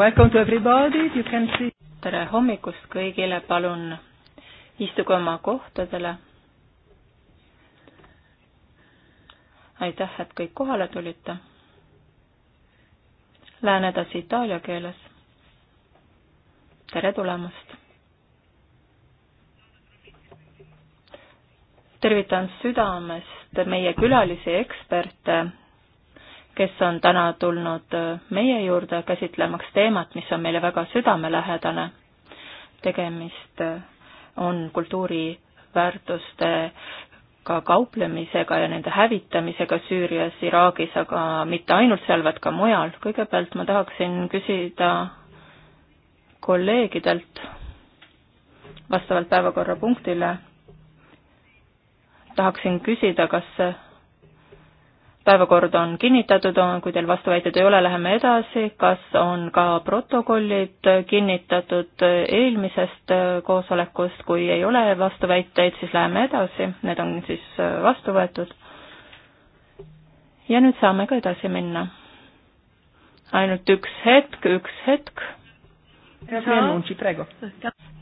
Welcome to everybody, you can see. tere hommikust kõigile, palun istuge oma kohtadele. aitäh, et kõik kohale tulite. Lähen edasi itaalia keeles. tere tulemast. tervitan südamest meie külalisi eksperte kes on täna tulnud äh, meie juurde käsitlemaks teemat, mis on meile väga südamelähedane. tegemist äh, on kultuuriväärtuste ka kauplemisega ja nende hävitamisega Süürias, Iraagis, aga mitte ainult seal, vaid ka mujal. kõigepealt ma tahaksin küsida kolleegidelt vastavalt päevakorrapunktile, tahaksin küsida, kas päevakord on kinnitatud, kui teil vastuväiteid ei ole, läheme edasi, kas on ka protokollid kinnitatud eelmisest koosolekust, kui ei ole vastuväiteid, siis läheme edasi, need on siis vastu võetud. ja nüüd saame ka edasi minna. ainult üks hetk, üks hetk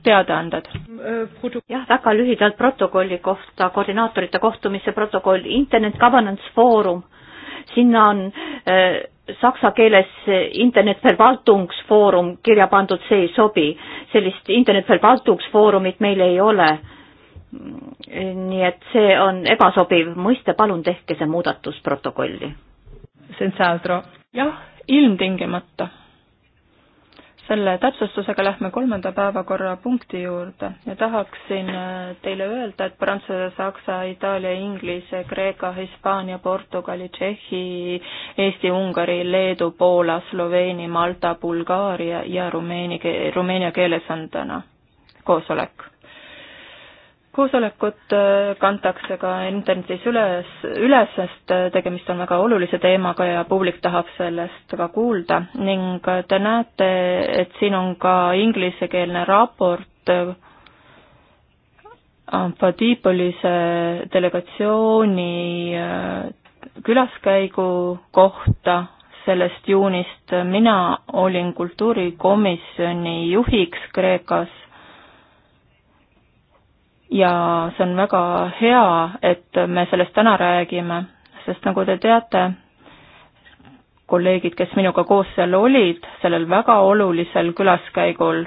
teadaanded. jah, väga lühidalt protokolli kohta, koordinaatorite kohtumise protokoll, Internet Governance Forum, sinna on äh, saksa keeles Internet Verwaltungsforum kirja pandud, see ei sobi. sellist Internet Verwaltungsforumit meil ei ole. Mm, nii et see on ebasobiv mõiste, palun tehke see muudatus protokolli. jah, ilmtingimata selle täpsustusega lähme kolmanda päevakorrapunkti juurde ja tahaksin äh, teile öelda, et Prantsuse, Saksa, Itaalia, Inglise, Kreeka, Hispaania, Portugali, Tšehhi, Eesti, Ungari, Leedu, Poola, Sloveenia, Malta, Bulgaaria ja Rumeenia, rumeenia keeles on täna koosolek koosolekut äh, kantakse ka internetis üles, üles, sest äh, tegemist on väga olulise teemaga ja publik tahab sellest ka kuulda ning äh, te näete, et siin on ka inglisekeelne raport Padipolise delegatsiooni külaskäigu kohta sellest juunist. mina olin kultuurikomisjoni juhiks Kreekas ja see on väga hea, et me sellest täna räägime, sest nagu te teate, kolleegid, kes minuga koos seal olid, sellel väga olulisel külaskäigul,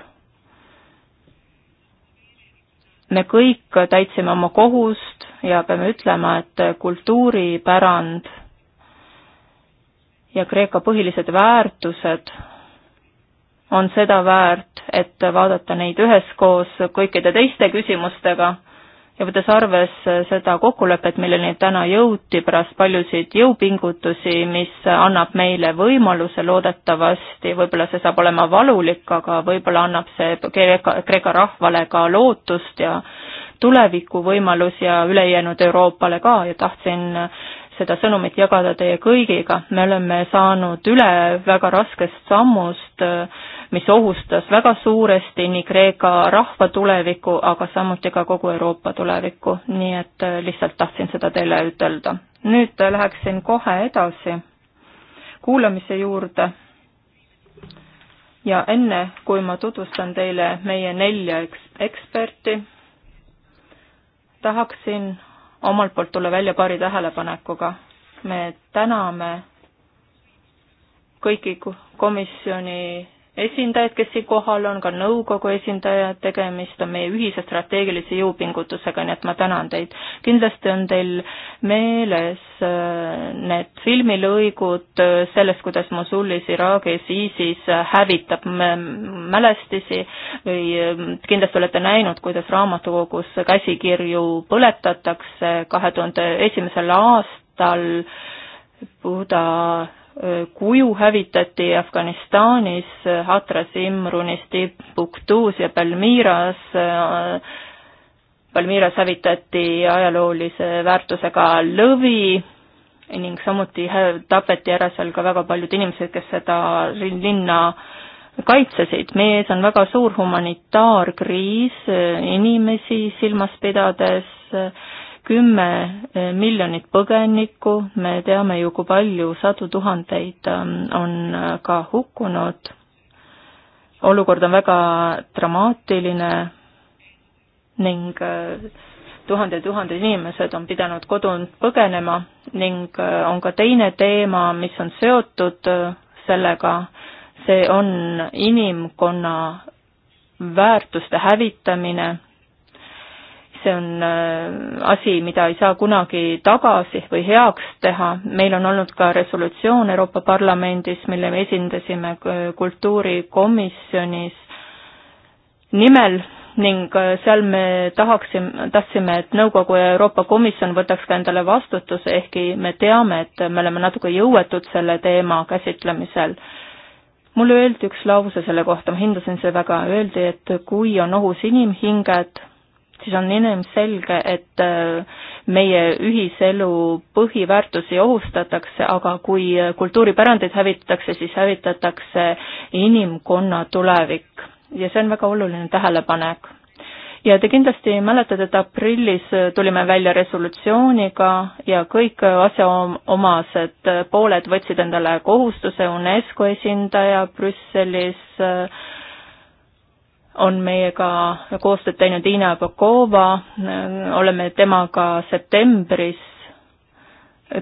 me kõik täitsime oma kohust ja peame ütlema, et kultuuripärand ja Kreeka põhilised väärtused on seda väärt, et vaadata neid üheskoos kõikide teiste küsimustega ja võttes arves seda kokkulepet, milleni täna jõuti pärast paljusid jõupingutusi, mis annab meile võimaluse loodetavasti, võib-olla see saab olema valulik, aga võib-olla annab see Kreeka, Kreeka rahvale ka lootust ja tulevikuvõimalus ja ülejäänud Euroopale ka ja tahtsin seda sõnumit jagada teie kõigiga, me oleme saanud üle väga raskest sammust äh, mis ohustas väga suuresti nii Kreeka rahva tulevikku, aga samuti ka kogu Euroopa tulevikku, nii et äh, lihtsalt tahtsin seda teile ütelda. nüüd äh, läheksin kohe edasi kuulamise juurde ja enne, kui ma tutvustan teile meie nelja eks-, eksperti, tahaksin omalt poolt tulla välja paari tähelepanekuga. me täname kõiki komisjoni esindajad, kes siin kohal on, ka nõukogu esindajad, tegemist on meie ühise strateegilise jõupingutusega, nii et ma tänan teid. kindlasti on teil meeles äh, need filmilõigud äh, sellest, kuidas Mosulis, Iraagis ISIS hävitab mälestisi või äh, kindlasti olete näinud, kuidas raamatukogus käsikirju põletatakse kahe tuhande esimesel aastal Buda kuju hävitati Afganistanis, Hatras, Imrunis, Timbuktus ja Palmiras. Palmiras hävitati ajaloolise väärtusega lõvi ning samuti tapeti ära seal ka väga paljud inimesed, kes seda linna kaitsesid. meie ees on väga suur humanitaarkriis inimesi silmas pidades kümme eh, miljonit põgenikku, me teame ju, kui palju sadu tuhandeid eh, on eh, ka hukkunud. olukord on väga dramaatiline ning tuhanded ja tuhanded inimesed on pidanud kodunt põgenema ning on ka teine teema, mis on seotud sellega, see on inimkonna väärtuste hävitamine see on äh, asi, mida ei saa kunagi tagasi või heaks teha, meil on olnud ka resolutsioon Euroopa Parlamendis, mille me esindasime äh, kultuurikomisjonis nimel ning äh, seal me tahaksime, tahtsime, et Nõukogu ja Euroopa Komisjon võtaks ka endale vastutuse, ehkki me teame, et me oleme natuke jõuetud selle teema käsitlemisel. mulle öeldi üks lause selle kohta, ma hindasin seda väga, öeldi, et kui on ohus inimhinged, siis on ilmselge, et äh, meie ühiselu põhiväärtusi ohustatakse, aga kui kultuuripärandit hävitatakse, siis hävitatakse inimkonna tulevik. ja see on väga oluline tähelepanek. ja te kindlasti mäletate, et aprillis tulime välja resolutsiooniga ja kõik asjaomased pooled võtsid endale kohustuse, UNESCO esindaja Brüsselis äh, on meiega koostööd teinud Ina Bokova, oleme temaga septembris,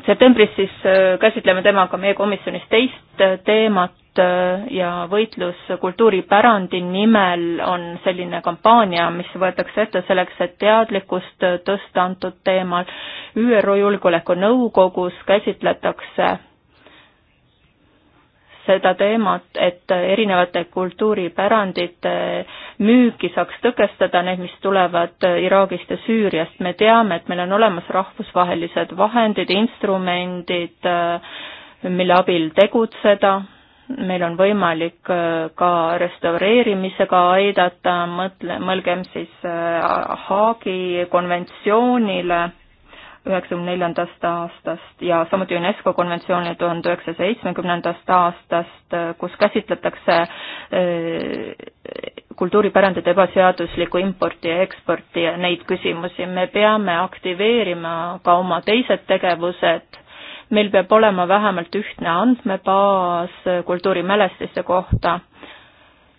septembris siis äh, käsitleme temaga meie komisjonis teist äh, teemat äh, ja võitlus kultuuripärandi nimel on selline kampaania, mis võetakse ette selleks, et teadlikkust tõsta antud teemal. ÜRO Julgeolekunõukogus käsitletakse seda teemat, et erinevate kultuuripärandite müüki saaks tõkestada, need, mis tulevad Iraagist ja Süüriast. me teame, et meil on olemas rahvusvahelised vahendid, instrumendid, mille abil tegutseda meil on võimalik ka restaureerimisega aidata, mõtle, mõelgem siis Haagi konventsioonile üheksakümne neljandast aastast ja samuti UNESCO konventsiooni tuhande üheksasaja seitsmekümnendast aastast, kus käsitletakse eh, kultuuripärandit ebaseaduslikku importi ja eksporti ja neid küsimusi. me peame aktiveerima ka oma teised tegevused, meil peab olema vähemalt ühtne andmebaas kultuurimälestiste kohta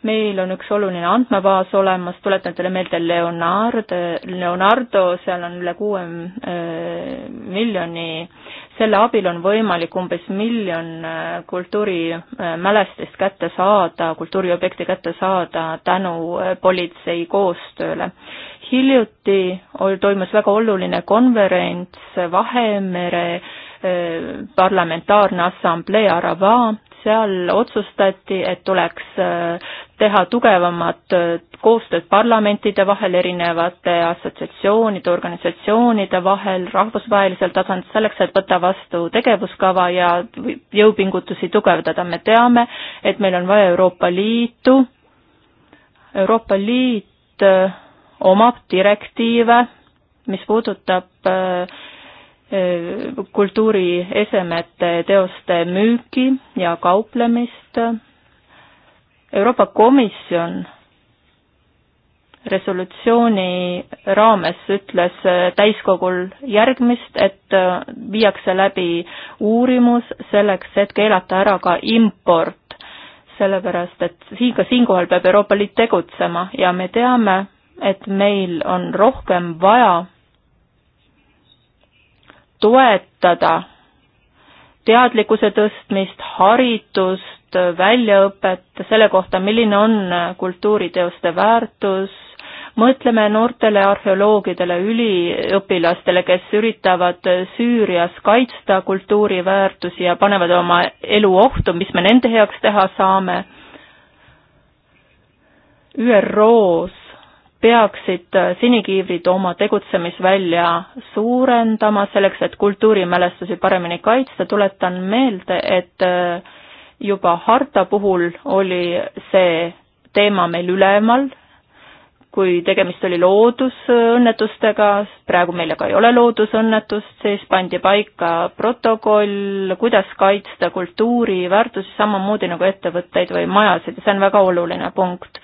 meil on üks oluline andmebaas olemas, tuletan teile meelde Leonardo, Leonardo, seal on üle kuue äh, miljoni, selle abil on võimalik umbes miljon äh, kultuurimälestist äh, kätte saada, kultuuriobjekti kätte saada tänu politsei koostööle. hiljuti toimus väga oluline konverents Vahemere parlamentaarne assamblee Arava, seal otsustati, et tuleks teha tugevamat äh, koostööd parlamentide vahel, erinevate assotsiatsioonide, organisatsioonide vahel, rahvusvahelisel tasandil, selleks, et võtta vastu tegevuskava ja jõupingutusi tugevdada. me teame, et meil on vaja Euroopa Liitu, Euroopa Liit äh, omab direktiive, mis puudutab äh, kultuuriesemete teoste müüki ja kauplemist Euroopa Komisjon resolutsiooni raames ütles äh, täiskogul järgmist, et äh, viiakse läbi uurimus selleks, et keelata ära ka import, sellepärast et siin, ka siinkohal peab Euroopa Liit tegutsema ja me teame, et meil on rohkem vaja toetada teadlikkuse tõstmist, haritust, saanud väljaõpet selle kohta, milline on kultuuriteoste väärtus, mõtleme noortele arheoloogidele, üliõpilastele, kes üritavad Süürias kaitsta kultuuriväärtusi ja panevad oma elu ohtu, mis me nende heaks teha saame. ÜRO-s peaksid sinikiivrid oma tegutsemisvälja suurendama selleks, et kultuurimälestusi paremini kaitsta, tuletan meelde, et juba harta puhul oli see teema meil ülemal, kui tegemist oli loodusõnnetustega, praegu meil aga ei ole loodusõnnetust, siis pandi paika protokoll, kuidas kaitsta kultuuriväärtusi samamoodi nagu ettevõtteid või majasid ja see on väga oluline punkt.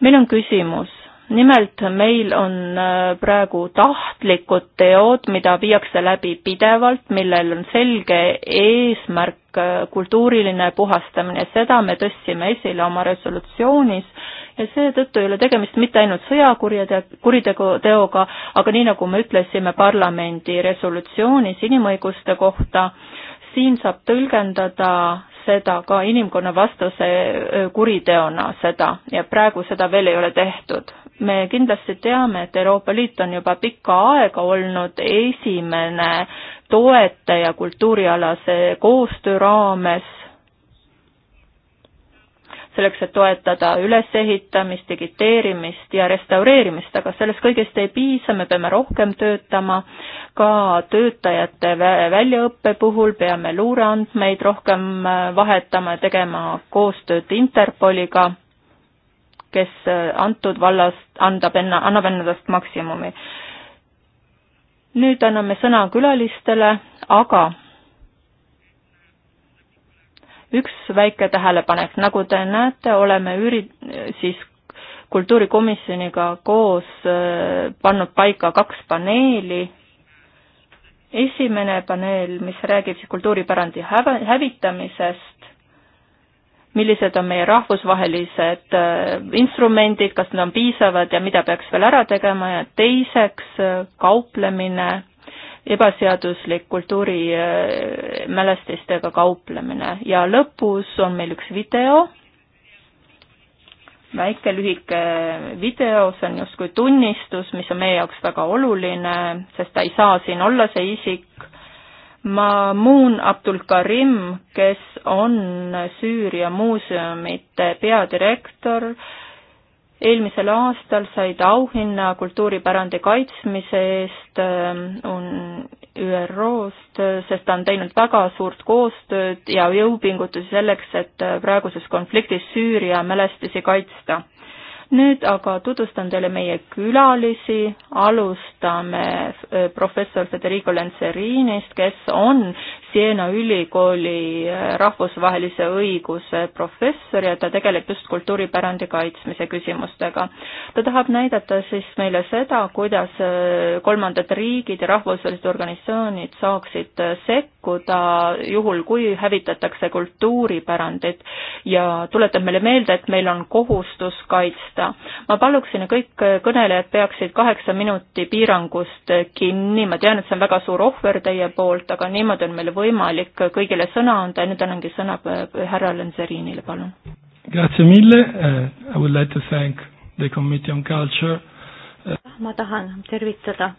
meil on küsimus, nimelt meil on äh, praegu tahtlikud teod, mida viiakse läbi pidevalt, millel on selge eesmärk äh, kultuuriline puhastamine, seda me tõstsime esile oma resolutsioonis ja seetõttu ei ole tegemist mitte ainult sõjakuriteoga, aga nii, nagu me ütlesime parlamendi resolutsioonis inimõiguste kohta, siin saab tõlgendada seda ka inimkonna vastase kuriteona, seda, ja praegu seda veel ei ole tehtud. me kindlasti teame, et Euroopa Liit on juba pikka aega olnud esimene toetaja kultuurialase koostöö raames selleks, et toetada ülesehitamist, digiteerimist ja restaureerimist, aga sellest kõigest ei piisa, me peame rohkem töötama, ka töötajate väljaõppe puhul peame luureandmeid rohkem äh, vahetama ja tegema koostööd Interpoliga, kes äh, antud vallas andab enna, annab endast maksimumi. nüüd anname sõna külalistele, aga üks väike tähelepanek, nagu te näete, oleme üri-, siis kultuurikomisjoniga koos äh, pannud paika kaks paneeli, esimene paneel, mis räägib siis kultuuripärandi häv-, hävitamisest, millised on meie rahvusvahelised äh, instrumendid, kas need on piisavad ja mida peaks veel ära tegema ja teiseks äh, kauplemine ebaseaduslik kultuurimälestistega äh, kauplemine ja lõpus on meil üks video, väike lühike video, see on justkui tunnistus, mis on meie jaoks väga oluline, sest ta ei saa siin olla, see isik, Mamoun Abdul Karim, kes on Süüria muuseumite peadirektor, eelmisel aastal said auhinna kultuuripärandi kaitsmise eest ähm, on ÜRO-st, äh, sest ta on teinud väga suurt koostööd ja jõupingutusi selleks, et äh, praeguses konfliktis Süüria mälestisi kaitsta. nüüd aga tutvustan teile meie külalisi, alustame äh, professor Federico Lenzerinist, kes on Siena ülikooli eh, rahvusvahelise õiguse professor ja ta tegeleb just kultuuripärandi kaitsmise küsimustega. ta tahab näidata siis meile seda, kuidas eh, kolmandad riigid ja rahvusvahelised organisatsioonid saaksid eh, sekkuda juhul, kui hävitatakse kultuuripärandit ja tuletab meile meelde, et meil on kohustus kaitsta. ma paluksin, et kõik kõnelejad peaksid kaheksa minuti piirangust kinni, ma tean, et see on väga suur ohver teie poolt, aga niimoodi on meil võimalik kõigile sõna anda, nüüd annangi sõna härra Lenzerinile, palun. Grazie mille uh,, I would like to thank the committee on culture uh.... ma tahan tervitada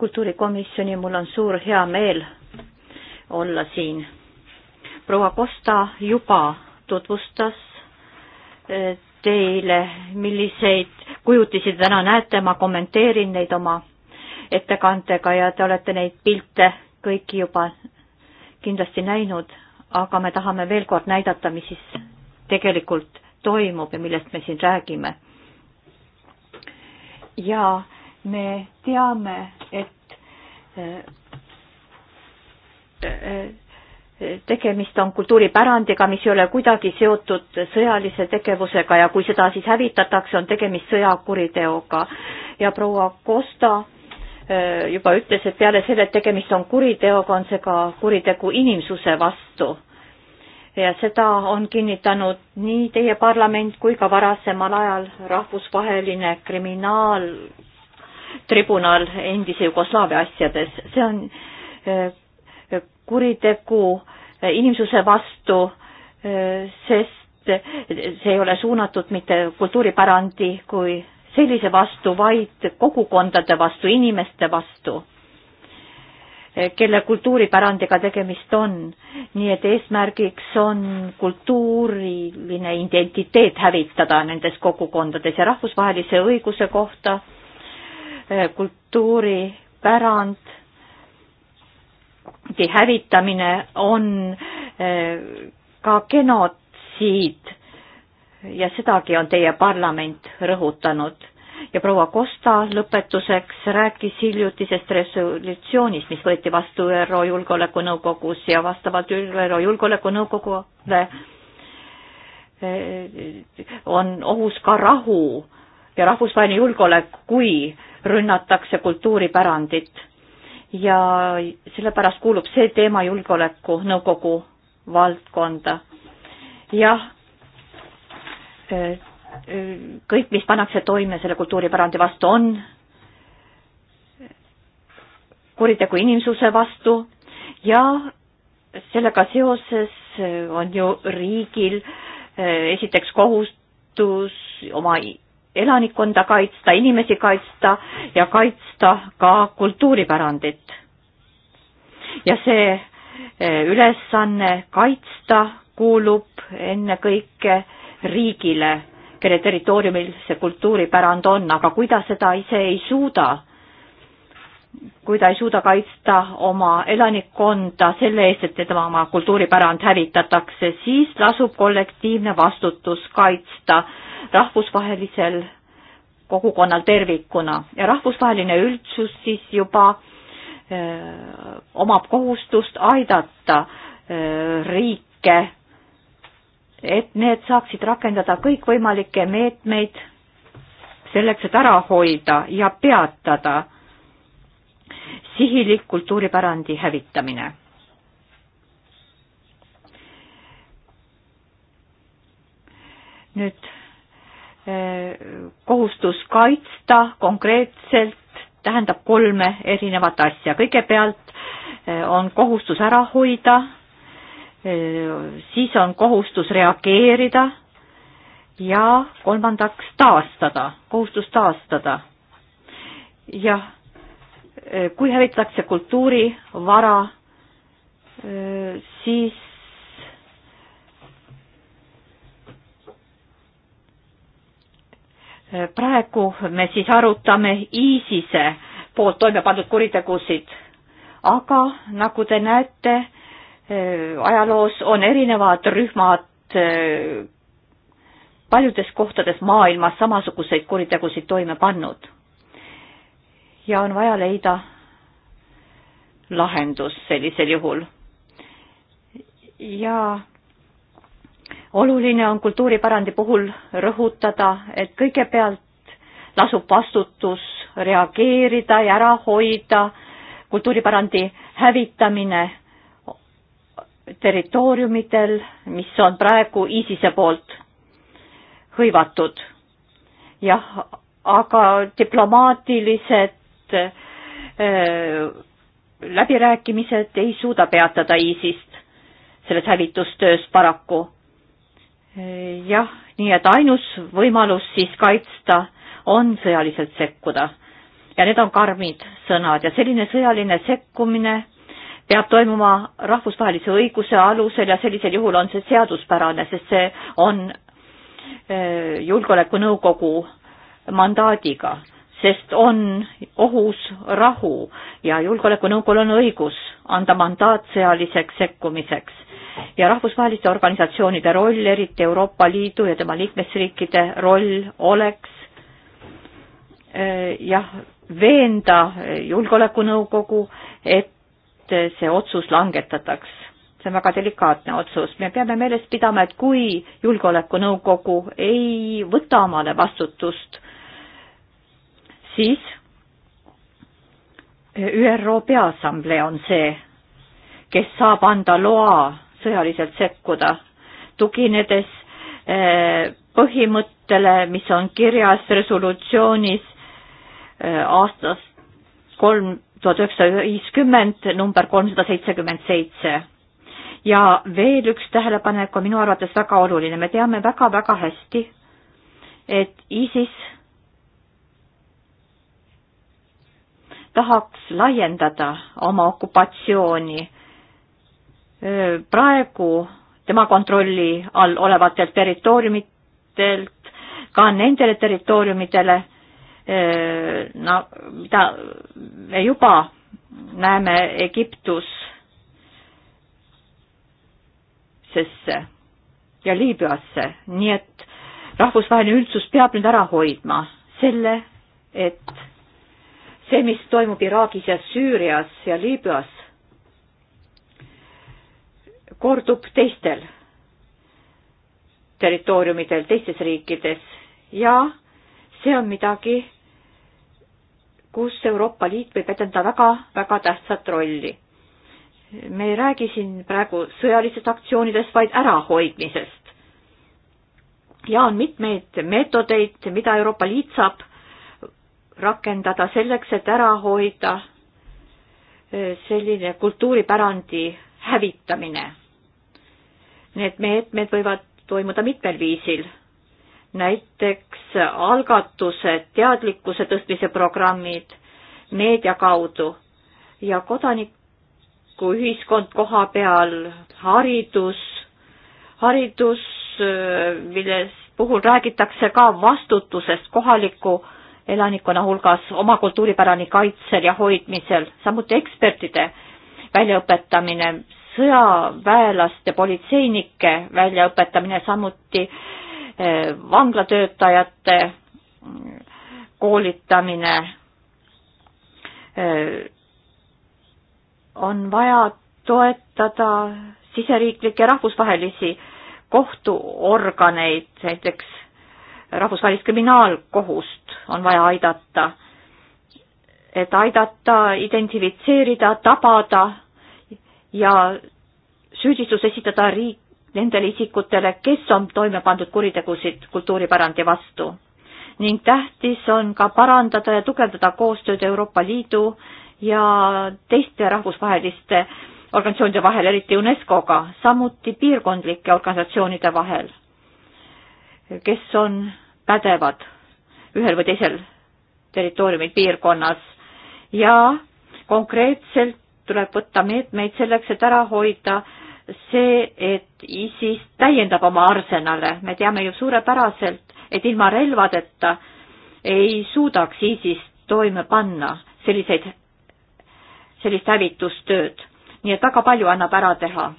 kultuurikomisjoni, mul on suur hea meel olla siin. proua Kosta juba tutvustas eh, teile, milliseid kujutisi täna näete, ma kommenteerin neid oma ettekandega ja te olete neid pilte kõiki juba kindlasti näinud, aga me tahame veel kord näidata, mis siis tegelikult toimub ja millest me siin räägime. ja me teame, et äh, äh, tegemist on kultuuripärandiga, mis ei ole kuidagi seotud sõjalise tegevusega ja kui seda siis hävitatakse, on tegemist sõjakuriteoga. ja proua Costa Äh, juba ütles, et peale selle, et tegemist on kuriteoga, on see ka kuritegu inimsuse vastu. ja seda on kinnitanud nii teie parlament kui ka varasemal ajal rahvusvaheline kriminaaltribunal endise Jugoslaavia asjades. see on äh, kuritegu inimsuse vastu, äh, sest see ei ole suunatud mitte kultuuripärandi kui sellise vastu, vaid kogukondade vastu, inimeste vastu, kelle kultuuripärandiga tegemist on. nii et eesmärgiks on kultuuriline identiteet hävitada nendes kogukondades ja rahvusvahelise õiguse kohta eh, kultuuripärand hävitamine on eh, ka genotsiid ja sedagi on teie parlament rõhutanud. ja proua Costa lõpetuseks rääkis hiljutisest resolutsioonist, mis võeti vastu ÜRO Julgeolekunõukogus ja vastavalt ÜRO Julgeolekunõukogule eh, on ohus ka rahu ja rahvusvaheline julgeolek, kui rünnatakse kultuuripärandit. ja sellepärast kuulub see teema Julgeolekunõukogu valdkonda. jah Äh, kõik, mis pannakse toime selle kultuuripärandi vastu, on kuritegu inimsuse vastu ja sellega seoses äh, on ju riigil äh, esiteks kohustus oma elanikkonda kaitsta, inimesi kaitsta ja kaitsta ka kultuuripärandit. ja see ülesanne kaitsta kuulub ennekõike riigile, kelle territooriumil see kultuuripärand on, aga kui ta seda ise ei suuda, kui ta ei suuda kaitsta oma elanikkonda selle eest, et tema oma kultuuripärand hävitatakse, siis lasub kollektiivne vastutus kaitsta rahvusvahelisel kogukonnal tervikuna ja rahvusvaheline üldsus siis juba öö, omab kohustust aidata öö, riike et need saaksid rakendada kõikvõimalikke meetmeid selleks, et ära hoida ja peatada sihilik kultuuripärandi hävitamine. nüüd eh, kohustus kaitsta konkreetselt tähendab kolme erinevat asja. kõigepealt eh, on kohustus ära hoida siis on kohustus reageerida ja kolmandaks taastada, kohustus taastada. jah, kui hävitatakse kultuurivara, siis praegu me siis arutame ISISe poolt toime pandud kuritegusid, aga nagu te näete, Äh, ajaloos on erinevad rühmad äh, paljudes kohtades maailmas samasuguseid kuritegusid toime pannud. ja on vaja leida lahendus sellisel juhul. ja oluline on kultuuripärandi puhul rõhutada, et kõigepealt lasub vastutus reageerida ja ära hoida kultuuripärandi hävitamine territooriumidel, mis on praegu ISISe poolt hõivatud. jah, aga diplomaatilised äh, läbirääkimised ei suuda peatada ISIS-t selles hävitustöös paraku. jah, nii et ainus võimalus siis kaitsta on sõjaliselt sekkuda ja need on karmid sõnad ja selline sõjaline sekkumine peab toimuma rahvusvahelise õiguse alusel ja sellisel juhul on see seaduspärane, sest see on äh, julgeolekunõukogu mandaadiga, sest on ohus rahu ja julgeolekunõukogul on õigus anda mandaat sõjaliseks sekkumiseks. ja rahvusvaheliste organisatsioonide roll, eriti Euroopa Liidu ja tema liikmesriikide roll oleks äh, jah, veenda julgeolekunõukogu, et et see otsus langetataks. see on väga delikaatne otsus, me peame meeles pidama, et kui Julgeolekunõukogu ei võta omale vastutust, siis ÜRO Peaassamblee on see, kes saab anda loa sõjaliselt sekkuda, tuginedes eh, põhimõttele, mis on kirjas resolutsioonis eh, aastast kolm tuhat üheksasada viiskümmend number kolmsada seitsekümmend seitse. ja veel üks tähelepanek on minu arvates väga oluline, me teame väga-väga hästi, et ISIS tahaks laiendada oma okupatsiooni praegu tema kontrolli all olevatelt territooriumitelt ka nendele territooriumidele Äh, na, mida me juba näeme Egiptusesse ja Liibüasse, nii et rahvusvaheline üldsus peab nüüd ära hoidma selle, et see, mis toimub Iraagis ja Süürias ja Liibüas, kordub teistel territooriumidel, teistes riikides ja see on midagi, kus Euroopa Liit võib edendada väga-väga tähtsat rolli. me ei räägi siin praegu sõjalistest aktsioonidest, vaid ärahoidmisest. ja on mitmeid meetodeid, mida Euroopa Liit saab rakendada selleks, et ära hoida selline kultuuripärandi hävitamine. Need meetmed võivad toimuda mitmel viisil näiteks algatused, teadlikkuse tõstmise programmid meedia kaudu ja kodanikuühiskond koha peal, haridus, haridus, milles puhul räägitakse ka vastutusest kohaliku elanikkonna hulgas oma kultuuripärani kaitsel ja hoidmisel, samuti ekspertide väljaõpetamine, sõjaväelaste, politseinike väljaõpetamine, samuti vanglatöötajate koolitamine. on vaja toetada siseriiklikke rahvusvahelisi kohtuorganeid, näiteks rahvusvahelist kriminaalkohust on vaja aidata, et aidata identifitseerida, tabada ja süüdistus esitada riik, nendele isikutele, kes on toime pandud kuritegusid kultuuripärandi vastu. ning tähtis on ka parandada ja tugevdada koostööd Euroopa Liidu ja teiste rahvusvaheliste organisatsioonide vahel, eriti UNESCO-ga, samuti piirkondlike organisatsioonide vahel, kes on pädevad ühel või teisel territooriumil piirkonnas ja konkreetselt tuleb võtta meetmeid selleks, et ära hoida äh, see, et ISIS täiendab oma arsenale, me teame ju suurepäraselt, et ilma relvadeta ei suudaks ISIS toime panna selliseid, sellist hävitustööd. nii et väga palju annab ära teha.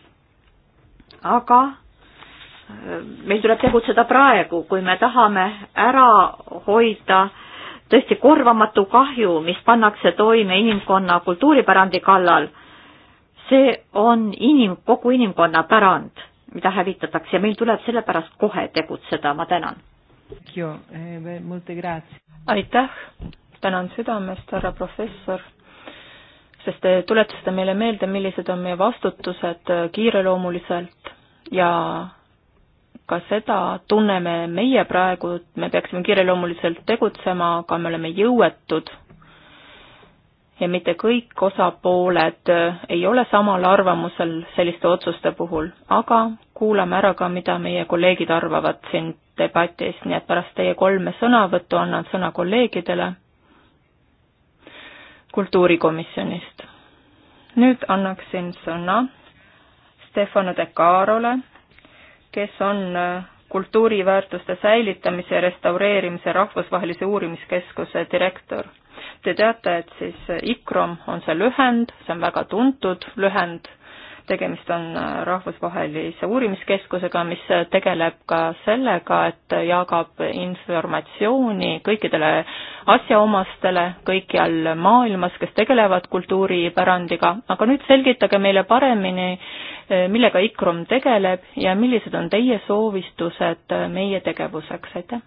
aga äh, meil tuleb tegutseda praegu, kui me tahame ära hoida tõesti korvamatu kahju, mis pannakse toime inimkonna kultuuripärandi kallal see on inim-, kogu inimkonna pärand, mida hävitatakse ja meil tuleb sellepärast kohe tegutseda, ma tänan. Eh, aitäh, tänan südamest, härra professor, sest te tuletasite meile meelde, millised on meie vastutused eh, kiireloomuliselt ja ka seda tunneme meie praegu, et me peaksime kiireloomuliselt tegutsema, aga me oleme jõuetud ja mitte kõik osapooled äh, ei ole samal arvamusel selliste otsuste puhul, aga kuulame ära ka, mida meie kolleegid arvavad siin debatis, nii et pärast teie kolme sõnavõttu annan sõna kolleegidele kultuurikomisjonist. nüüd annaksin sõna Stefano De Carole, kes on äh, kultuuriväärtuste säilitamise ja restaureerimise rahvusvahelise uurimiskeskuse direktor Te teate, et siis ICROM on see lühend, see on väga tuntud lühend, tegemist on äh, rahvusvahelise uurimiskeskusega, mis tegeleb ka sellega, et jagab informatsiooni kõikidele asjaomastele kõikjal maailmas, kes tegelevad kultuuripärandiga, aga nüüd selgitage meile paremini, äh, millega ICROM tegeleb ja millised on teie soovistused äh, meie tegevuseks, aitäh!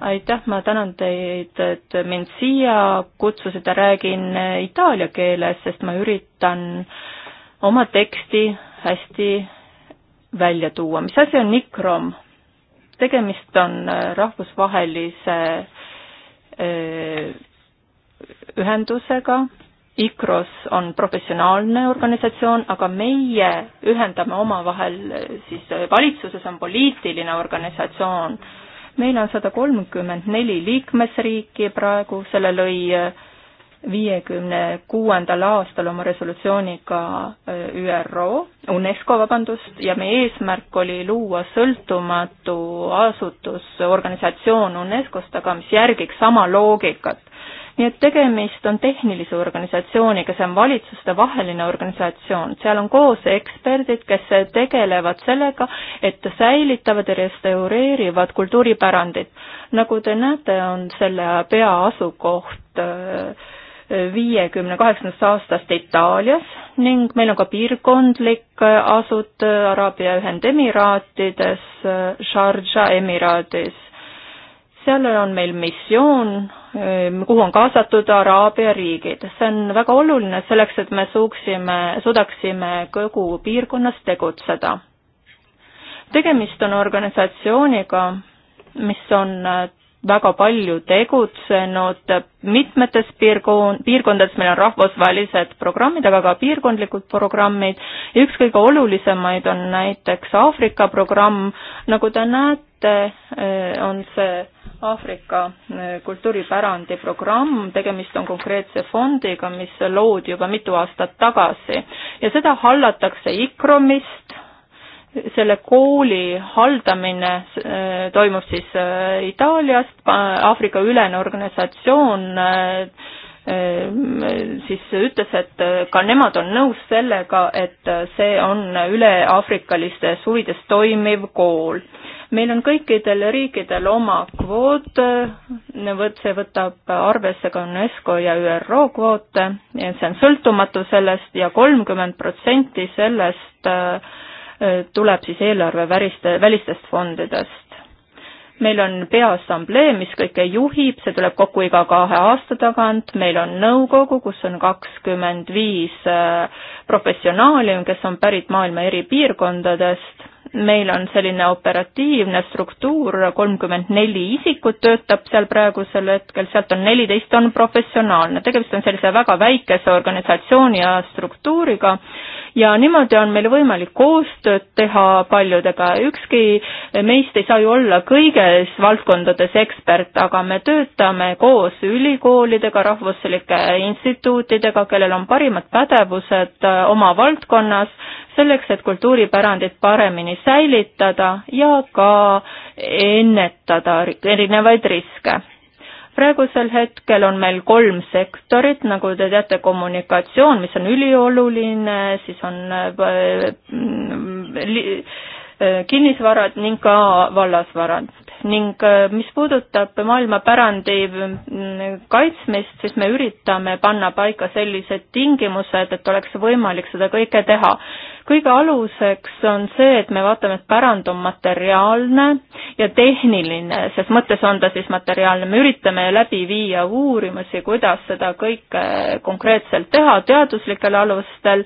aitäh, ma tänan teid, et mind siia kutsusite, räägin itaalia keeles, sest ma üritan oma teksti hästi välja tuua. mis asi on Nikrom? tegemist on äh, rahvusvahelise äh, ühendusega, ICROS on professionaalne organisatsioon, aga meie ühendame omavahel siis valitsuses on poliitiline organisatsioon. meil on sada kolmkümmend neli liikmesriiki praegu, selle lõi viiekümne kuuendal aastal oma resolutsiooniga äh, ÜRO, UNESCO, vabandust, ja meie eesmärk oli luua sõltumatu asutus, organisatsioon UNESCO-st, aga mis järgiks sama loogikat nii et tegemist on tehnilise organisatsiooniga, see on valitsustevaheline organisatsioon, seal on koos eksperdid, kes tegelevad sellega, et säilitavad ja restaureerivad kultuuripärandit. nagu te näete, on selle peaasukoht äh, viiekümne kaheksandast aastast Itaalias ning meil on ka piirkondlik äh, asut äh, Araabia Ühendemiraatides, Sharjah emiraadis seal on meil missioon Ehm, kuhu on kaasatud Araabia riigid. see on väga oluline selleks, et me suuksime, suudaksime kogu piirkonnas tegutseda. tegemist on organisatsiooniga, mis on äh, väga palju tegutsenud mitmetes piirkon-, piirkondades, meil on rahvusvahelised programmid, aga ka piirkondlikud programmid ja üks kõige olulisemaid on näiteks Aafrika programm, nagu te näete, äh, on see Aafrika eh, kultuuripärandi programm, tegemist on konkreetse fondiga, mis loodi juba mitu aastat tagasi ja seda hallatakse ICROM-ist, selle kooli haldamine eh, toimub siis eh, Itaaliast, Aafrika ülene organisatsioon siis ütles, et ka nemad on nõus sellega, et see on üle-aafrikalistes huvides toimiv kool meil on kõikidel riikidel oma kvoot, see võtab arvesse ka UNESCO ja ÜRO kvoote, see on sõltumatu sellest ja kolmkümmend protsenti sellest äh, tuleb siis eelarve väliste, välistest fondidest meil on peaassamblee, mis kõike juhib, see tuleb kokku iga kahe aasta tagant, meil on nõukogu, kus on kakskümmend viis äh, professionaali, kes on pärit maailma eri piirkondadest meil on selline operatiivne struktuur, kolmkümmend neli isikut töötab seal praegusel hetkel, sealt on neliteist on professionaalne, tegemist on sellise väga väikese organisatsiooni ja struktuuriga ja niimoodi on meil võimalik koostööd teha paljudega, ükski meist ei saa ju olla kõiges valdkondades ekspert, aga me töötame koos ülikoolidega, rahvuslike instituutidega, kellel on parimad pädevused äh, oma valdkonnas, selleks, et kultuuripärandit paremini säilitada ja ka ennetada erinevaid riske praegusel hetkel on meil kolm sektorit, nagu te teate, kommunikatsioon, mis on ülioluline, siis on äh, äh, kinnisvarad ning ka vallasvarad. ning äh, mis puudutab maailmapärandi mm, kaitsmist, siis me üritame panna paika sellised tingimused, et oleks võimalik seda kõike teha kõige aluseks on see, et me vaatame, et pärand on materiaalne ja tehniline, ses mõttes on ta siis materiaalne, me üritame läbi viia uurimusi, kuidas seda kõike konkreetselt teha teaduslikel alustel,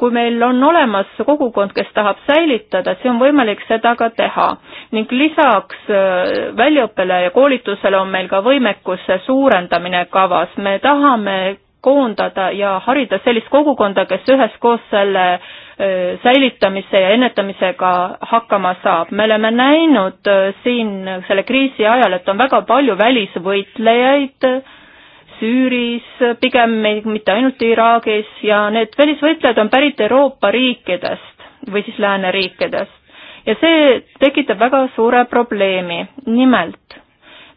kui meil on olemas kogukond, kes tahab säilitada, siis on võimalik seda ka teha. ning lisaks äh, väljaõppele ja koolitusele on meil ka võimekuse suurendamine kavas, me tahame koondada ja harida sellist kogukonda, kes üheskoos selle säilitamise ja ennetamisega hakkama saab. me oleme näinud siin selle kriisi ajal, et on väga palju välisvõitlejaid Süüris, pigem mitte ainult Iraagis ja need välisvõitlejad on pärit Euroopa riikidest või siis lääneriikidest. ja see tekitab väga suure probleemi, nimelt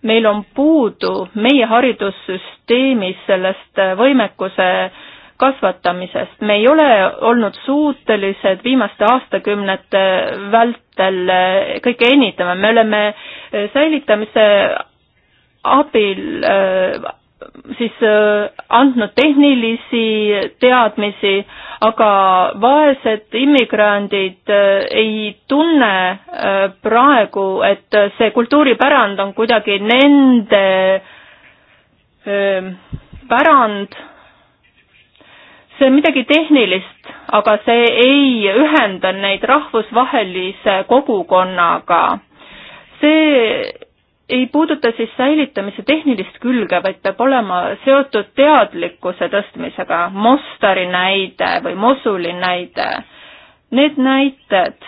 meil on puudu meie haridussüsteemis sellest võimekuse äh, kasvatamisest. me ei ole olnud suutelised viimaste aastakümnete vältel kõike ennitama, me oleme eh, säilitamise abil eh, siis eh, andnud tehnilisi teadmisi, aga vaesed immigrandid ei tunne praegu, et see kultuuripärand on kuidagi nende pärand see on midagi tehnilist, aga see ei ühenda neid rahvusvahelise kogukonnaga. see ei puuduta siis säilitamise tehnilist külge, vaid peab olema seotud teadlikkuse tõstmisega. Mostari näide või Mosuli näide, need näited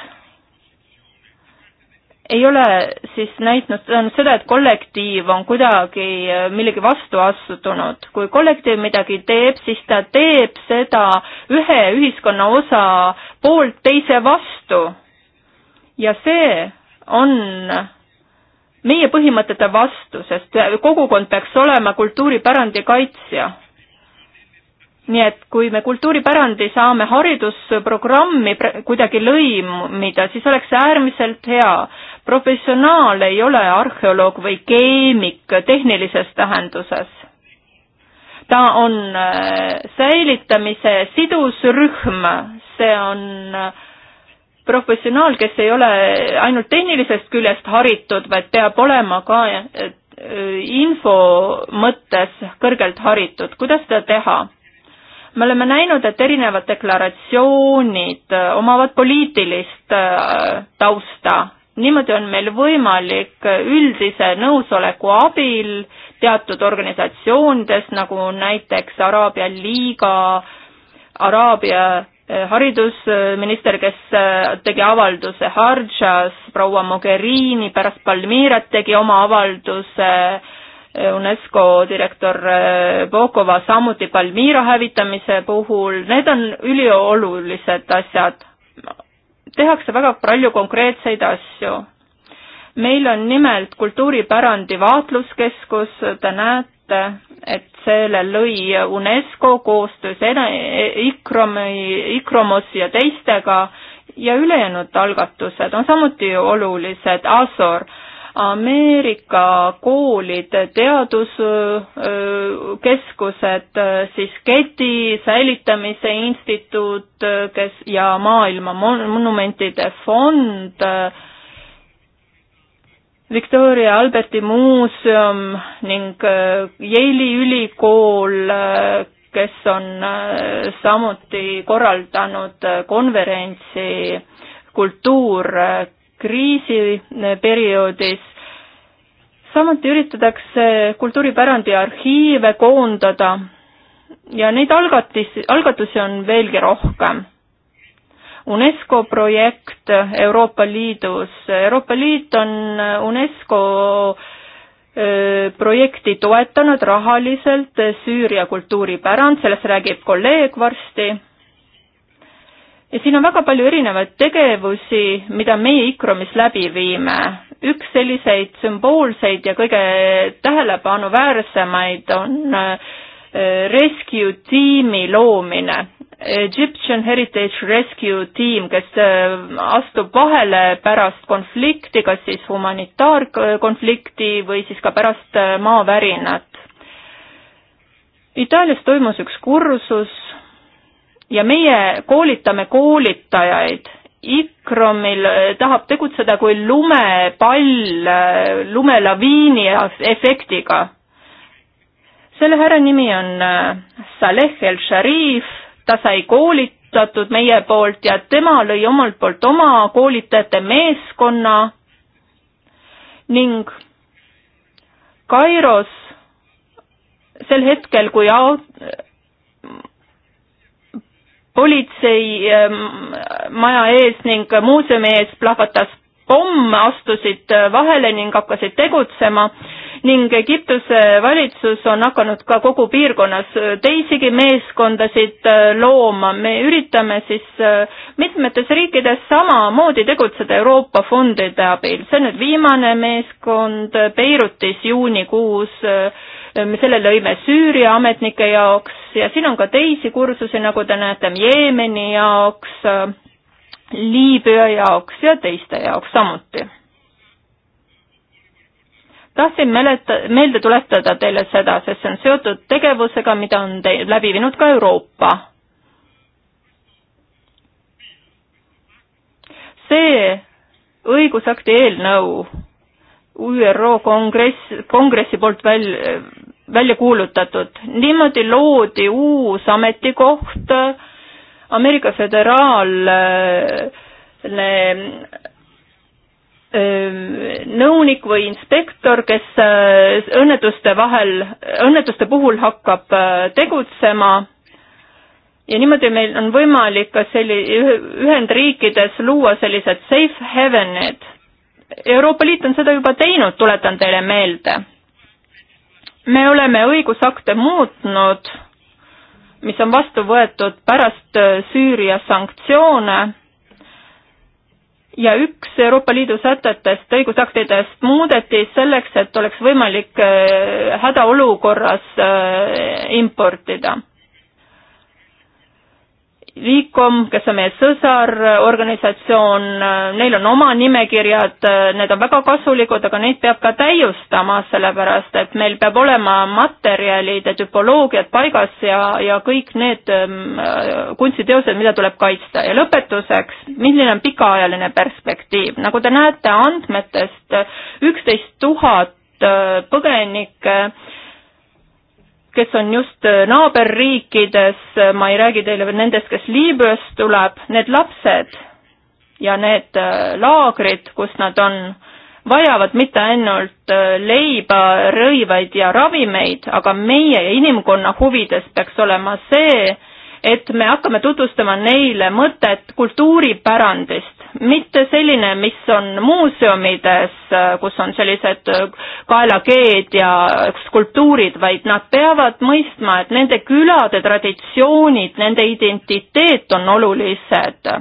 ei ole siis näitnud, tähendab seda, et kollektiiv on kuidagi äh, millegi vastu astunud. kui kollektiiv midagi teeb, siis ta teeb seda ühe ühiskonna osa poolt teise vastu. ja see on meie põhimõtete vastu, sest kogukond peaks olema kultuuripärandi kaitsja nii et kui me kultuuripärandi saame haridusprogrammi kuidagi lõimida, siis oleks see äärmiselt hea. professionaal ei ole arheoloog või keemik tehnilises tähenduses. ta on äh, säilitamise sidusrühm, see on äh, professionaal, kes ei ole ainult tehnilisest küljest haritud, vaid peab olema ka äh, info mõttes kõrgelt haritud. kuidas seda teha? me oleme näinud, et erinevad deklaratsioonid äh, omavad poliitilist äh, tausta. niimoodi on meil võimalik äh, üldise nõusoleku abil teatud organisatsioonides, nagu näiteks Araabia Liiga, Araabia haridusminister, kes tegi avalduse Hardžas, proua Mogherini pärast Palmirat tegi oma avalduse äh, Eh, UNESCO direktor eh, Bokova samuti Palmira hävitamise puhul, need on üliolulised asjad. tehakse väga palju konkreetseid asju. meil on nimelt kultuuripärandi vaatluskeskus, te näete, et selle lõi UNESCO koostöös ICROM-i, ICROMOS ja teistega ja ülejäänud algatused on samuti olulised, ASOR Ameerika koolid, teaduskeskused, siis Getty säilitamise instituut, kes ja Maailma monumentide fond, Victoria Alberti muuseum ning äh, Yale'i ülikool, äh, kes on äh, samuti korraldanud konverentsi kultuur kriisiperioodis. samuti üritatakse kultuuripärandi arhiive koondada ja neid algatisi, algatusi on veelgi rohkem. UNESCO projekt Euroopa Liidus, Euroopa Liit on UNESCO projekti toetanud rahaliselt Süüria kultuuripärand, sellest räägib kolleeg varsti ja siin on väga palju erinevaid tegevusi, mida meie ICROM-is läbi viime. üks selliseid sümboolseid ja kõige tähelepanuväärsemaid on äh, rescue tiimi loomine. Egyptian Heritage Rescue Team, kes äh, astub vahele pärast konflikti, kas siis humanitaarkonflikti või siis ka pärast äh, maavärinat. Itaalias toimus üks kursus, ja meie koolitame koolitajaid. Ikromil äh, tahab tegutseda kui lumepall äh, lumelaviini efektiga. selle härra nimi on äh, Saleh El Sharif, ta sai koolitatud meie poolt ja tema lõi omalt poolt oma koolitajate meeskonna ning Kairos sel hetkel, kui politseimaja ähm, ees ning muuseumi ees plahvatas pomm, astusid äh, vahele ning hakkasid tegutsema ning Egiptuse valitsus on hakanud ka kogu piirkonnas äh, teisigi meeskondasid äh, looma, me üritame siis mitmetes riikides samamoodi tegutseda Euroopa fondide abil, see on nüüd viimane meeskond Beirutis juunikuus Ehm, selle lõime Süüria ametnike jaoks ja siin on ka teisi kursusi, nagu te näete, Jeemeni jaoks, ehm, Liibüa jaoks ja teiste jaoks samuti. tahtsin meleta-, meelde tuletada teile seda, sest see on seotud tegevusega, mida on te-, läbi viinud ka Euroopa. see õigusakti eelnõu ÜRO kongress, kongressi poolt väl-, välja kuulutatud. niimoodi loodi uus ametikoht Ameerika föderaalne äh, nõunik või inspektor, kes äh, õnnetuste vahel, õnnetuste puhul hakkab äh, tegutsema ja niimoodi meil on võimalik ka selli-, Ühendriikides luua sellised safe haven'id Euroopa Liit on seda juba teinud, tuletan teile meelde. me oleme õigusakte muutnud, mis on vastu võetud pärast äh, Süüria sanktsioone ja üks Euroopa Liidu sätetest, õigusaktidest muudeti selleks, et oleks võimalik äh, hädaolukorras äh, importida Vicom, kes on meie sõsarorganisatsioon, neil on oma nimekirjad, need on väga kasulikud, aga neid peab ka täiustama, sellepärast et meil peab olema materjalid ja tüpoloogiad paigas ja, ja kõik need ähm, kunstiteosed, mida tuleb kaitsta. ja lõpetuseks, milline on pikaajaline perspektiiv? nagu te näete andmetest, üksteist tuhat äh, põgenikke äh, kes on just äh, naaberriikides, äh, ma ei räägi teile veel nendest, kes Liibüast tuleb, need lapsed ja need äh, laagrid, kus nad on, vajavad mitte ainult leiba, rõivaid ja ravimeid, aga meie ja inimkonna huvides peaks olema see, et me hakkame tutvustama neile mõtet kultuuripärandist, mitte selline, mis on muuseumides, kus on sellised kaelakeed ja skulptuurid, vaid nad peavad mõistma, et nende külade traditsioonid, nende identiteet on olulised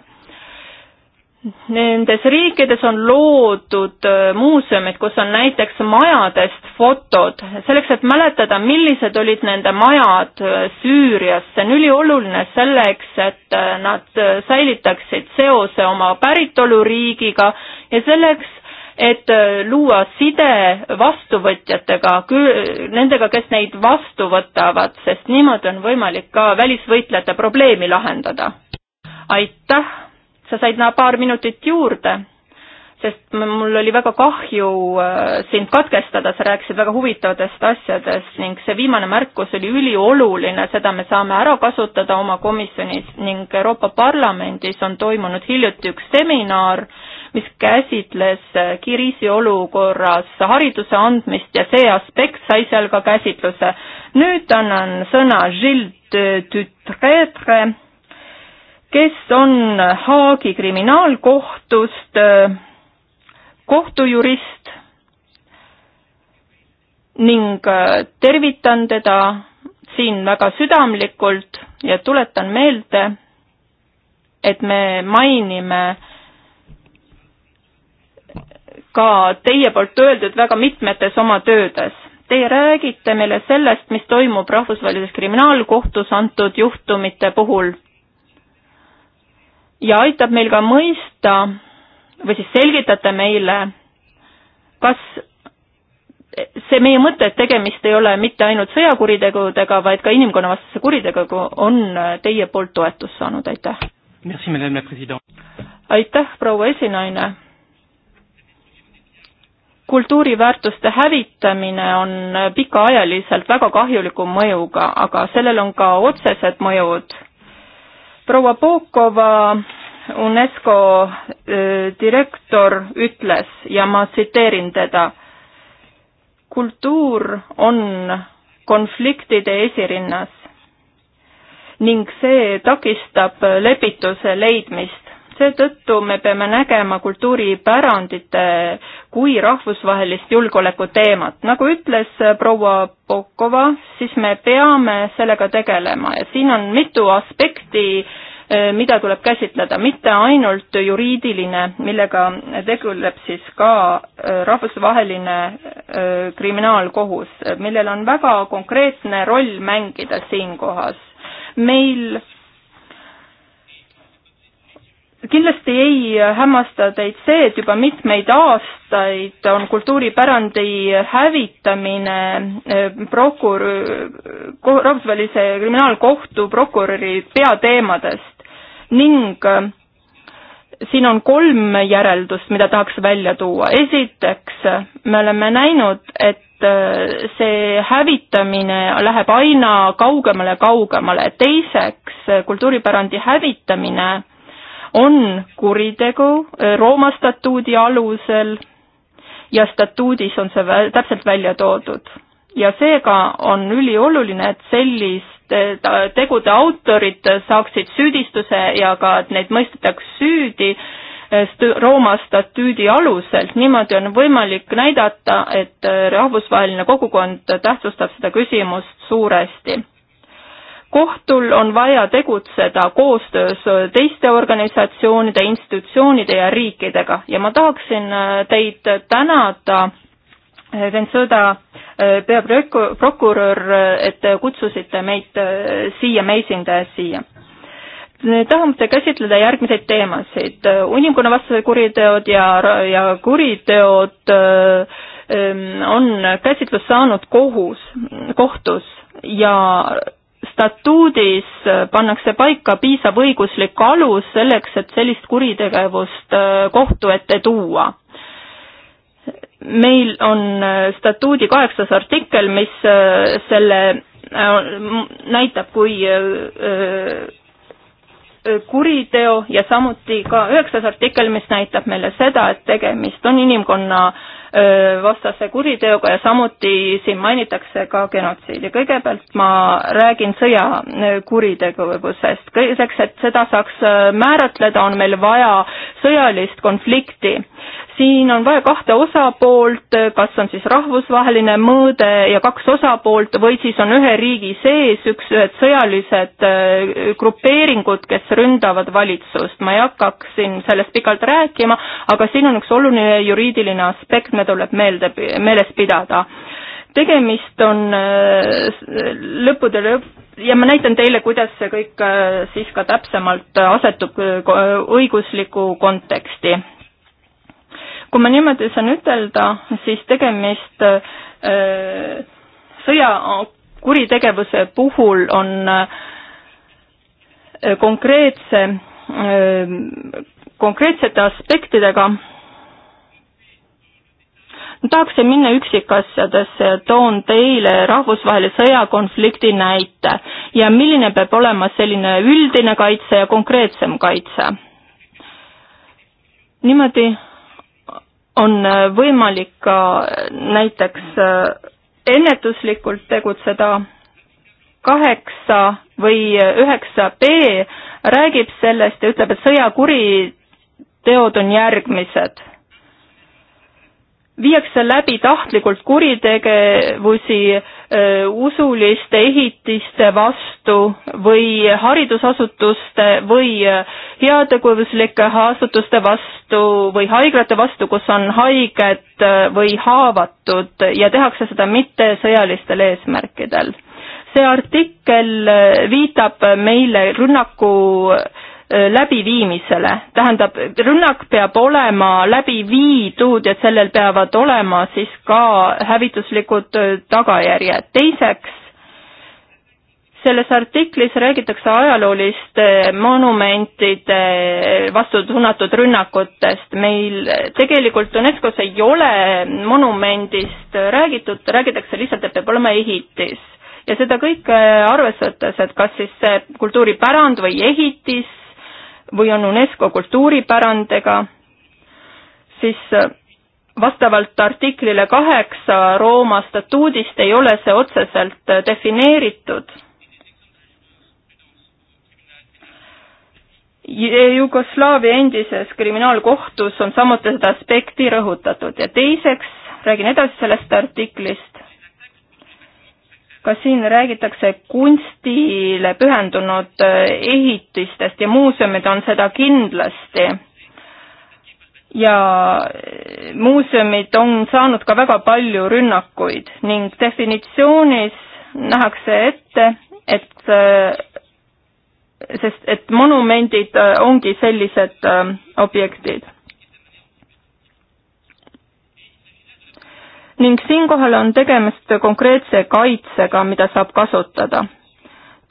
Nendes riikides on loodud äh, muuseumid, kus on näiteks majadest fotod, selleks et mäletada, millised olid nende majad äh, Süürias. see on ülioluline selleks, et äh, nad säilitaksid seose oma päritoluriigiga ja selleks, et luua side vastuvõtjatega, nendega, kes neid vastu võtavad, sest niimoodi on võimalik ka välisvõitlejate probleemi lahendada. aitäh! sa said na paar minutit juurde, sest mul oli väga kahju äh, sind katkestada, sa rääkisid väga huvitavatest asjadest ning see viimane märkus oli ülioluline, seda me saame ära kasutada oma komisjonis ning Euroopa Parlamendis on toimunud hiljuti üks seminar, mis käsitles äh, kriisiolukorras hariduse andmist ja see aspekt sai seal ka käsitluse. nüüd annan sõna Gilles de Dutretre kes on Haagi kriminaalkohtust äh, kohtujurist ning äh, tervitan teda siin väga südamlikult ja tuletan meelde, et me mainime ka teie poolt öeldud väga mitmetes oma töödes. Teie räägite meile sellest, mis toimub Rahvusvahelises Kriminaalkohtus antud juhtumite puhul ja aitab meil ka mõista või siis selgitate meile, kas see meie mõte, et tegemist ei ole mitte ainult sõjakuritegudega, vaid ka inimkonnavastase kuritegudega, on teie poolt toetust saanud, aitäh! aitäh, proua esinaine! kultuuriväärtuste hävitamine on pikaajaliselt väga kahjuliku mõjuga, aga sellel on ka otsesed mõjud proua Pookova, UNESCO e, direktor ütles ja ma tsiteerin teda. kultuur on konfliktide esirinnas ning see takistab lepituse leidmist seetõttu me peame nägema kultuuripärandite kui rahvusvahelist julgeolekuteemat. nagu ütles proua Pokova, siis me peame sellega tegelema ja siin on mitu aspekti, eh, mida tuleb käsitleda, mitte ainult juriidiline, millega tegeleb siis ka eh, rahvusvaheline eh, kriminaalkohus, millel on väga konkreetne roll mängida siinkohas. meil kindlasti ei hämmasta teid see, et juba mitmeid aastaid on kultuuripärandi hävitamine eh, prokur-, rahvusvahelise kriminaalkohtu prokuröri peateemadest ning eh, siin on kolm järeldust, mida tahaks välja tuua. esiteks, me oleme näinud, et eh, see hävitamine läheb aina kaugemale ja kaugemale. teiseks, kultuuripärandi hävitamine on kuritegu eh, Rooma statuudi alusel ja statuudis on see vä täpselt välja toodud. ja seega on ülioluline, et selliste tegude autorid saaksid süüdistuse ja ka, et neid mõistetaks süüdi eh, Rooma statuudi aluselt, niimoodi on võimalik näidata, et eh, rahvusvaheline kogukond tähtsustab seda küsimust suuresti kohtul on vaja tegutseda koostöös teiste organisatsioonide, institutsioonide ja riikidega ja ma tahaksin äh, teid tänada, äh, Vensõda äh, peaprokurör, et te kutsusite meid siia, meie esindaja siia tahame käsitleda järgmiseid teemasid, inimkonnavastased kuriteod ja, ja kuriteod ähm, on käsitlus saanud kohus, kohtus ja statuudis pannakse paika piisav õiguslik alus selleks, et sellist kuritegevust äh, kohtu ette tuua meil on äh, statuudi kaheksas artikkel, mis äh, selle näitab kui kuriteo ja samuti ka üheksas artikkel, mis näitab meile seda, et tegemist on inimkonna äh, vastase kuriteoga ja samuti siin mainitakse ka genotsiidi. kõigepealt ma räägin sõjakuritegelusest. selleks, et seda saaks määratleda, on meil vaja sõjalist konflikti siin on vaja kahte osapoolt, kas on siis rahvusvaheline mõõde ja kaks osapoolt või siis on ühe riigi sees üks, ühed sõjalised äh, grupeeringud, kes ründavad valitsust. ma ei hakkaks siin sellest pikalt rääkima, aga siin on üks oluline juriidiline aspekt, mida tuleb meelde, meeles pidada tegemist on äh, lõppude lõpp ja ma näitan teile, kuidas see kõik äh, siis ka täpsemalt asetub õiguslikku konteksti kui ma niimoodi saan ütelda, siis tegemist äh, sõjakuritegevuse puhul on äh, konkreetse, äh, konkreetsete aspektidega. tahaksin minna üksikasjadesse ja toon teile rahvusvahelise sõjakonflikti näite ja milline peab olema selline üldine kaitse ja konkreetsem kaitse. niimoodi on äh, võimalik ka äh, näiteks äh, ennetuslikult tegutseda. kaheksa või üheksa B räägib sellest ja ütleb, et sõjakuri teod on järgmised viiakse läbi tahtlikult kuritegevusi usuliste ehitiste vastu või haridusasutuste või heategevuslike asutuste vastu või haiglate vastu, kus on haiged või haavatud ja tehakse seda mitte sõjalistel eesmärkidel. see artikkel viitab meile rünnaku läbiviimisele, tähendab, rünnak peab olema läbi viidud ja sellel peavad olema siis ka hävituslikud tagajärjed. teiseks, selles artiklis räägitakse ajalooliste monumentide vastu suunatud rünnakutest. meil tegelikult UNESCO-s ei ole monumendist räägitud, räägitakse lihtsalt, et peab olema ehitis ja seda kõike arvesse võttes, et kas siis see kultuuripärand või ehitis või on UNESCO kultuuripärandega, siis äh, vastavalt artiklile kaheksa Rooma statuudist ei ole see otseselt äh, defineeritud. Jugoslaavia endises kriminaalkohtus on samuti seda aspekti rõhutatud ja teiseks räägin edasi sellest artiklist, ka siin räägitakse kunstile pühendunud äh, ehitistest ja muuseumid on seda kindlasti. ja äh, muuseumid on saanud ka väga palju rünnakuid ning definitsioonis nähakse ette, et äh, sest et monumendid ongi sellised objektid ning siinkohal on tegemist konkreetse kaitsega, mida saab kasutada.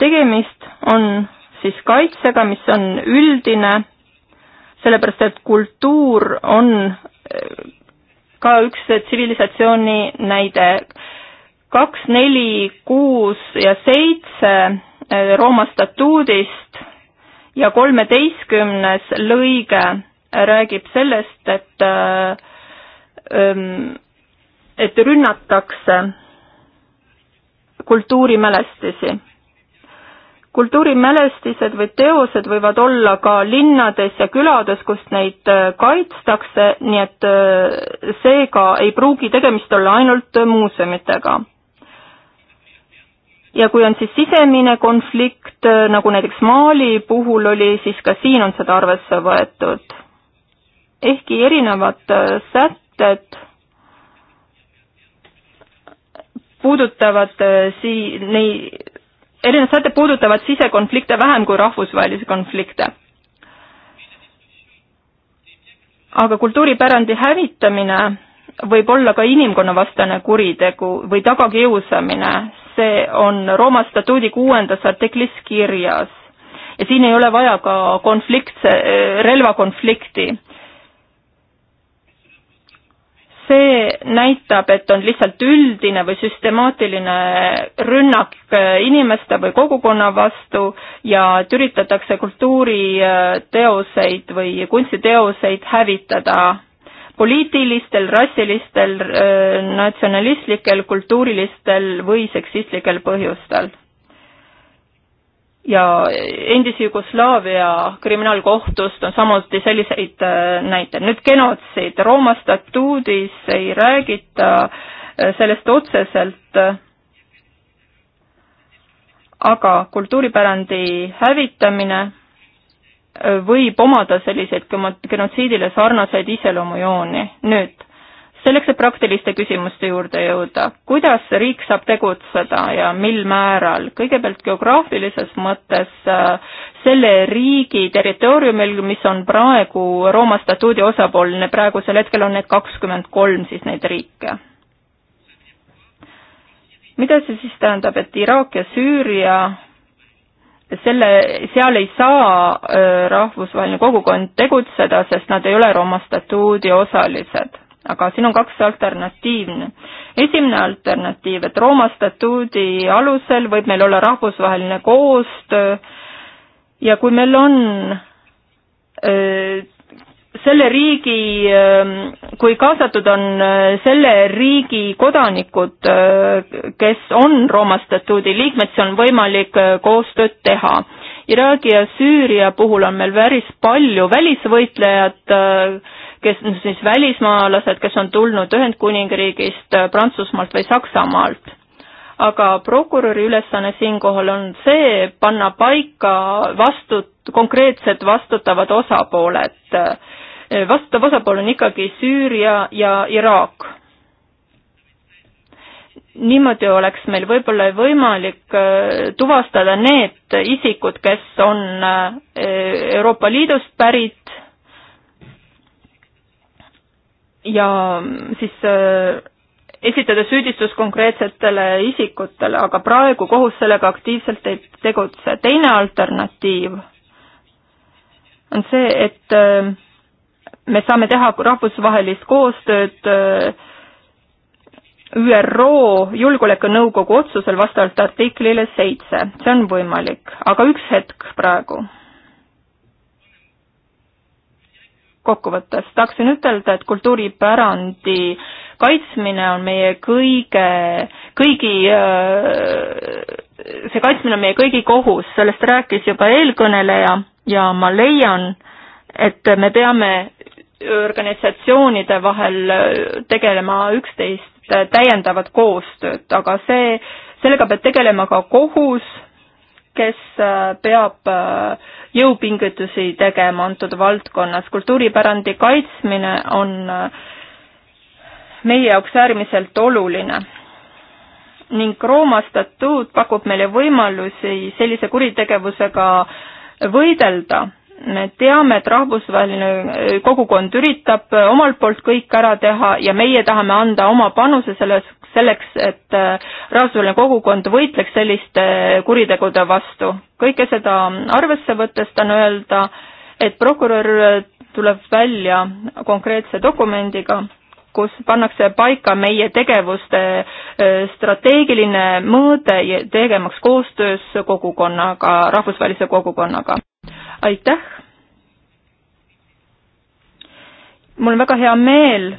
tegemist on siis kaitsega, mis on üldine, sellepärast et kultuur on eh, ka üks tsivilisatsiooni näide. kaks, neli, kuus ja seitse eh, Rooma statuudist ja kolmeteistkümnes lõige räägib sellest, et öö, eh, ehm, et rünnatakse kultuurimälestisi. kultuurimälestised või teosed võivad olla ka linnades ja külades, kus neid äh, kaitstakse, nii et äh, seega ei pruugi tegemist olla ainult äh, muuseumitega. ja kui on siis sisemine konflikt, nagu näiteks Mali puhul oli, siis ka siin on seda arvesse võetud. ehkki erinevad sätted puudutavad äh, sii-, nei-, erinevad sätted puudutavad sisekonflikte vähem kui rahvusvahelisi konflikte. aga kultuuripärandi hävitamine võib olla ka inimkonnavastane kuritegu või tagakiusamine, see on Rooma statuudi kuuendas artiklis kirjas. ja siin ei ole vaja ka konfliktse, relvakonflikti see näitab, et on lihtsalt üldine või süstemaatiline rünnak äh, inimeste või kogukonna vastu ja et üritatakse kultuuriteoseid äh, või kunstiteoseid hävitada poliitilistel, rassilistel, äh, natsionalistlikel, kultuurilistel või seksistlikel põhjustel ja endise Jugoslaavia kriminaalkohtust on samuti selliseid äh, näiteid. nüüd genotsiid, Rooma statuudis ei räägita äh, sellest otseselt, äh, aga kultuuripärandi hävitamine võib omada selliseid genotsiidile sarnaseid iseloomujooni. nüüd selleks, et praktiliste küsimuste juurde jõuda, kuidas riik saab tegutseda ja mil määral, kõigepealt geograafilises mõttes äh, selle riigi territooriumil, mis on praegu Rooma statuudi osapooline, praegusel hetkel on need kakskümmend kolm siis neid riike. mida see siis tähendab, et Iraak ja Süüria selle, seal ei saa äh, rahvusvaheline kogukond tegutseda, sest nad ei ole Rooma statuudi osalised aga siin on kaks alternatiivne. esimene alternatiiv, et Rooma statuudi alusel võib meil olla rahvusvaheline koostöö ja kui meil on öö, selle riigi, kui kaasatud on selle riigi kodanikud, kes on Rooma statuudi liikmed, siis on võimalik koostööd teha. Iraagi ja Süüria puhul on meil päris palju välisvõitlejad, kes siis välismaalased, kes on tulnud Ühendkuningriigist, äh, Prantsusmaalt või Saksamaalt. aga prokuröri ülesanne siinkohal on see, panna paika vastut-, konkreetsed vastutavad osapooled. Äh, vastutav osapool on ikkagi Süüria ja Iraak niimoodi oleks meil võib-olla võimalik äh, tuvastada need isikud, kes on Euroopa Liidust pärit ja siis äh, esitada süüdistus konkreetsetele isikutele, aga praegu kohus sellega aktiivselt ei tegutse. teine alternatiiv on see, et äh, me saame teha rahvusvahelist koostööd äh, ÜRO Julgeolekunõukogu otsusel vastavalt artiklile seitse, see on võimalik, aga üks hetk praegu kokkuvõttes tahaksin ütelda, et kultuuripärandi kaitsmine on meie kõige, kõigi, äh, see kaitsmine on meie kõigi kohus, sellest rääkis juba eelkõneleja ja ma leian, et me peame organisatsioonide vahel tegelema üksteist täiendavat koostööd, aga see, sellega peab tegelema ka kohus kes äh, peab äh, jõupingutusi tegema antud valdkonnas. kultuuripärandi kaitsmine on äh, meie jaoks äärmiselt oluline ning Rooma statuut pakub meile võimalusi sellise kuritegevusega võidelda. me teame, et rahvusvaheline kogukond üritab omalt poolt kõik ära teha ja meie tahame anda oma panuse selles selleks, et äh, rahvusvaheline kogukond võitleks selliste äh, kuritegude vastu. kõike seda arvesse võttes tahan öelda, et prokurör äh, tuleb välja konkreetse dokumendiga, kus pannakse paika meie tegevuste strateegiline mõõde, tegemaks koostöös kogukonnaga, rahvusvahelise kogukonnaga. aitäh! mul on väga hea meel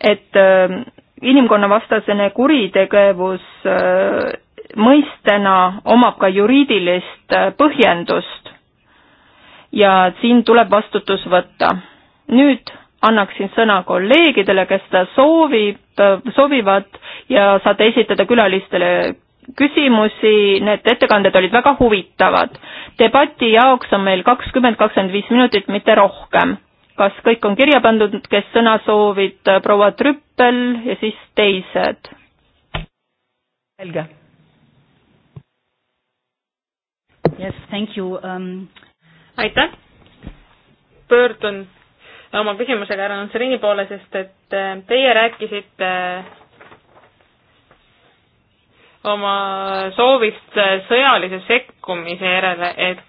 et äh, inimkonnavastasene kuritegevus äh, mõistena omab ka juriidilist äh, põhjendust ja siin tuleb vastutus võtta. nüüd annaksin sõna kolleegidele, kes seda soovib, soovivad ja saate esitada külalistele küsimusi, need ettekanded olid väga huvitavad. debati jaoks on meil kakskümmend, kakskümmend viis minutit, mitte rohkem kas kõik on kirja pandud, kes sõna soovid, äh, proua Trüppel ja siis teised? selge. Yes, thank you um.... aitäh. pöördun oma küsimusega härra Nantserini poole, sest et äh, teie rääkisite äh, oma soovist sõjalise sekkumise järele, et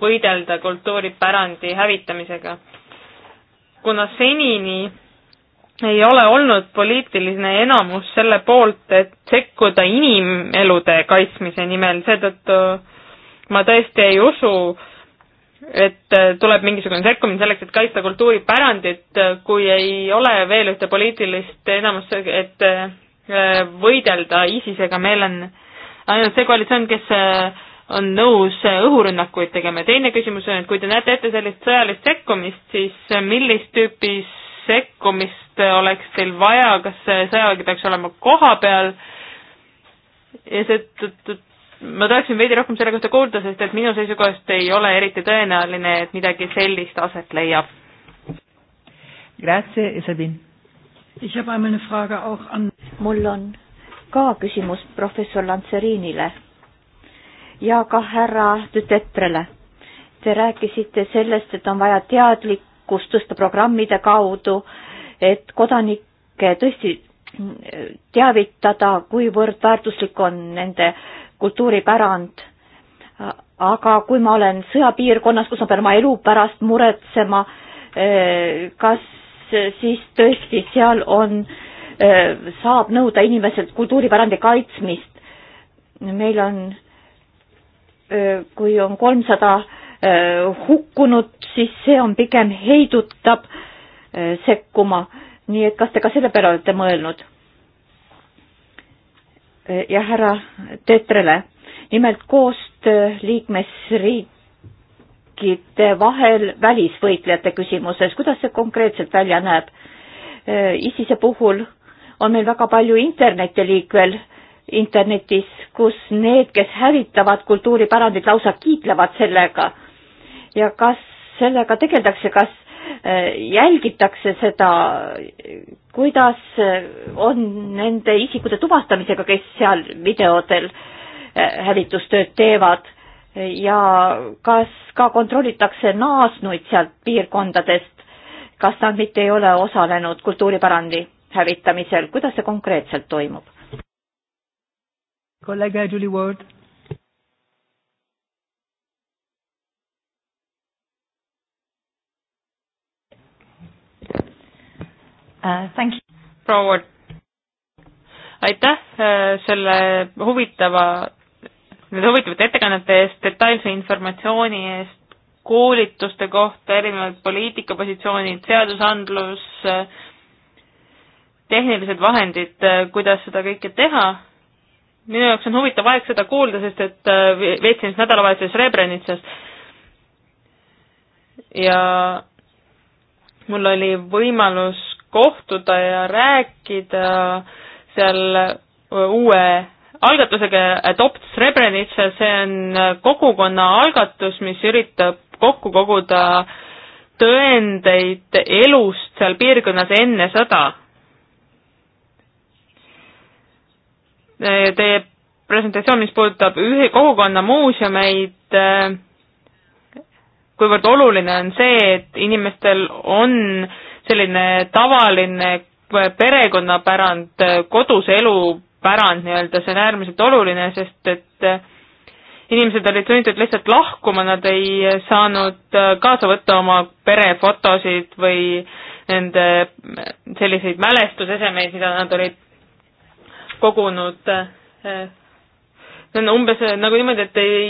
võidelda kultuuripärandi hävitamisega kuna senini ei ole olnud poliitiline enamus selle poolt, et sekkuda inimelude kaitsmise nimel, seetõttu ma tõesti ei usu, et äh, tuleb mingisugune sekkumine selleks, et kaitsta kultuuripärandit, äh, kui ei ole veel ühte poliitilist enamust, et äh, võidelda ISISega, meil on ainult see koalitsioon, kes on nõus õhurünnakuid tegema ja teine küsimus on, et kui te näete ette sellist sõjalist sekkumist, siis millist tüüpi sekkumist oleks teil vaja, kas sõjavägi peaks olema koha peal ja seetõttu ma tahaksin veidi rohkem selle kohta kuulda, sest et minu seisukohast ei ole eriti tõenäoline, et midagi sellist aset leiab. Grazie, Sabine. mul on ka küsimus professor Lantserinile ja ka härra Tütetrele. Te rääkisite sellest, et on vaja teadlikkust tõsta programmide kaudu, et kodanikke tõesti teavitada, kuivõrd väärtuslik on nende kultuuripärand. aga kui ma olen sõjapiirkonnas, kus ma pean oma elu pärast muretsema, eh, kas siis tõesti seal on, eh, saab nõuda inimeselt kultuuripärandi kaitsmist. meil on kui on kolmsada hukkunut, siis see on pigem heidutab sekkuma. nii et kas te ka selle peale olete mõelnud? ja härra Tetrele, nimelt koostöö liikmesriikide vahel välisvõitlejate küsimuses, kuidas see konkreetselt välja näeb? ISISe puhul on meil väga palju internetiliikvel äh, internetis, kus need, kes hävitavad kultuuripärandit, lausa kiitlevad sellega. ja kas sellega tegeldakse, kas äh, jälgitakse seda, kuidas äh, on nende isikute tuvastamisega, kes seal videodel äh, hävitustööd teevad ja kas ka kontrollitakse naasnuid sealt piirkondadest, kas nad mitte ei ole osalenud kultuuripärandi hävitamisel, kuidas see konkreetselt toimub? kolleeg Julie Ward. Uh, thank you. proua Ward, aitäh äh, selle huvitava, nende huvitavate ettekannete eest, detailse informatsiooni eest, koolituste kohta, erinevad poliitikapositsioonid, seadusandlus, äh, tehnilised vahendid, äh, kuidas seda kõike teha minu jaoks on huvitav aeg seda kuulda, sest et äh, veetsin siis nädalavahetusel Srebrenitsas ja mul oli võimalus kohtuda ja rääkida seal äh, uue algatusega Adopt Srebrenica, see on äh, kogukonna algatus, mis üritab kokku koguda tõendeid elust seal piirkonnas enne sõda Eh, teie presentatsioon, mis puudutab ühe kogukonna muuseumeid, eh, kuivõrd oluline on see, et inimestel on selline tavaline perekonnapärand, eh, koduse elu pärand nii-öelda, see on äärmiselt oluline, sest et inimesed olid sunnitud lihtsalt lahkuma, nad ei saanud kaasa võtta oma perefotosid või nende selliseid mälestusesemeid, mida nad olid kogunud. see eh, on umbes eh, nagu niimoodi, et ei,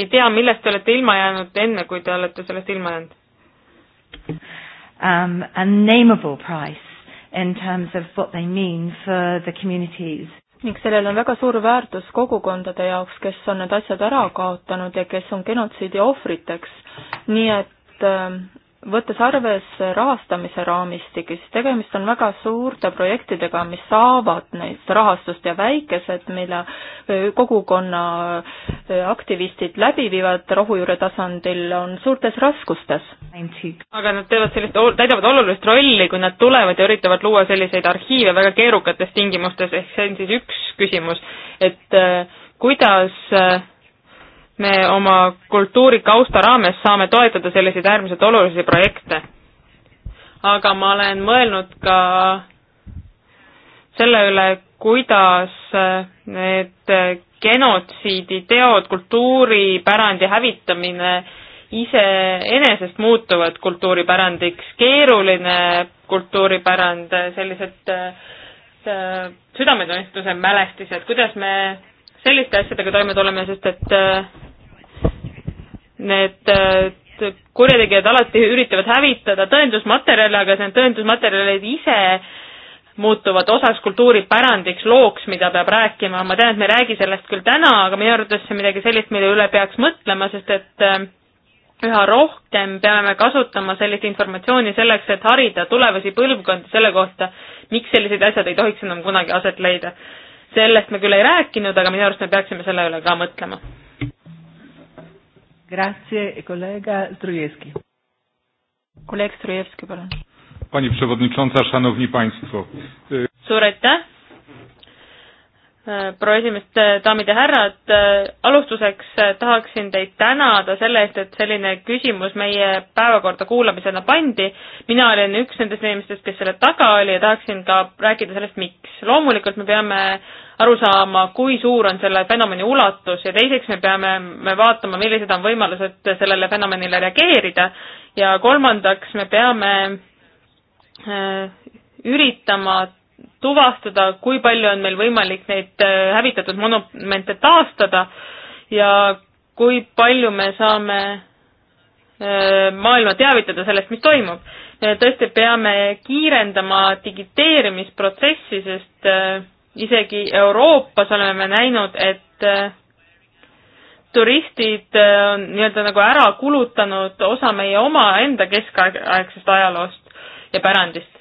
ei tea, millest te olete ilma jäänud enne, kui te olete sellest ilma jäänud um, unnameable price in terms of what they mean for the communities. ning sellel on väga suur väärtus kogukondade jaoks, kes on need asjad ära kaotanud ja kes on genotsiidi ohvriteks. nii et um, võttes arvesse rahastamise raamistikku, siis tegemist on väga suurte projektidega, mis saavad neist rahastust ja väikesed, mille kogukonna aktivistid läbi viivad rohujuure tasandil, on suurtes raskustes. aga nad teevad sellist, täidavad olulist rolli, kui nad tulevad ja üritavad luua selliseid arhiive väga keerukates tingimustes, ehk see on siis üks küsimus, et kuidas äh, me oma kultuurikausta raames saame toetada selliseid äärmiselt olulisi projekte. aga ma olen mõelnud ka selle üle, kuidas need genotsiidi teod, kultuuripärandi hävitamine iseenesest muutuvad kultuuripärandiks, keeruline kultuuripärand, sellised äh, südametunnistuse mälestised, kuidas me selliste asjadega toime tuleme, sest et äh, need äh, kurjategijad alati üritavad hävitada tõendusmaterjale, aga need tõendusmaterjalid ise muutuvad osaks kultuuripärandiks, looks, mida peab rääkima, ma tean, et me ei räägi sellest küll täna, aga minu arvates see on midagi sellist, mille üle peaks mõtlema, sest et äh, üha rohkem peame kasutama sellist informatsiooni selleks, et harida tulevasi põlvkondi selle kohta, miks sellised asjad ei tohiks enam kunagi aset leida sellest me küll ei rääkinud, aga minu arust me peaksime selle üle ka mõtlema. Grazie, kolleeg Strujevski. kolleeg Strujevski, palun. Pani Przewodnicząca, Szanowni Państwo. Suur aitäh, Äh, proua esimees, äh, daamid ja härrad, äh, alustuseks tahaksin teid tänada selle eest, et selline küsimus meie päevakorda kuulamisena pandi. mina olin üks nendest inimestest, kes selle taga oli ja tahaksin ka rääkida sellest, miks. loomulikult me peame aru saama, kui suur on selle fenomeni ulatus ja teiseks me peame me vaatama, millised on võimalused sellele fenomenile reageerida ja kolmandaks me peame äh, üritama tuvastada, kui palju on meil võimalik neid äh, hävitatud monumente taastada ja kui palju me saame äh, maailma teavitada sellest, mis toimub. me äh, tõesti peame kiirendama digiteerimisprotsessi, sest isegi Euroopas oleme me näinud, et turistid on nii-öelda nagu ära kulutanud osa meie omaenda keskaegsest ajaloost ja pärandist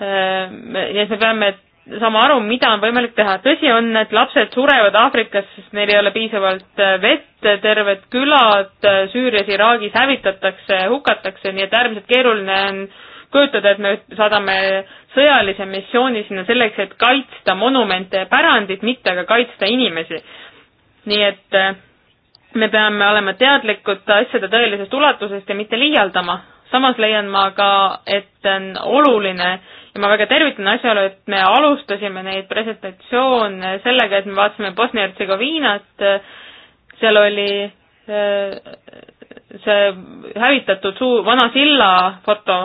nii ehm, et me peame saama aru, mida on võimalik teha. tõsi on, et lapsed surevad Aafrikas, sest neil ei ole piisavalt äh, vett, terved külad äh, Süürias, Iraagis hävitatakse, hukatakse, nii et äärmiselt keeruline on kujutada, et me saadame sõjalise missiooni sinna selleks, et kaitsta monumente ja pärandit, mitte aga kaitsta inimesi. nii et äh, me peame olema teadlikud asjade tõelisest ulatusest ja mitte liialdama samas leian ma ka, et on oluline ja ma väga tervitan asjaolu, et me alustasime neid presentatsioone sellega, et me vaatasime Bosnia-Hertsegoviinat, seal oli eh, see hävitatud suur, vana silla foto,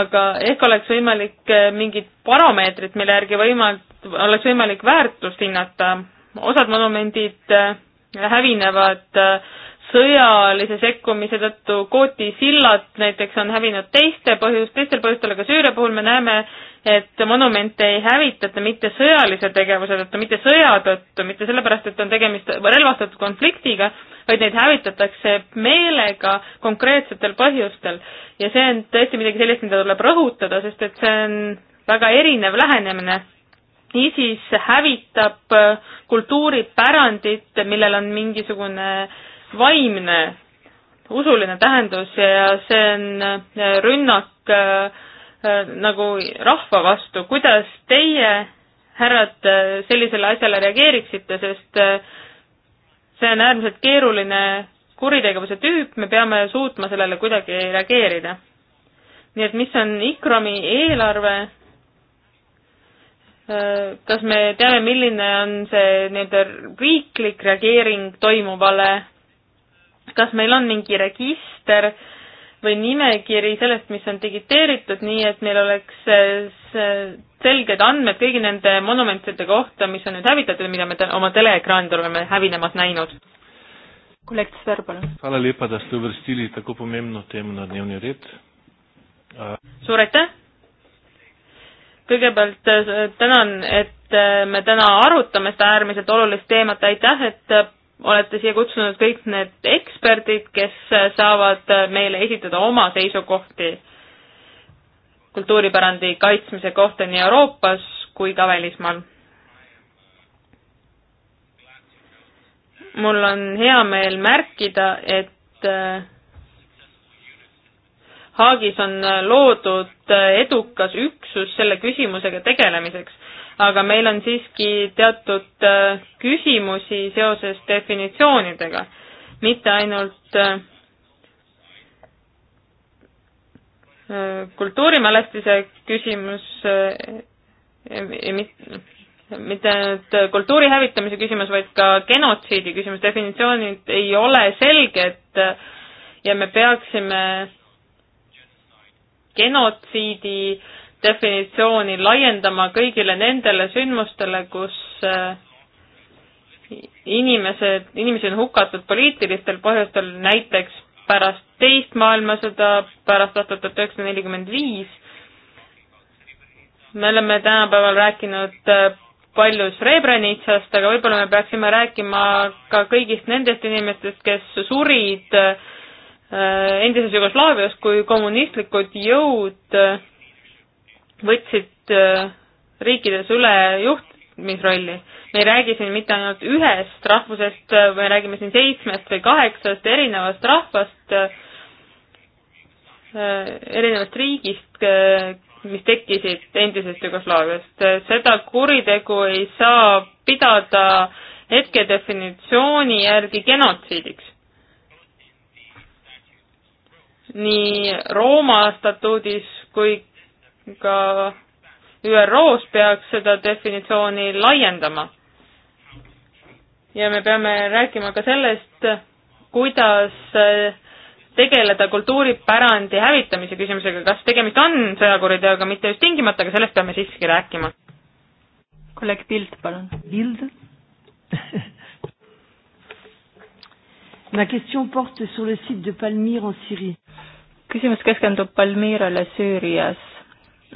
aga ehk oleks võimalik eh, mingit parameetrit, mille järgi võimal-, oleks võimalik väärtust hinnata. osad monumendid eh, hävinevad sõjalise sekkumise tõttu Kooti sillad näiteks on hävinud teiste põhjus, teistel põhjustel, aga Süüria puhul me näeme, et monumente ei hävitata mitte sõjalise tegevuse tõttu, mitte sõja tõttu, mitte sellepärast, et on tegemist relvastatud konfliktiga, vaid neid hävitatakse meelega konkreetsetel põhjustel. ja see on tõesti midagi sellist, mida tuleb rõhutada, sest et see on väga erinev lähenemine ISIS hävitab kultuuripärandit, millel on mingisugune vaimne usuline tähendus ja see on äh, rünnak äh, äh, nagu rahva vastu. kuidas teie, härrad, sellisele asjale reageeriksite, sest see on äärmiselt keeruline kuritegevuse tüüp, me peame suutma sellele kuidagi reageerida. nii et mis on ICROM-i eelarve, kas me teame, milline on see nii-öelda riiklik reageering toimuvale kas meil on mingi register või nimekiri sellest, mis on digiteeritud, nii et meil oleks äh, selged andmed kõigi nende monumentide kohta, mis on nüüd hävitatud, mida me oma teleekraanidel oleme hävinemas näinud. kolleeg Sõber, palun. Hvala lepa, da ste uvrstili tako pomembno temo na dnevni red. suur aitäh! kõigepealt äh, tänan, et äh, me täna arutame seda äärmiselt olulist teemat, aitäh, et olete siia kutsunud kõik need eksperdid, kes saavad meile esitada oma seisukohti kultuuripärandi kaitsmise kohta nii Euroopas kui ka välismaal. mul on hea meel märkida, et äh, Haagis on loodud edukas üksus selle küsimusega tegelemiseks aga meil on siiski teatud äh, küsimusi seoses definitsioonidega, mitte ainult äh, äh, kultuurimälestise küsimus, mitte ainult kultuuri hävitamise küsimus, vaid ka genotsiidi küsimus, definitsioonid ei ole selged ja me peaksime genotsiidi äh, definitsiooni laiendama kõigile nendele sündmustele, kus äh, inimesed, inimesi on hukatud poliitilistel põhjustel, näiteks pärast teist maailmasõda, pärast aastat tuhat üheksasada nelikümmend viis. me oleme tänapäeval rääkinud äh, palju Srebrenitsast, aga võib-olla me peaksime rääkima ka kõigist nendest inimestest, kes surid äh, endises Jugoslaavias, kui kommunistlikud jõud võtsid äh, riikides üle juhtimisrolli. me ei räägi siin mitte ainult ühest rahvusest, äh, me räägime siin seitsmest või kaheksast erinevast rahvast, äh, erinevast riigist, mis tekkisid endisest Jugoslaaviast. seda kuritegu ei saa pidada hetkedefinitsiooni järgi genotsiidiks. nii Rooma statuudis kui ka ÜRO-s peaks seda definitsiooni laiendama. ja me peame rääkima ka sellest, kuidas äh, tegeleda kultuuripärandi hävitamise küsimusega, kas tegemist on sõjakuriteoga, mitte just tingimata, aga sellest peame siiski rääkima. kolleeg Pild, palun. Pild Ma question porte sur le site de Palmyre en Syrie. küsimus keskendub Palmyrale Süürias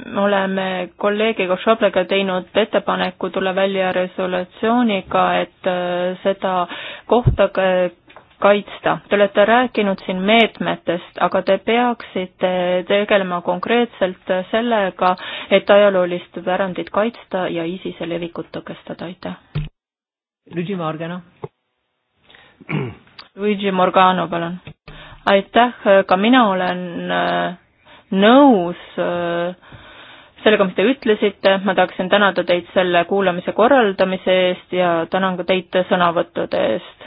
me oleme kolleegiga Šoblega teinud ettepaneku tulla välja resolutsiooniga, et äh, seda kohta kaitsta. Te olete rääkinud siin meetmetest, aga te peaksite tegelema konkreetselt sellega, et ajaloolist pärandit kaitsta ja ISISe levikut tõkestada, aitäh. Luigi Morgano. Luigi Morgano, palun. aitäh, ka mina olen äh, nõus äh, sellega, mis te ütlesite, ma tahaksin tänada teid selle kuulamise korraldamise eest ja tänan ka teid sõnavõttude eest.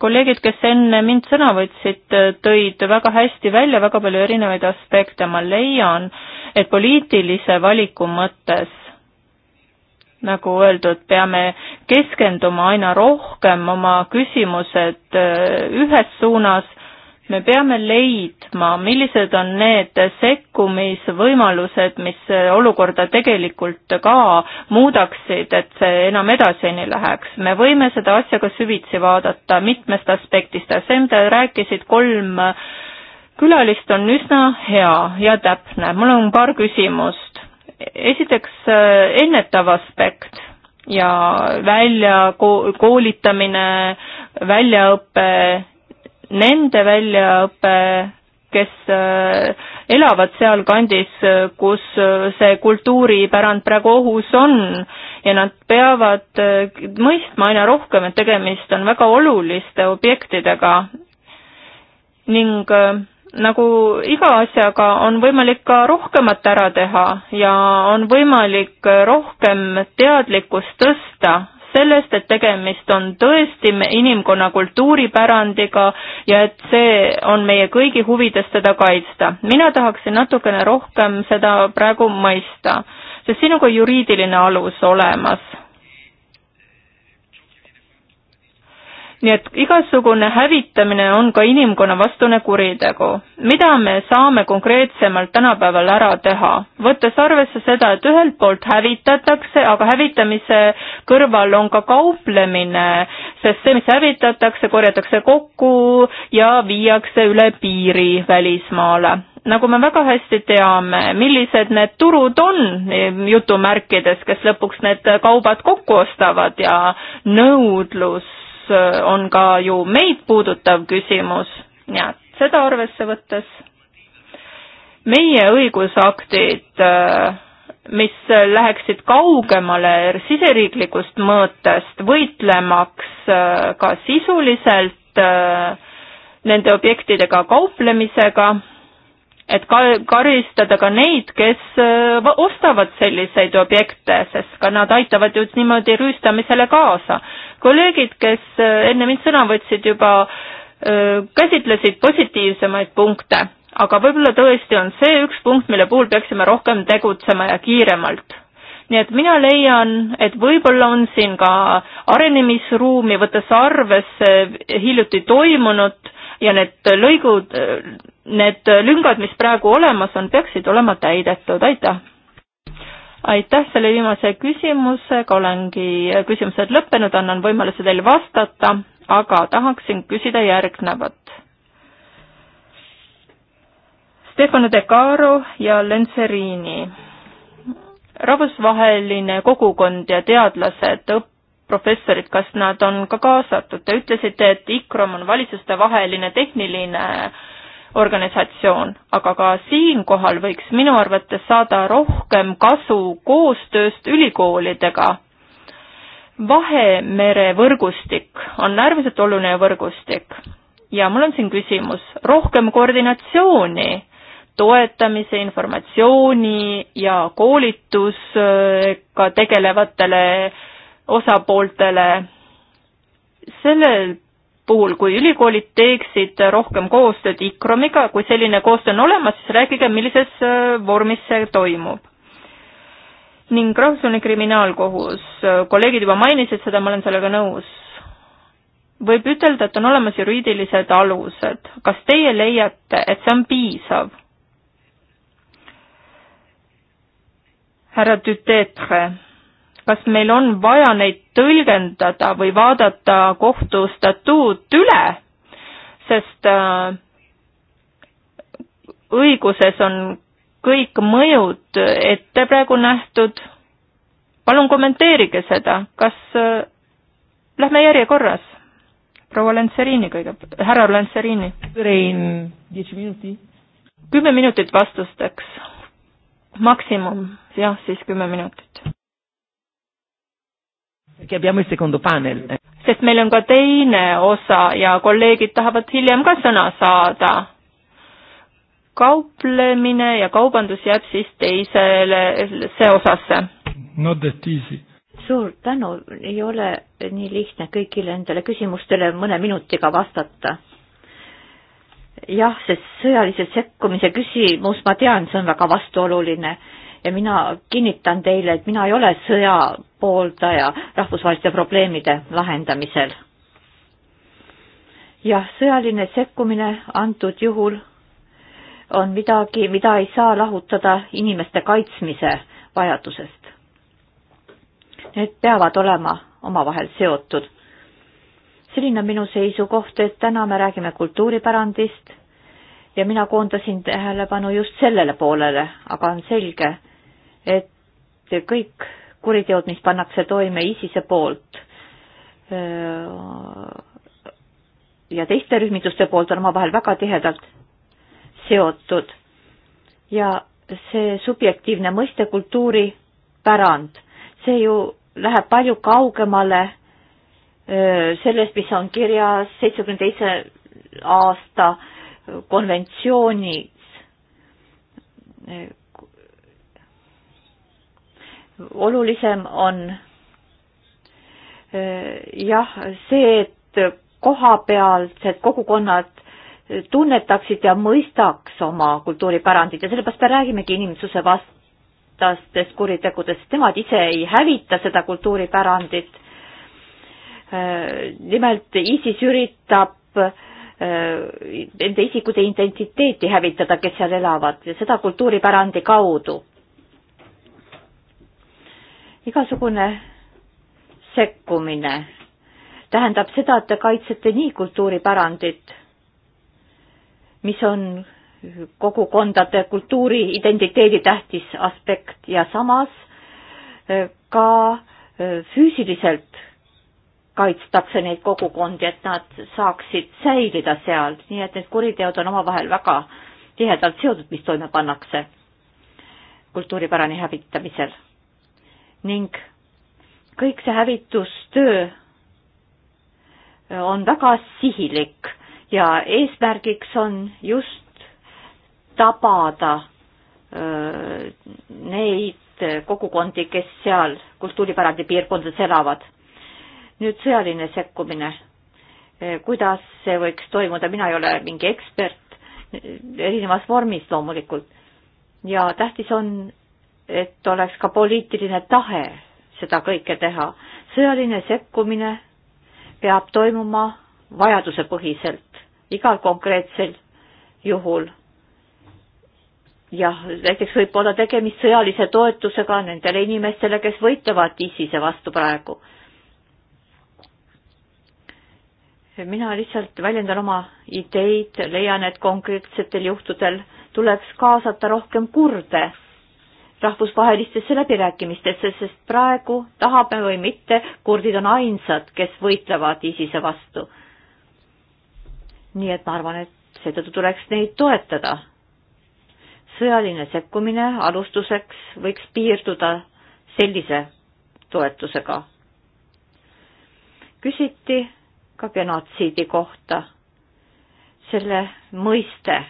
kolleegid, kes enne mind sõna võtsid, tõid väga hästi välja väga palju erinevaid aspekte, ma leian, et poliitilise valiku mõttes nagu öeldud, peame keskenduma aina rohkem oma küsimused äh, ühes suunas me peame leidma, millised on need sekkumisvõimalused, mis olukorda tegelikult ka muudaksid, et see enam edasini läheks. me võime seda asja ka süvitsi vaadata mitmest aspektist, see, mida rääkisid kolm külalist, on üsna hea ja täpne. mul on paar küsimust. esiteks ennetav aspekt ja välja koolitamine, väljaõpe nende väljaõpe, kes äh, elavad sealkandis, kus äh, see kultuuripärand praegu ohus on ja nad peavad äh, mõistma aina rohkem, et tegemist on väga oluliste objektidega ning nagu iga asjaga, on võimalik ka rohkemat ära teha ja on võimalik rohkem teadlikkust tõsta sellest, et tegemist on tõesti inimkonna kultuuripärandiga ja et see on meie kõigi huvides seda kaitsta. mina tahaksin natukene rohkem seda praegu mõista, sest siin on ka juriidiline alus olemas nii et igasugune hävitamine on ka inimkonna vastune kuritegu. mida me saame konkreetsemalt tänapäeval ära teha? võttes arvesse seda, et ühelt poolt hävitatakse, aga hävitamise kõrval on ka kauplemine, sest see, mis hävitatakse, korjatakse kokku ja viiakse üle piiri välismaale nagu me väga hästi teame, millised need turud on jutumärkides, kes lõpuks need kaubad kokku ostavad ja nõudlus Äh, on ka ju meid puudutav küsimus ja seda arvesse võttes meie õigusaktid, äh, mis läheksid kaugemale siseriiklikust mõõtest, võitlemaks äh, ka sisuliselt nende objektidega kauplemisega et ka-, karistada ka neid, kes äh, ostavad selliseid objekte, sest ka nad aitavad ju niimoodi rüüstamisele kaasa. kolleegid, kes äh, enne mind sõna võtsid, juba äh, käsitlesid positiivsemaid punkte, aga võib-olla tõesti on see üks punkt, mille puhul peaksime rohkem tegutsema ja kiiremalt nii et mina leian, et võib-olla on siin ka arenemisruumi, võttes arvesse hiljuti toimunut ja need lõigud, need lüngad, mis praegu olemas on, peaksid olema täidetud, aitäh! aitäh selle viimase küsimusega, olengi küsimused lõppenud, annan võimaluse teil vastata, aga tahaksin küsida järgnevat. Stefano De Caro ja Lenzerini. rahvusvaheline kogukond ja teadlased, professorid, kas nad on ka kaasatud? Te ütlesite, et ICROM on valitsustevaheline tehniline äh, organisatsioon, aga ka siinkohal võiks minu arvates saada rohkem kasu koostööst ülikoolidega. Vahemere võrgustik on äärmiselt oluline võrgustik ja mul on siin küsimus, rohkem koordinatsiooni toetamise, informatsiooni ja koolitusega tegelevatele osapooltele sellel puhul, kui ülikoolid teeksid rohkem koostööd ICROM-iga, kui selline koostöö on olemas, siis rääkige, millises äh, vormis see toimub. ning Rahvusvaheline Kriminaalkohus, äh, kolleegid juba mainisid seda, ma olen sellega nõus. võib ütelda, et on olemas juriidilised alused. kas teie leiate, et see on piisav? härra Dutetre kas meil on vaja neid tõlgendada või vaadata kohtu statuut üle, sest äh, õiguses on kõik mõjud ette praegu nähtud. palun kommenteerige seda, kas äh, lähme järjekorras? proua Lentserini kõigepealt, härra Lentserini. kümme minutit vastusteks, maksimum, jah, siis kümme minutit. Eh. sest meil on ka teine osa ja kolleegid tahavad hiljem ka sõna saada. kauplemine ja kaubandus jääb siis teisele, see osasse. Not that easy suur tänu, ei ole nii lihtne kõigile endale küsimustele mõne minutiga vastata. jah, see sõjalise sekkumise küsimus, ma tean, see on väga vastuoluline ja mina kinnitan teile, et mina ei ole sõja pooldaja rahvusvaheliste probleemide lahendamisel. jah, sõjaline sekkumine antud juhul on midagi, mida ei saa lahutada inimeste kaitsmise vajadusest. Need peavad olema omavahel seotud. selline on minu seisukoht, et täna me räägime kultuuripärandist ja mina koondasin tähelepanu just sellele poolele, aga on selge, et kõik kuriteod, mis pannakse toime ISISe poolt ja teiste rühmituste poolt, on omavahel väga tihedalt seotud. ja see subjektiivne mõiste kultuuripärand, see ju läheb palju kaugemale sellest, mis on kirjas seitsmekümne teise aasta konventsioonis olulisem on eh, jah, see, et kohapealsed kogukonnad tunnetaksid ja mõistaks oma kultuuripärandit ja sellepärast me räägimegi inimsuse vastastest kuritegudest, nemad ise ei hävita seda kultuuripärandit. Eh, nimelt ISIS üritab eh, nende isikute identiteeti hävitada, kes seal elavad ja seda kultuuripärandi kaudu igasugune sekkumine tähendab seda, et te kaitsete nii kultuuripärandit, mis on kogukondade kultuuri identiteedi tähtis aspekt ja samas eh, ka eh, füüsiliselt kaitstakse neid kogukondi, et nad saaksid säilida seal, nii et need kuriteod on omavahel väga tihedalt seotud, mis toime pannakse kultuuripärani hävitamisel ning kõik see hävitustöö on väga sihilik ja eesmärgiks on just tabada öö, neid kogukondi, kes seal kultuuripärandi piirkondades elavad. nüüd sõjaline sekkumine, kuidas see võiks toimuda, mina ei ole mingi ekspert, erinevas vormis loomulikult. ja tähtis on, et oleks ka poliitiline tahe seda kõike teha. sõjaline sekkumine peab toimuma vajadusepõhiselt, igal konkreetsel juhul. jah, näiteks võib olla tegemist sõjalise toetusega nendele inimestele, kes võitlevad ISISe vastu praegu. mina lihtsalt väljendan oma ideid, leian, et konkreetsetel juhtudel tuleks kaasata rohkem kurde rahvusvahelistesse läbirääkimistesse, sest praegu, tahame või mitte, kurdid on ainsad, kes võitlevad ISISe vastu. nii et ma arvan, et seetõttu tuleks neid toetada. sõjaline sekkumine alustuseks võiks piirduda sellise toetusega. küsiti ka genotsiidi kohta, selle mõiste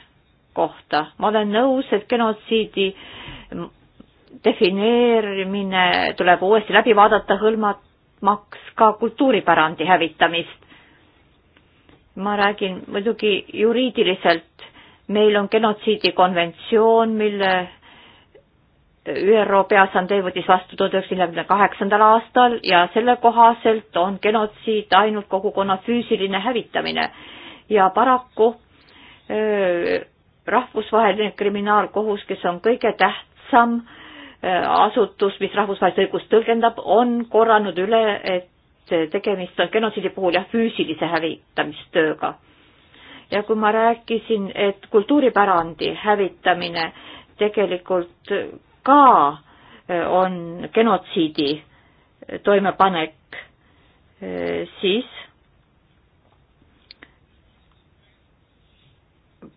kohta. ma olen nõus, et genotsiidi defineerimine tuleb uuesti läbi vaadata, hõlmamaks ka kultuuripärandi hävitamist. ma räägin muidugi juriidiliselt, meil on genotsiidi konventsioon, mille ÜRO Peaassamblee võttis vastu tuhande üheksasaja neljakümne kaheksandal aastal ja selle kohaselt on genotsiid ainult kogukonna füüsiline hävitamine ja paraku öö, rahvusvaheline kriminaalkohus, kes on kõige tähtsam öö, asutus, mis rahvusvahelist õigust tõlgendab, on korranud üle, et tegemist on genotsiidi puhul jah, füüsilise hävitamistööga. ja kui ma rääkisin, et kultuuripärandi hävitamine tegelikult ka e, on genotsiidi toimepanek, e, siis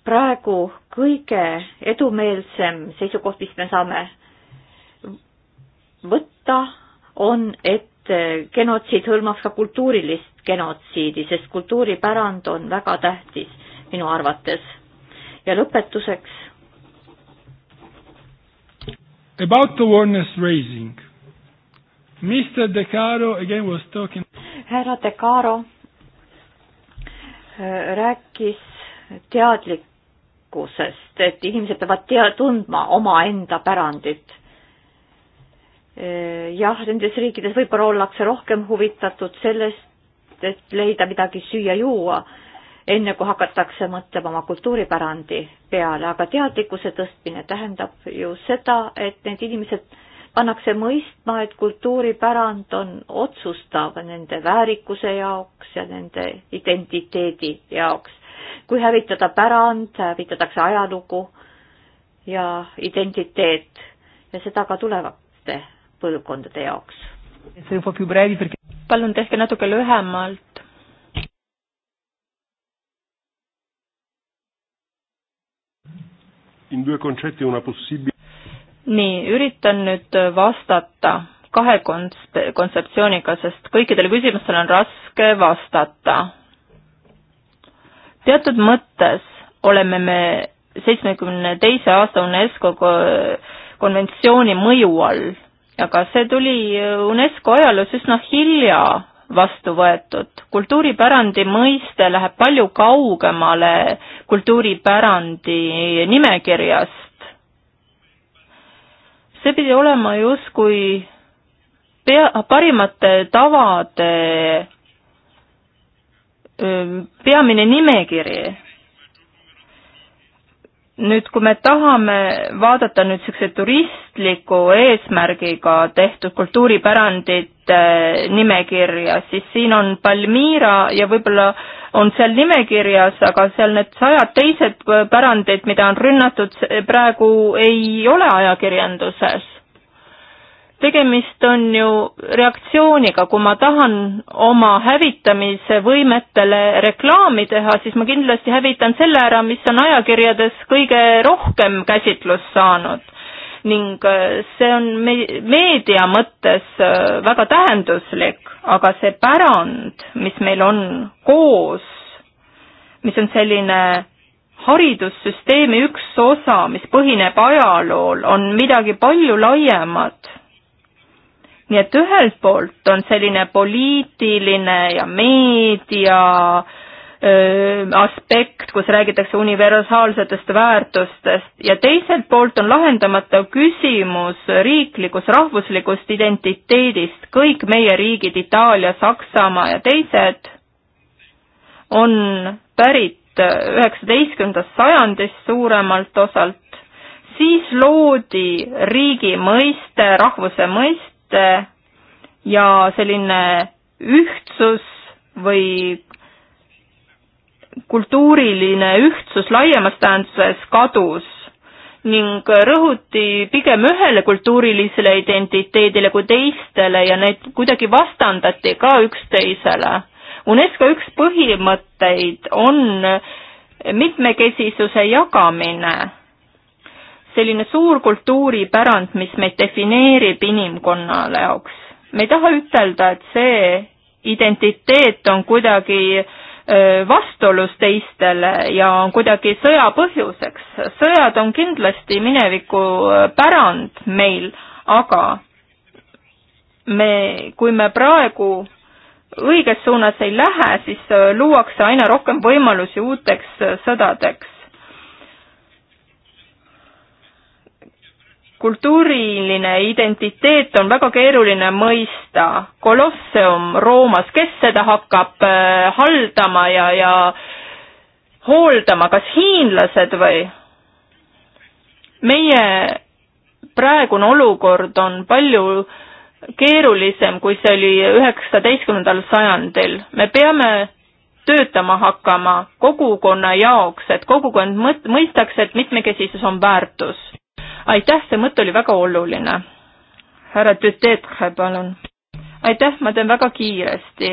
praegu kõige edumeelsem seisukoht, mis me saame võtta, on, et genotsiid hõlmaks ka kultuurilist genotsiidi, sest kultuuripärand on väga tähtis minu arvates. ja lõpetuseks. About awareness raising. Mr De Caro again was talking. härra De Caro äh, rääkis teadlikkusest, et inimesed peavad tea-, tundma omaenda pärandit Eh, jah, nendes riikides võib-olla ollakse rohkem huvitatud sellest, et leida midagi süüa-juua, enne kui hakatakse mõtlema oma kultuuripärandi peale, aga teadlikkuse tõstmine tähendab ju seda, et need inimesed pannakse mõistma, et kultuuripärand on otsustav nende väärikuse jaoks ja nende identiteedi jaoks. kui hävitada pärand, hävitatakse ajalugu ja identiteet ja seda ka tulevaste põlvkondade jaoks. palun tehke natuke lühemalt. nii, üritan nüüd vastata kahe kons-, kontseptsiooniga, sest kõikidele küsimustele on raske vastata. teatud mõttes oleme me seitsmekümne teise aasta UNESCO konventsiooni mõju all aga see tuli äh, UNESCO ajaloos üsna hilja vastu võetud. kultuuripärandi mõiste läheb palju kaugemale kultuuripärandi nimekirjast. see pidi olema justkui pea, parimate tavade äh, peamine nimekiri nüüd, kui me tahame vaadata nüüd niisuguse turistliku eesmärgiga tehtud kultuuripärandite eh, nimekirja, siis siin on Palmira ja võib-olla on seal nimekirjas, aga seal need sajad teised eh, pärandid, mida on rünnatud, praegu ei ole ajakirjanduses tegemist on ju reaktsiooniga, kui ma tahan oma hävitamise võimetele reklaami teha, siis ma kindlasti hävitan selle ära, mis on ajakirjades kõige rohkem käsitlust saanud. ning äh, see on me-, meedia mõttes äh, väga tähenduslik, aga see pärand, mis meil on koos, mis on selline haridussüsteemi üks osa, mis põhineb ajalool, on midagi palju laiemat nii et ühelt poolt on selline poliitiline ja meedia öö, aspekt, kus räägitakse universaalsetest väärtustest ja teiselt poolt on lahendamata küsimus riiklikust, rahvuslikust identiteedist. kõik meie riigid, Itaalia, Saksamaa ja teised, on pärit üheksateistkümnendast sajandist suuremalt osalt, siis loodi riigi mõiste, rahvuse mõiste, mõiste ja selline ühtsus või kultuuriline ühtsus laiemas tähenduses kadus ning rõhuti pigem ühele kultuurilisele identiteedile kui teistele ja need kuidagi vastandati ka üksteisele. UNESCO üks põhimõtteid on mitmekesisuse jagamine selline suur kultuuripärand, mis meid defineerib inimkonnale jaoks. me ei taha ütelda, et see identiteet on kuidagi vastuolus teistele ja on kuidagi sõja põhjuseks. sõjad on kindlasti mineviku pärand meil, aga me, kui me praegu õiges suunas ei lähe, siis luuakse aina rohkem võimalusi uuteks sõdadeks. kultuuriline identiteet on väga keeruline mõista. Kolosseum Roomas, kes seda hakkab äh, haldama ja, ja hooldama, kas hiinlased või? meie praegune olukord on palju keerulisem, kui see oli üheksateistkümnendal sajandil. me peame töötama hakkama kogukonna jaoks, et kogukond mõt-, mõistaks, et mitmekesisus on väärtus aitäh, see mõte oli väga oluline. härra Tütetre, palun. aitäh, ma teen väga kiiresti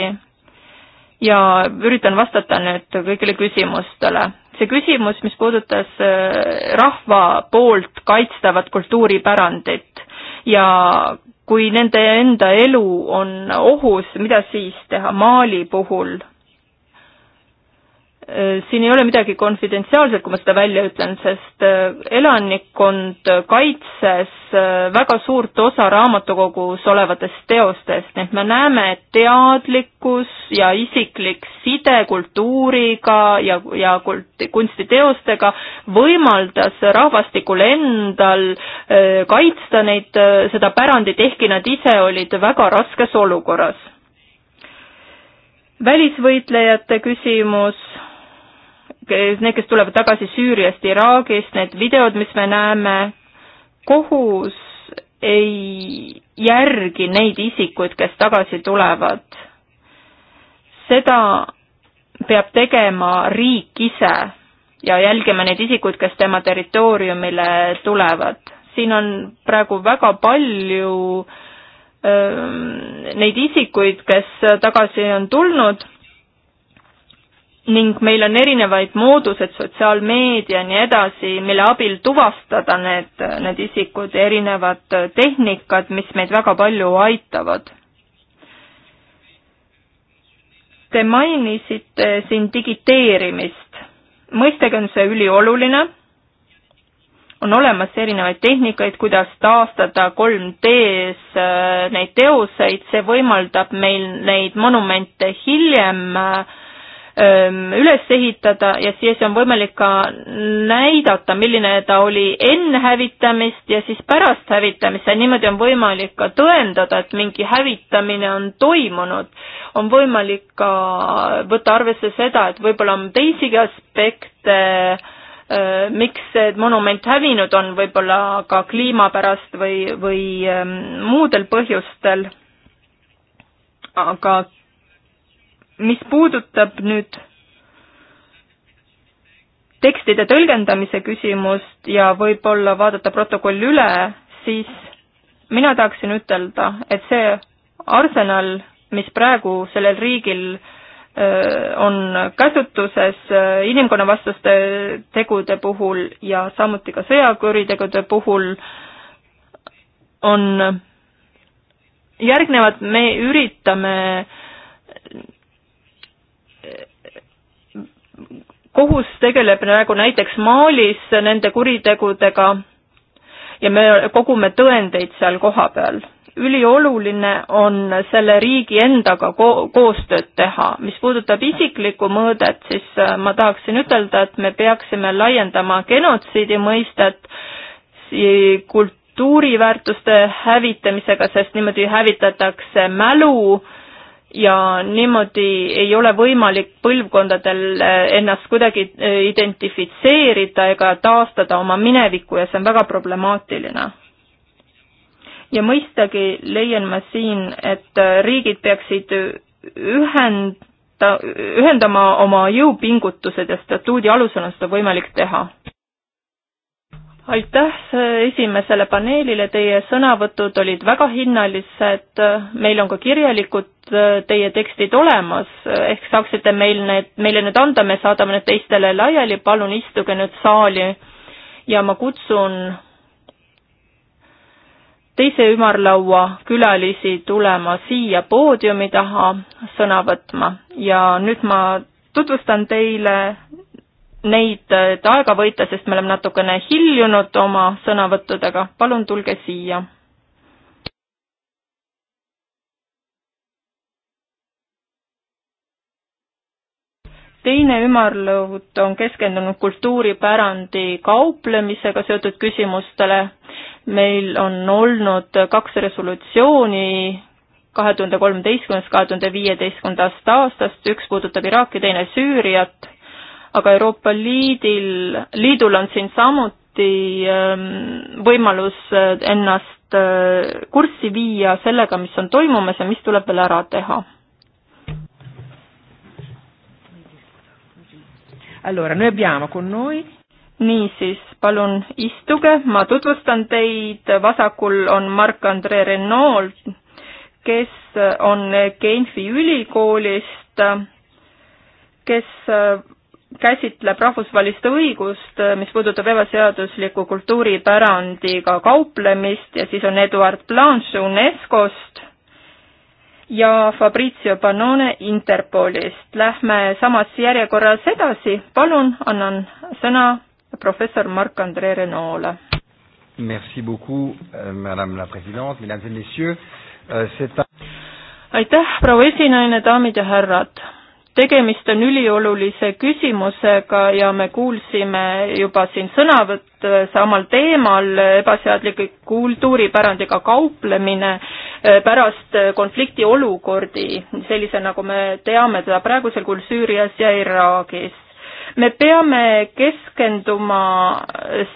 ja üritan vastata nüüd kõigile küsimustele. see küsimus, mis puudutas äh, rahva poolt kaitstavat kultuuripärandit ja kui nende enda elu on ohus, mida siis teha Mali puhul? Äh, siin ei ole midagi konfidentsiaalset, kui ma seda välja ütlen, sest äh, elanikkond kaitses äh, väga suurt osa raamatukogus olevatest teostest, nii et me näeme, et teadlikkus ja isiklik side kultuuriga ja, ja kult-, kunstiteostega võimaldas rahvastikul endal kaitsta neid, seda pärandit, ehkki nad ise olid väga raskes olukorras välisvõitlejate küsimus kes, need, kes tulevad tagasi Süüriast, Iraagist, need videod, mis me näeme, kohus ei järgi neid isikuid, kes tagasi tulevad. seda peab tegema riik ise ja jälgima neid isikuid, kes tema territooriumile tulevad. siin on praegu väga palju öö, neid isikuid, kes tagasi on tulnud ning meil on erinevaid mooduseid, sotsiaalmeedia ja nii edasi, mille abil tuvastada need, need isikud ja erinevad tehnikad, mis meid väga palju aitavad. Te mainisite siin digiteerimist. mõistagi on see ülioluline. on olemas erinevaid tehnikaid, kuidas taastada 3D-s äh, neid teoseid, see võimaldab meil neid monumente hiljem äh, Ähm, üles ehitada ja siis on võimalik ka näidata, milline ta oli enne hävitamist ja siis pärast hävitamist ja niimoodi on võimalik ka tõendada, et mingi hävitamine on toimunud. on võimalik ka võtta arvesse seda, et võib-olla on teisigi aspekte, äh, miks see monument hävinud on, võib-olla ka kliima pärast või, või ähm, muudel põhjustel, aga mis puudutab nüüd tekstide tõlgendamise küsimust ja võib-olla vaadata protokoll üle, siis mina tahaksin ütelda, et see arsenal, mis praegu sellel riigil on käsutuses inimkonnavastaste tegude puhul ja samuti ka sõjakuritegude puhul, on järgnevad, me üritame äh, kohus tegeleb praegu näiteks Malis nende kuritegudega ja me kogume tõendeid seal kohapeal. ülioluline on selle riigi endaga ko koostööd teha. mis puudutab isiklikku mõõdet, siis äh, ma tahaksin ütelda, et me peaksime laiendama genotsiidi mõistet kult-, kultuuriväärtuste hävitamisega, sest niimoodi hävitatakse mälu ja niimoodi ei ole võimalik põlvkondadel eh, ennast kuidagi eh, identifitseerida ega taastada oma minevikku ja see on väga problemaatiline. ja mõistagi leian ma siin, et eh, riigid peaksid ühenda, ühendama oma jõupingutused ja statuudi alusel on seda võimalik teha aitäh eh, esimesele paneelile, teie sõnavõtud olid väga hinnalised, meil on ka kirjalikud eh, teie tekstid olemas, ehk saaksite meil need, meile need anda, me saadame need teistele laiali, palun istuge nüüd saali ja ma kutsun teise ümarlaua külalisi tulema siia poodiumi taha sõna võtma ja nüüd ma tutvustan teile neid, et aega võita, sest me oleme natukene hiljunud oma sõnavõttudega. palun tulge siia. teine ümarlõud on keskendunud kultuuripärandi kauplemisega seotud küsimustele. meil on olnud kaks resolutsiooni kahe tuhande kolmeteistkümnendast, kahe tuhande viieteistkümnendast aastast, üks puudutab Iraaki, teine Süüriat aga Euroopa Liidil, Liidul on siin samuti ähm, võimalus äh, ennast äh, kurssi viia sellega, mis on toimumas ja mis tuleb veel ära teha. Allora, noi abbiamo con noi niisiis, palun istuge, ma tutvustan teid, vasakul on Marc-André Renault, kes on Genfi ülikoolist, kes äh, käsitleb rahvusvahelist õigust, mis puudutab ebaseadusliku kultuuripärandiga kauplemist ja siis on Eduard Blanche UNESCO-st ja Fabrizio Pannone Interpolist. Lähme samas järjekorras edasi, palun, annan sõna professor Marc-André Renaule. Merci beaucoup, euh, madame la présidente, mesdames et messieurs, euh, c'est aitäh, proua esinaine, daamid ja härrad tegemist on üliolulise küsimusega ja me kuulsime juba siin sõnavõtte äh, samal teemal, ebaseadliku kultuuripärandiga kauplemine äh, pärast äh, konfliktiolukordi, sellise nagu me teame teda praegusel kujul Süürias ja Iraagis me peame keskenduma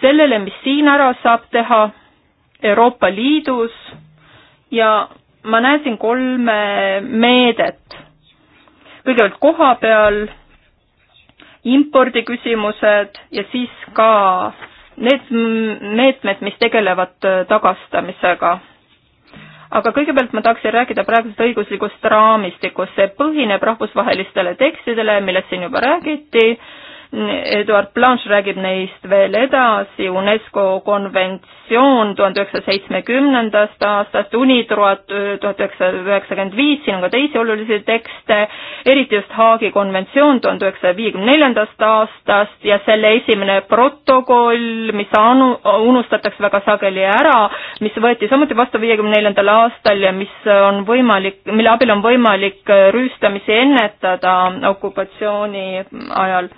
sellele, mis siin ära saab teha Euroopa Liidus ja ma näen siin kolme meedet kõigepealt koha peal impordiküsimused ja siis ka need meetmed, mis tegelevad äh, tagastamisega. aga kõigepealt ma tahaksin rääkida praegusest õiguslikust raamistikust, see põhineb rahvusvahelistele tekstidele, millest siin juba räägiti, Eduard Blanche räägib neist veel edasi, UNESCO konventsioon tuhande üheksasaja seitsmekümnendast aastast, UNITROAT tuhat üheksasada üheksakümmend viis, siin on ka teisi olulisi tekste, eriti just Haagi konventsioon tuhande üheksasaja viiekümne neljandast aastast ja selle esimene protokoll, mis anu-, unustatakse väga sageli ära, mis võeti samuti vastu viiekümne neljandal aastal ja mis on võimalik, mille abil on võimalik rüüstamisi ennetada okupatsiooni ajal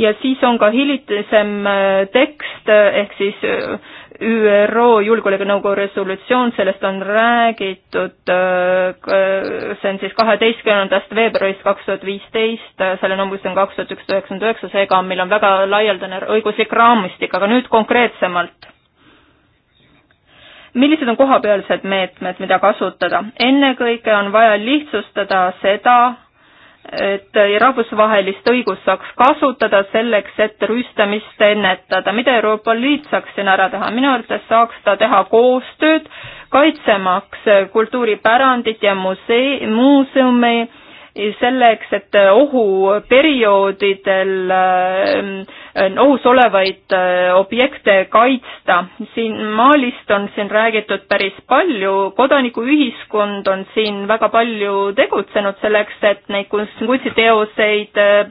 ja siis on ka hilisem äh, tekst äh, ehk siis äh, ÜRO Julgeolekunõukogu resolutsioon, sellest on räägitud, see on siis kaheteistkümnendast veebruarist kaks tuhat viisteist, selle numbris on kaks tuhat ükssada üheksakümmend üheksa, seega meil on väga laialdane õiguslik raamistik, aga nüüd konkreetsemalt. millised on kohapealsed meetmed, mida kasutada? ennekõike on vaja lihtsustada seda, et rahvusvahelist õigust saaks kasutada selleks, et rüüstamist ennetada. mida Euroopa Liit saaks siin ära teha? minu arvates saaks ta teha koostööd, kaitsemaks kultuuripärandit ja musee-, muuseume selleks, et ohuperioodidel ähm, ohus olevaid äh, objekte kaitsta. siin Malist on siin räägitud päris palju, kodanikuühiskond on siin väga palju tegutsenud selleks, et neid kunstiteoseid äh,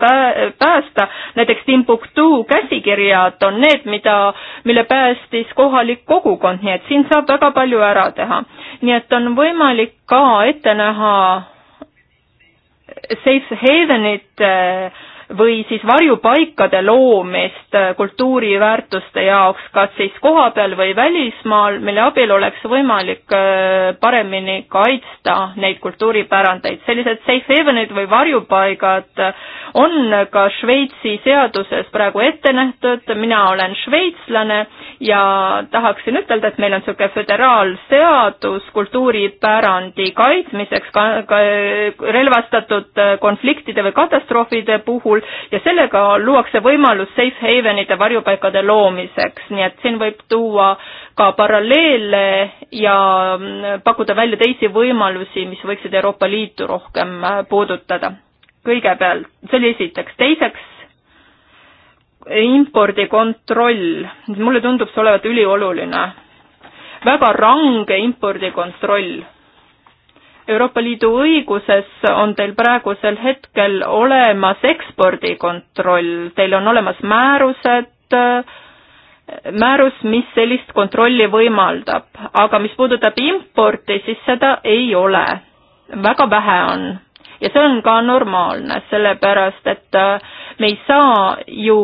päästa. näiteks Timbuktu käsikirjad on need, mida, mille päästis kohalik kogukond, nii et siin saab väga palju ära teha. nii et on võimalik ka ette näha safe haven'it äh, või siis varjupaikade loomist äh, kultuuriväärtuste jaoks, kas siis kohapeal või välismaal, mille abil oleks võimalik äh, paremini kaitsta neid kultuuripärandeid. sellised safe haven'id või varjupaigad on ka Šveitsi seaduses praegu ette nähtud, mina olen šveitslane ja tahaksin ütelda, et meil on niisugune föderaalseadus kultuuripärandi kaitsmiseks ka, ka, relvastatud konfliktide või katastroofide puhul ja sellega luuakse võimalus safe haven'ide varjupaikade loomiseks, nii et siin võib tuua ka paralleele ja mm, pakkuda välja teisi võimalusi, mis võiksid Euroopa Liitu rohkem äh, puudutada kõigepealt, see oli esiteks, teiseks impordikontroll, mulle tundub see olevat ülioluline. väga range impordikontroll. Euroopa Liidu õiguses on teil praegusel hetkel olemas ekspordikontroll, teil on olemas määrused, määrus, mis sellist kontrolli võimaldab, aga mis puudutab importi, siis seda ei ole. väga vähe on ja see on ka normaalne, sellepärast et äh, me ei saa ju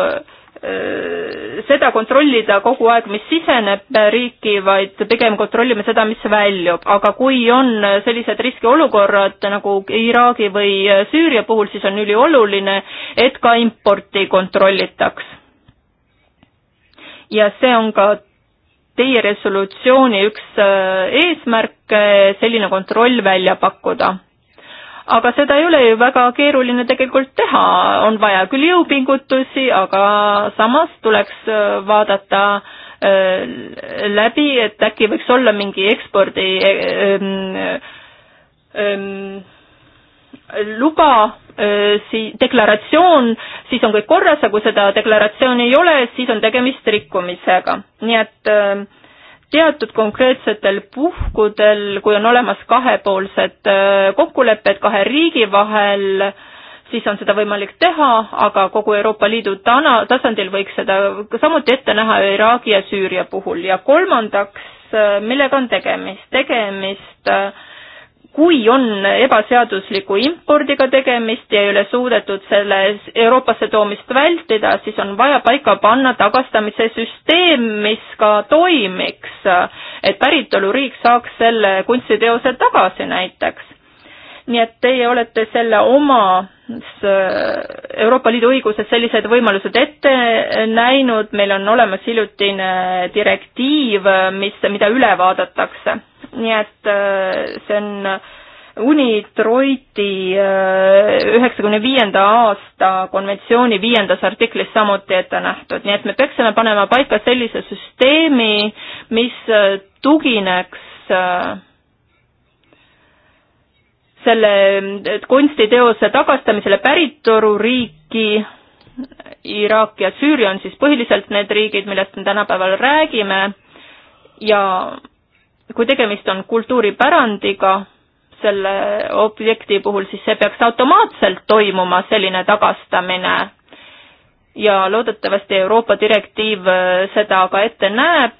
äh, seda kontrollida kogu aeg, mis siseneb riiki, vaid pigem kontrollime seda, mis väljub. aga kui on sellised riskiolukorrad nagu Iraagi või Süüria puhul, siis on ülioluline, et ka importi kontrollitaks. ja see on ka teie resolutsiooni üks äh, eesmärke, selline kontroll välja pakkuda aga seda ei ole ju väga keeruline tegelikult teha, on vaja küll jõupingutusi, aga samas tuleks äh, vaadata äh, läbi, et äkki võiks olla mingi ekspordi e, ehm, ehm, luba, äh, sii-, deklaratsioon, siis on kõik korras, aga kui seda deklaratsiooni ei ole, siis on tegemist rikkumisega. nii et äh, teatud konkreetsetel puhkudel, kui on olemas kahepoolsed kokkulepped kahe riigi vahel, siis on seda võimalik teha, aga kogu Euroopa Liidu tana, tasandil võiks seda samuti ette näha Iraagi ja Süüria puhul ja kolmandaks, millega on tegemist, tegemist äh, kui on ebaseadusliku impordiga tegemist ja ei ole suudetud selle Euroopasse toomist vältida, siis on vaja paika panna tagastamise süsteem, mis ka toimiks, et päritoluriik saaks selle kunstiteose tagasi näiteks. nii et teie olete selle oma äh, Euroopa Liidu õiguses sellised võimalused ette näinud, meil on olemas hiljutine direktiiv, mis, mida üle vaadatakse nii et äh, see on äh, UNITROIT-i äh, üheksakümne viienda aasta konventsiooni viiendas artiklis samuti ette nähtud, nii et me peaksime panema paika sellise süsteemi, mis tugineks selle kunstiteose tagastamisele päritoluriiki, Iraak ja Süüria on siis põhiliselt need riigid, millest me tänapäeval räägime ja kui tegemist on kultuuripärandiga, selle objekti puhul, siis see peaks automaatselt toimuma, selline tagastamine. ja loodetavasti Euroopa direktiiv äh, seda ka ette näeb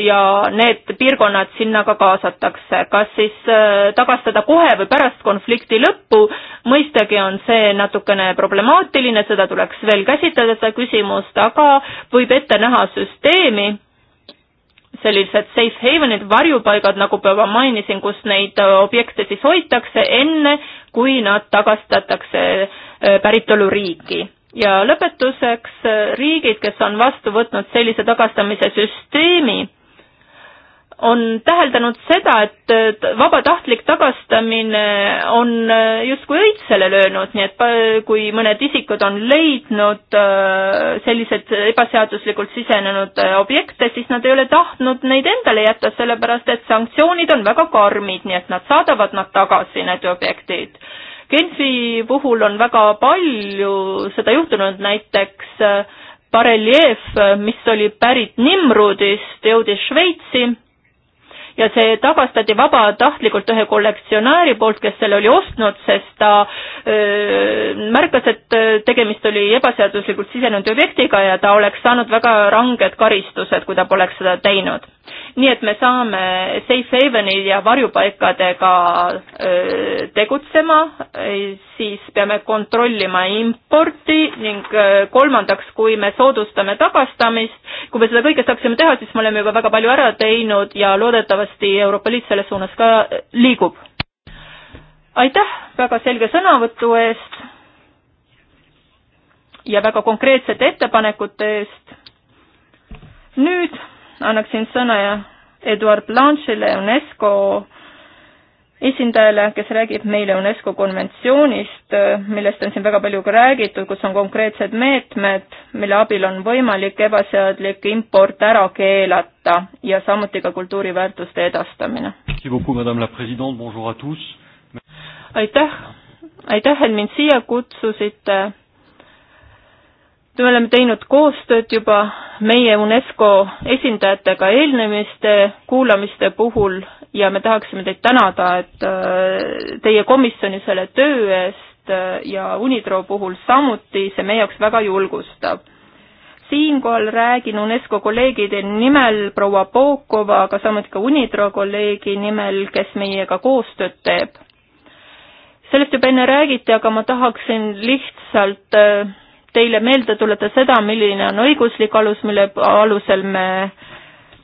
ja need piirkonnad sinna ka kaasatakse. kas siis äh, tagastada kohe või pärast konflikti lõppu, mõistagi on see natukene problemaatiline, seda tuleks veel käsitleda, seda küsimust, aga võib ette näha süsteemi sellised safe haven'id, varjupaigad, nagu juba mainisin, kus neid äh, objekte siis hoitakse enne, kui nad tagastatakse äh, päritoluriiki. ja lõpetuseks äh, riigid, kes on vastu võtnud sellise tagastamise süsteemi, on täheldanud seda, et vabatahtlik tagastamine on äh, justkui õitsele löönud, nii et kui mõned isikud on leidnud äh, sellised ebaseaduslikult sisenenud äh, objekte, siis nad ei ole tahtnud neid endale jätta, sellepärast et sanktsioonid on väga karmid, nii et nad saadavad nad tagasi, need objektid. Genfi puhul on väga palju seda juhtunud, näiteks bareljeef, mis oli pärit Nimrudist, jõudis Šveitsi ja see tagastati vabatahtlikult ühe kollektsionääri poolt, kes selle oli ostnud, sest ta öö, märkas, et tegemist oli ebaseaduslikult sisenenud objektiga ja ta oleks saanud väga ranged karistused, kui ta poleks seda teinud. nii et me saame safe haven'i ja varjupaikadega öö, tegutsema, siis peame kontrollima importi ning kolmandaks, kui me soodustame tagastamist, kui me seda kõike saaksime teha, siis me oleme juba väga palju ära teinud ja loodetavasti loodetavasti Euroopa Liit selles suunas ka liigub. aitäh väga selge sõnavõtu eest ja väga konkreetsete ettepanekute eest. nüüd annaksin sõna Eduard Blanchile UNESCO esindajale, kes räägib meile UNESCO konventsioonist, millest on siin väga palju ka räägitud, kus on konkreetsed meetmed, mille abil on võimalik ebaseadlik import ära keelata ja samuti ka kultuuriväärtuste edastamine. aitäh, aitäh, et mind siia kutsusite. me oleme teinud koostööd juba meie UNESCO esindajatega eelnemiste kuulamiste puhul ja me tahaksime teid tänada, et äh, teie komisjoni selle töö eest äh, ja Unitro puhul samuti, see meie jaoks väga julgustab. siinkohal räägin UNESCO kolleegide nimel proua Pookova, aga samuti ka Unitro kolleegi nimel, kes meiega koostööd teeb. sellest juba enne räägiti, aga ma tahaksin lihtsalt äh, teile meelde tuletada seda, milline on õiguslik alus, mille alusel me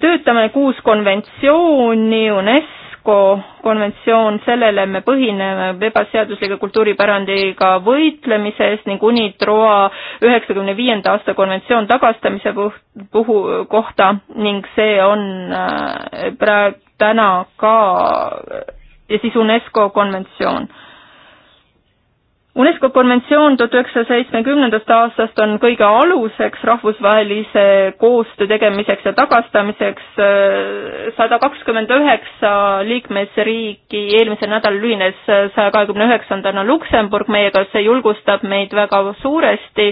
töötame, kuus konventsiooni, UNESCO konventsioon, sellele me põhineme ebaseadusliku kultuuripärandiga võitlemises ning UNITROA üheksakümne viienda aasta konventsioon tagastamise puh-, puhu-, kohta ning see on äh, praegu täna ka ja siis UNESCO konventsioon UNESCO konventsioon tuhat üheksasaja seitsmekümnendast aastast on kõige aluseks rahvusvahelise koostöö tegemiseks ja tagastamiseks. sada kakskümmend üheksa liikmesriiki, eelmisel nädalal ühines saja kahekümne üheksandana Luksemburg meiega, see julgustab meid väga suuresti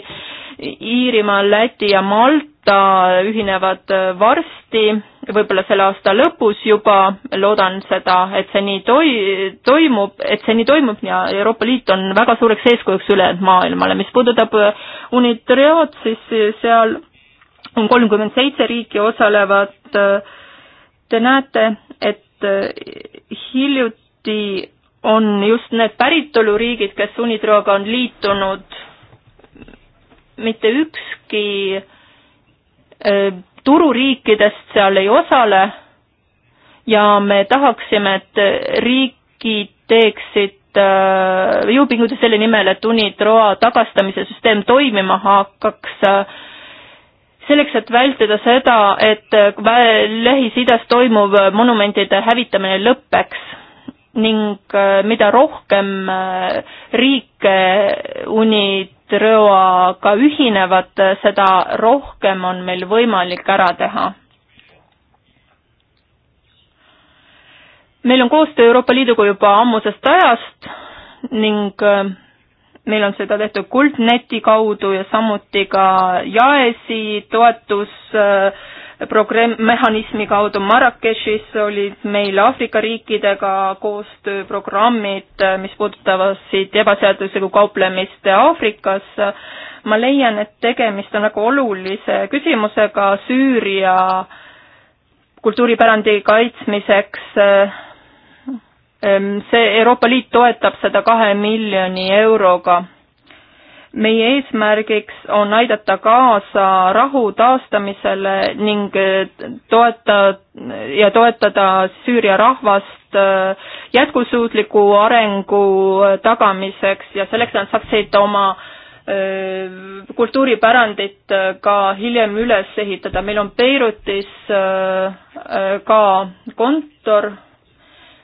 Iirimaa, Läti ja Malta ühinevad äh, varsti, võib-olla selle aasta lõpus juba, loodan seda, et see nii toi-, toimub, et see nii toimub ja Euroopa Liit on väga suureks eeskujuks ülejäänud maailmale. mis puudutab äh, unitariaat, siis äh, seal on kolmkümmend seitse riiki osalevad, te näete, et hiljuti on just need päritoluriigid, kes UNITRO-ga on liitunud mitte ükski tururiikidest seal ei osale ja me tahaksime, et riigid teeksid jõupingutusi selle nimel, et UNITROA tagastamise süsteem toimima hakkaks selleks, et vältida seda, et Lähis-Idas toimuv monumentide hävitamine lõpeks ning mida rohkem riike UNIT röoaga ühinevad, seda rohkem on meil võimalik ära teha. meil on koostöö Euroopa Liiduga juba ammusest ajast ning äh, meil on seda tehtud Kuldneti kaudu ja samuti ka Jaesi toetus äh, programm, mehhanismi kaudu Marrakechis olid meil Aafrika riikidega koostööprogrammid, äh, mis puudutavasid ebaseaduslikku kauplemist Aafrikas. ma leian, et tegemist on väga olulise küsimusega Süüria kultuuripärandi kaitsmiseks. Äh, ähm, see Euroopa Liit toetab seda kahe miljoni euroga meie eesmärgiks on aidata kaasa rahu taastamisele ning eh, toeta- ja toetada Süüria rahvast eh, jätkusuutliku arengu eh, tagamiseks ja selleks nad saaksid oma kultuuripärandit ka hiljem üles ehitada. meil on Beirutis ka kontor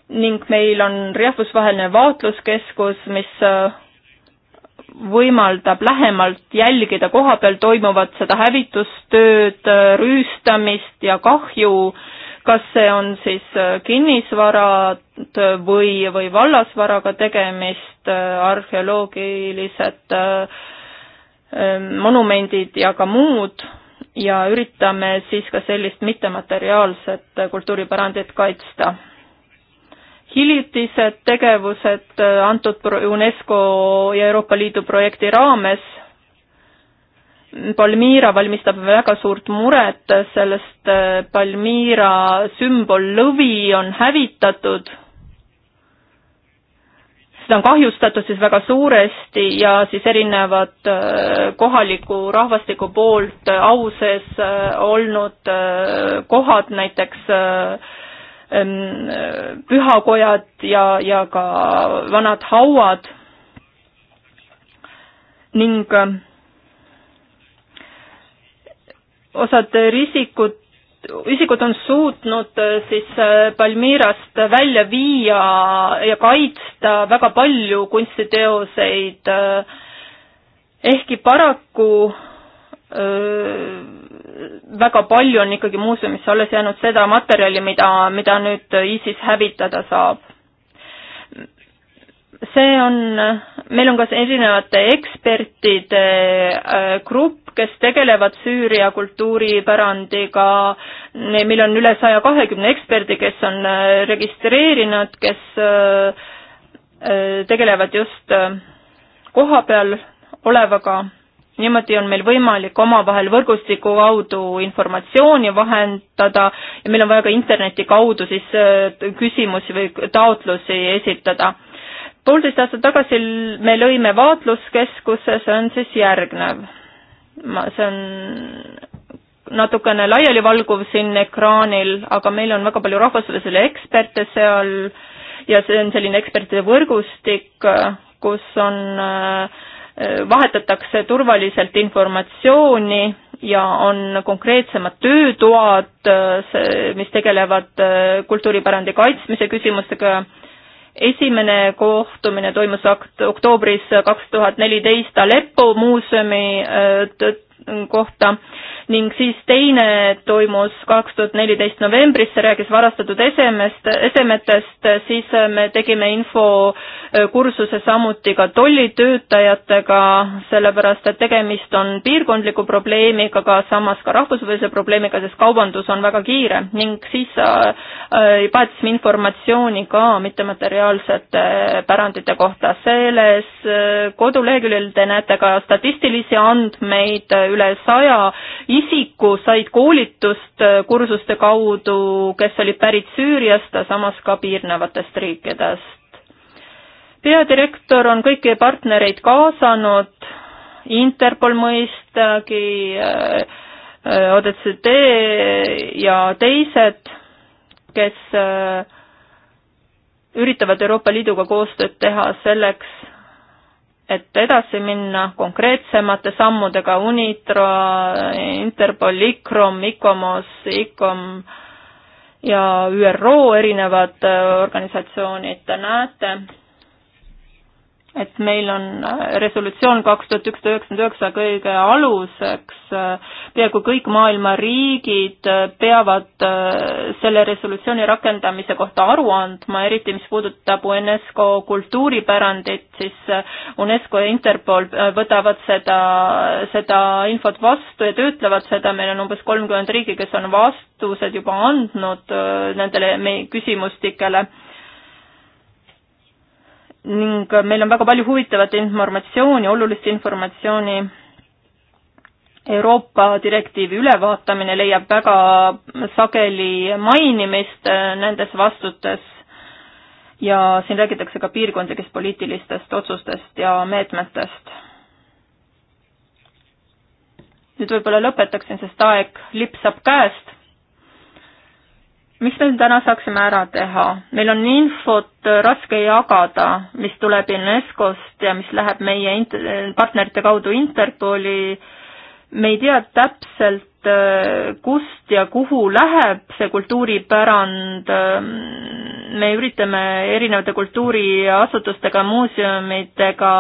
ning meil on rahvusvaheline vaatluskeskus, mis võimaldab lähemalt jälgida kohapeal toimuvat, seda hävitustööd, rüüstamist ja kahju, kas see on siis kinnisvarad või, või vallasvaraga tegemist, arheoloogilised ähm, monumendid ja ka muud ja üritame siis ka sellist mittemateriaalset kultuuripärandit kaitsta hiljutised tegevused äh, antud UNESCO ja Euroopa Liidu projekti raames. Palmiira valmistab väga suurt muret, sellest äh, Palmiira sümbollõvi on hävitatud seda on kahjustatud siis väga suuresti ja siis erinevad äh, kohaliku rahvastiku poolt au sees olnud kohad, näiteks Ähm, pühakojad ja, ja ka vanad hauad ning ähm, osad risikud, isikud on suutnud äh, siis äh, Palmirast välja viia ja kaitsta väga palju kunstiteoseid, äh, ehkki paraku öö, väga palju on ikkagi muuseumisse alles jäänud seda materjali, mida, mida nüüd ISIS hävitada saab. see on, meil on ka erinevate ekspertide äh, grupp, kes tegelevad Süüria kultuuripärandiga, meil on üle saja kahekümne eksperdi, kes on äh, registreerinud, kes äh, tegelevad just kohapeal olevaga niimoodi on meil võimalik omavahel võrgustiku kaudu informatsiooni vahendada ja meil on vaja ka interneti kaudu siis äh, küsimusi või taotlusi esitada. poolteist aastat tagasi me lõime vaatluskeskuse, see on siis järgnev. ma, see on natukene laialivalguv siin ekraanil, aga meil on väga palju rahvusvahelisi eksperte seal ja see on selline ekspertide võrgustik, kus on äh, Äh, vahetatakse turvaliselt informatsiooni ja on konkreetsemad töötoad, äh, mis tegelevad äh, kultuuripärandi kaitsmise küsimustega. esimene kohtumine toimus oktoobris kaks tuhat neliteist Aleppo muuseumi kohta ning siis teine toimus kaks tuhat neliteist novembris, see rääkis varastatud esemest, esemetest, siis äh, me tegime infokursuse samuti ka tollitöötajatega, sellepärast et tegemist on piirkondliku probleemiga, aga samas ka rahvusvahelise probleemiga, sest kaubandus on väga kiire ning siis äh, äh, päädesime informatsiooni ka mittemateriaalsete pärandite kohta. selles koduleheküljel te näete ka statistilisi andmeid üle saja isiku said koolitust äh, kursuste kaudu, kes olid pärit Süüriast, samas ka piirnevatest riikidest. peadirektor on kõiki partnereid kaasanud, Interpol mõistagi, äh, äh, ODCD ja teised, kes üritavad Euroopa Liiduga koostööd teha selleks, et edasi minna konkreetsemate sammudega UNITRO, Interpol, ICROM, ICOMOS, ICOM ja ÜRO erinevad äh, organisatsioonid, te näete, et meil on äh, resolutsioon kaks tuhat ükssada üheksakümmend üheksa kõige aluseks, äh, peaaegu kõik maailma riigid äh, peavad selle resolutsiooni rakendamise kohta aru andma, eriti mis puudutab UNESCO kultuuripärandit, siis UNESCO ja Interpol võtavad seda, seda infot vastu ja töötlevad seda, meil on umbes kolmkümmend riigi, kes on vastused juba andnud nendele meie küsimustikele ning meil on väga palju huvitavat informatsiooni, olulist informatsiooni. Euroopa direktiivi ülevaatamine leiab väga sageli mainimist nendes vastutes ja siin räägitakse ka piirkondlikest poliitilistest otsustest ja meetmetest. nüüd võib-olla lõpetaksin, sest aeg lipsab käest mis me täna saaksime ära teha? meil on infot äh, raske jagada, mis tuleb UNESCO-st ja mis läheb meie int-, äh, partnerite kaudu Interpoli. me ei tea täpselt, äh, kust ja kuhu läheb see kultuuripärand. Ähm, me üritame erinevate kultuuriasutustega, muuseumidega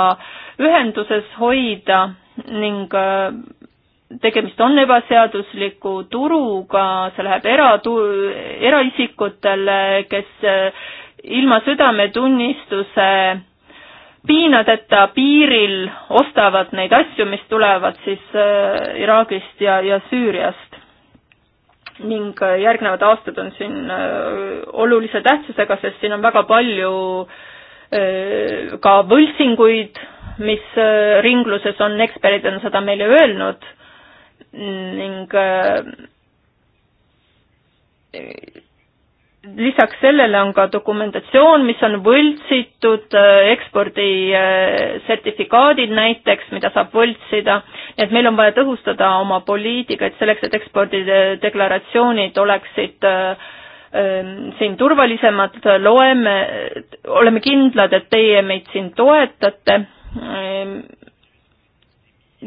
ühenduses hoida ning tegemist on ebaseadusliku turuga, see läheb eratu-, eraisikutele, kes eh, ilma südametunnistuse piinadeta piiril ostavad neid asju, mis tulevad siis eh, Iraagist ja, ja Süüriast. ning eh, järgnevad aastad on siin olulise tähtsusega, sest siin on väga palju ka võltsinguid, mis ringluses on, eksperdid on seda meile öelnud ning äh, lisaks sellele on ka dokumentatsioon, mis on võltsitud, äh, ekspordisertifikaadid äh, näiteks, mida saab võltsida, et meil on vaja tõhustada oma poliitikaid selleks, et ekspordideklaratsioonid oleksid ähm, siin turvalisemad, loeme, oleme kindlad, et teie meid siin toetate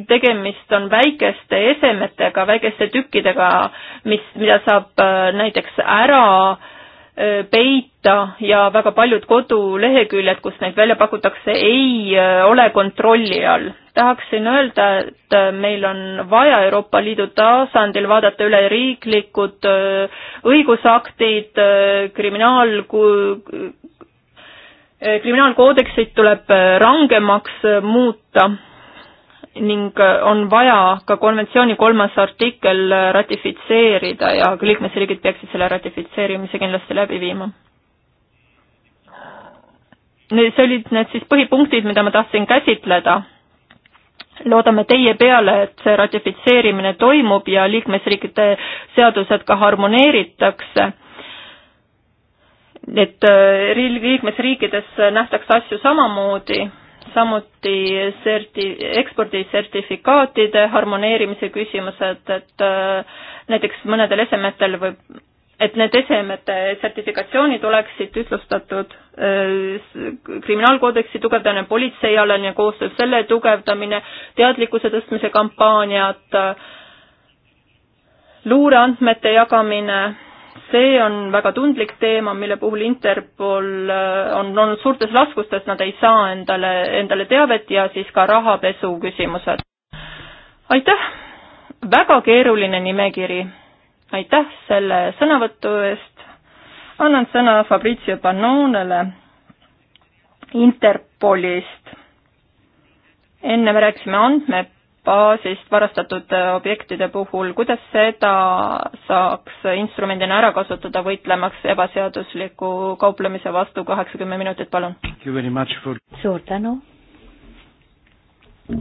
tegemist on väikeste esemetega, väikeste tükkidega, mis, mida saab äh, näiteks ära äh, peita ja väga paljud koduleheküljed, kus neid välja pakutakse, ei äh, ole kontrolli all. tahaksin öelda, et meil on vaja Euroopa Liidu tasandil vaadata üle riiklikud õigusaktid, kriminaal, kriminaalkoodeksit tuleb rangemaks muuta ning äh, on vaja ka konventsiooni kolmas artikkel äh, ratifitseerida ja liikmesriigid peaksid selle ratifitseerimise kindlasti läbi viima. Need, see olid need siis põhipunktid, mida ma tahtsin käsitleda. loodame teie peale, et see ratifitseerimine toimub ja liikmesriikide seadused ka harmoneeritakse et äh, liikmesriikides nähtakse asju samamoodi samuti serti-, ekspordisertifikaatide harmoneerimise küsimused, et äh, näiteks mõnedel esemetel võib, et need esemete sertifikatsioonid oleksid ühtlustatud, äh, kriminaalkoodeksi tugevdamine, politseialane koostöö, selle tugevdamine, teadlikkuse tõstmise kampaaniad, luureandmete jagamine see on väga tundlik teema, mille puhul Interpol äh, on olnud suurtes raskustes, nad ei saa endale, endale teavet ja siis ka rahapesu küsimused. aitäh, väga keeruline nimekiri. aitäh selle sõnavõtu eest. annan sõna Fabrizio Pannonele Interpolist. enne me rääkisime andme baasist varastatud äh, objektide puhul, kuidas seda saaks instrumendina ära kasutada, võitlemaks ebaseadusliku kauplemise vastu kaheksakümmend minutit, palun? For... suur tänu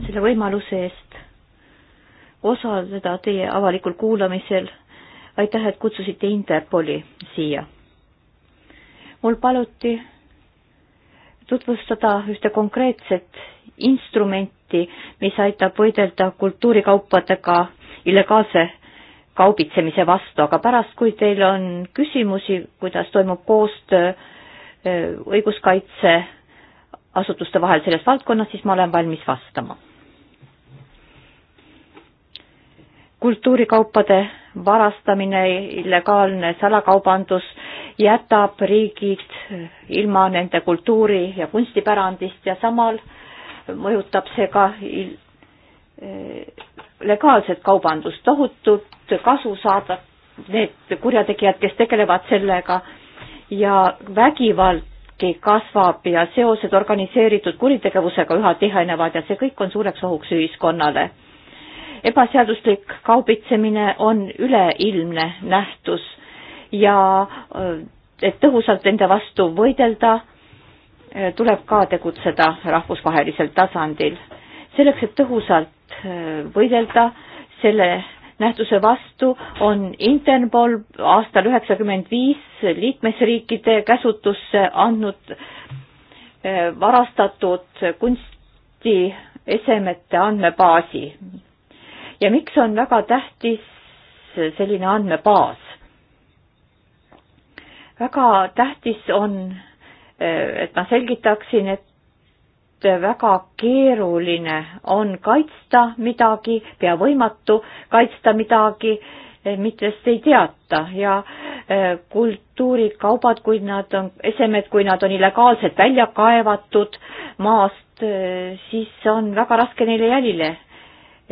selle võimaluse eest osaleda teie avalikul kuulamisel. aitäh, et kutsusite Interpoli siia. mul paluti tutvustada ühte konkreetset instrumenti, mis aitab võidelda kultuurikaupadega illegaalse kaubitsemise vastu, aga pärast, kui teil on küsimusi, kuidas toimub koostöö äh, õiguskaitseasutuste vahel selles valdkonnas, siis ma olen valmis vastama kultuurikaupade varastamine, illegaalne salakaubandus jätab riigid ilma nende kultuuri ja kunstipärandist ja samal mõjutab see ka legaalset kaubandust, tohutut kasu saada need kurjategijad, kes tegelevad sellega ja vägivaldki kasvab ja seosed organiseeritud kuritegevusega üha tihenevad ja see kõik on suureks ohuks ühiskonnale ebaseaduslik kaubitsemine on üleilmne nähtus ja äh, et tõhusalt nende vastu võidelda, äh, tuleb ka tegutseda rahvusvahelisel tasandil. selleks, et tõhusalt äh, võidelda selle nähtuse vastu, on Interpol aastal üheksakümmend viis liikmesriikide käsutusse andnud varastatud kunstiesemete andmebaasi, ja miks on väga tähtis selline andmebaas? väga tähtis on, et ma selgitaksin, et väga keeruline on kaitsta midagi, pea võimatu kaitsta midagi, millest ei teata ja e, kultuurikaubad, kui nad on, esemed, kui nad on illegaalselt välja kaevatud maast, e, siis on väga raske neile jälile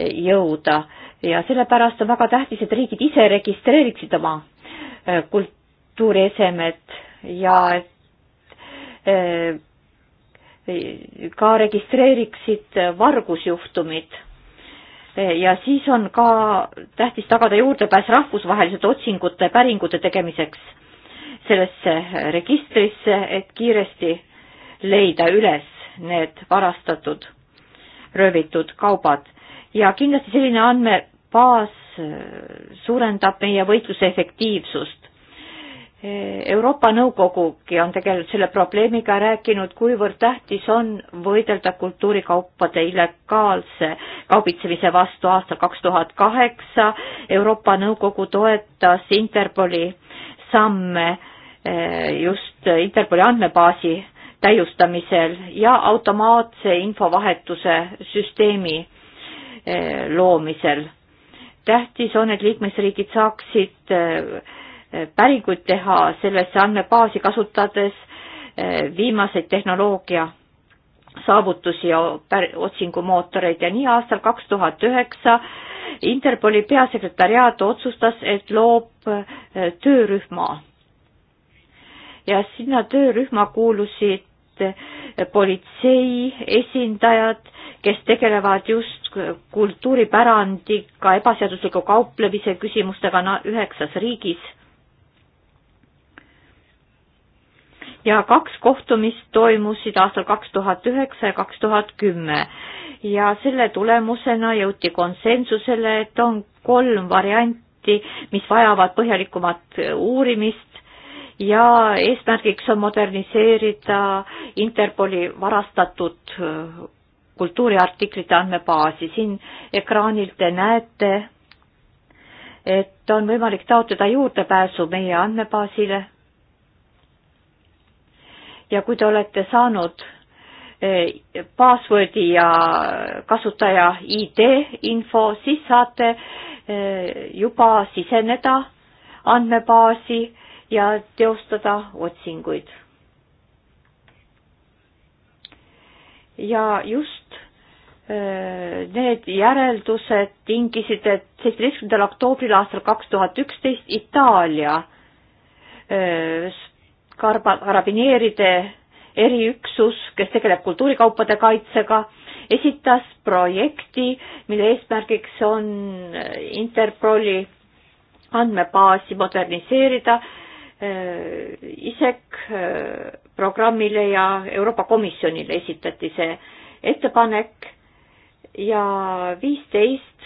jõuda ja sellepärast on väga tähtis, et riigid ise registreeriksid oma äh, kultuuriesemed ja et äh, ka registreeriksid vargusjuhtumid. ja siis on ka tähtis tagada juurdepääs rahvusvahelised otsingute, päringute tegemiseks sellesse registrisse, et kiiresti leida üles need varastatud, röövitud kaubad ja kindlasti selline andmebaas äh, suurendab meie võitluse efektiivsust. Äh, Euroopa Nõukogugi on tegelikult selle probleemiga rääkinud, kuivõrd tähtis on võidelda kultuurikaupade illegaalse kaubitsemise vastu aastal kaks tuhat kaheksa. Euroopa Nõukogu toetas Interpoli samme äh, just Interpoli andmebaasi täiustamisel ja automaatse infovahetuse süsteemi Eh, loomisel. tähtis on, et liikmesriigid saaksid eh, päringuid teha sellesse andmebaasi kasutades eh, viimaseid tehnoloogia saavutusi ja otsingumootoreid ja nii aastal kaks tuhat üheksa Interpoli peasekretäriaat otsustas, et loob töörühma. ja sinna töörühma kuulusid politsei esindajad, kes tegelevad just kultuuripärandiga ebaseadusliku kauplemise küsimustega üheksas riigis. ja kaks kohtumist toimusid aastal kaks tuhat üheksa ja kaks tuhat kümme ja selle tulemusena jõuti konsensusele, et on kolm varianti, mis vajavad põhjalikumat uurimist ja eesmärgiks on moderniseerida Interpoli varastatud kultuuriartiklite andmebaasi. siin ekraanil te näete, et on võimalik taotleda juurdepääsu meie andmebaasile. ja kui te olete saanud eh, password'i ja kasutaja ID info, siis saate eh, juba siseneda andmebaasi ja teostada otsinguid ja just äh, need järeldused tingisid, et seitsmeteistkümnendal oktoobril aastal kaks tuhat üksteist Itaalia äh, karba-, karabineeride eriüksus, kes tegeleb kultuurikaupade kaitsega, esitas projekti, mille eesmärgiks on äh, Interpoli andmebaasi moderniseerida. ISEK programmile ja Euroopa Komisjonile esitati see ettepanek ja viisteist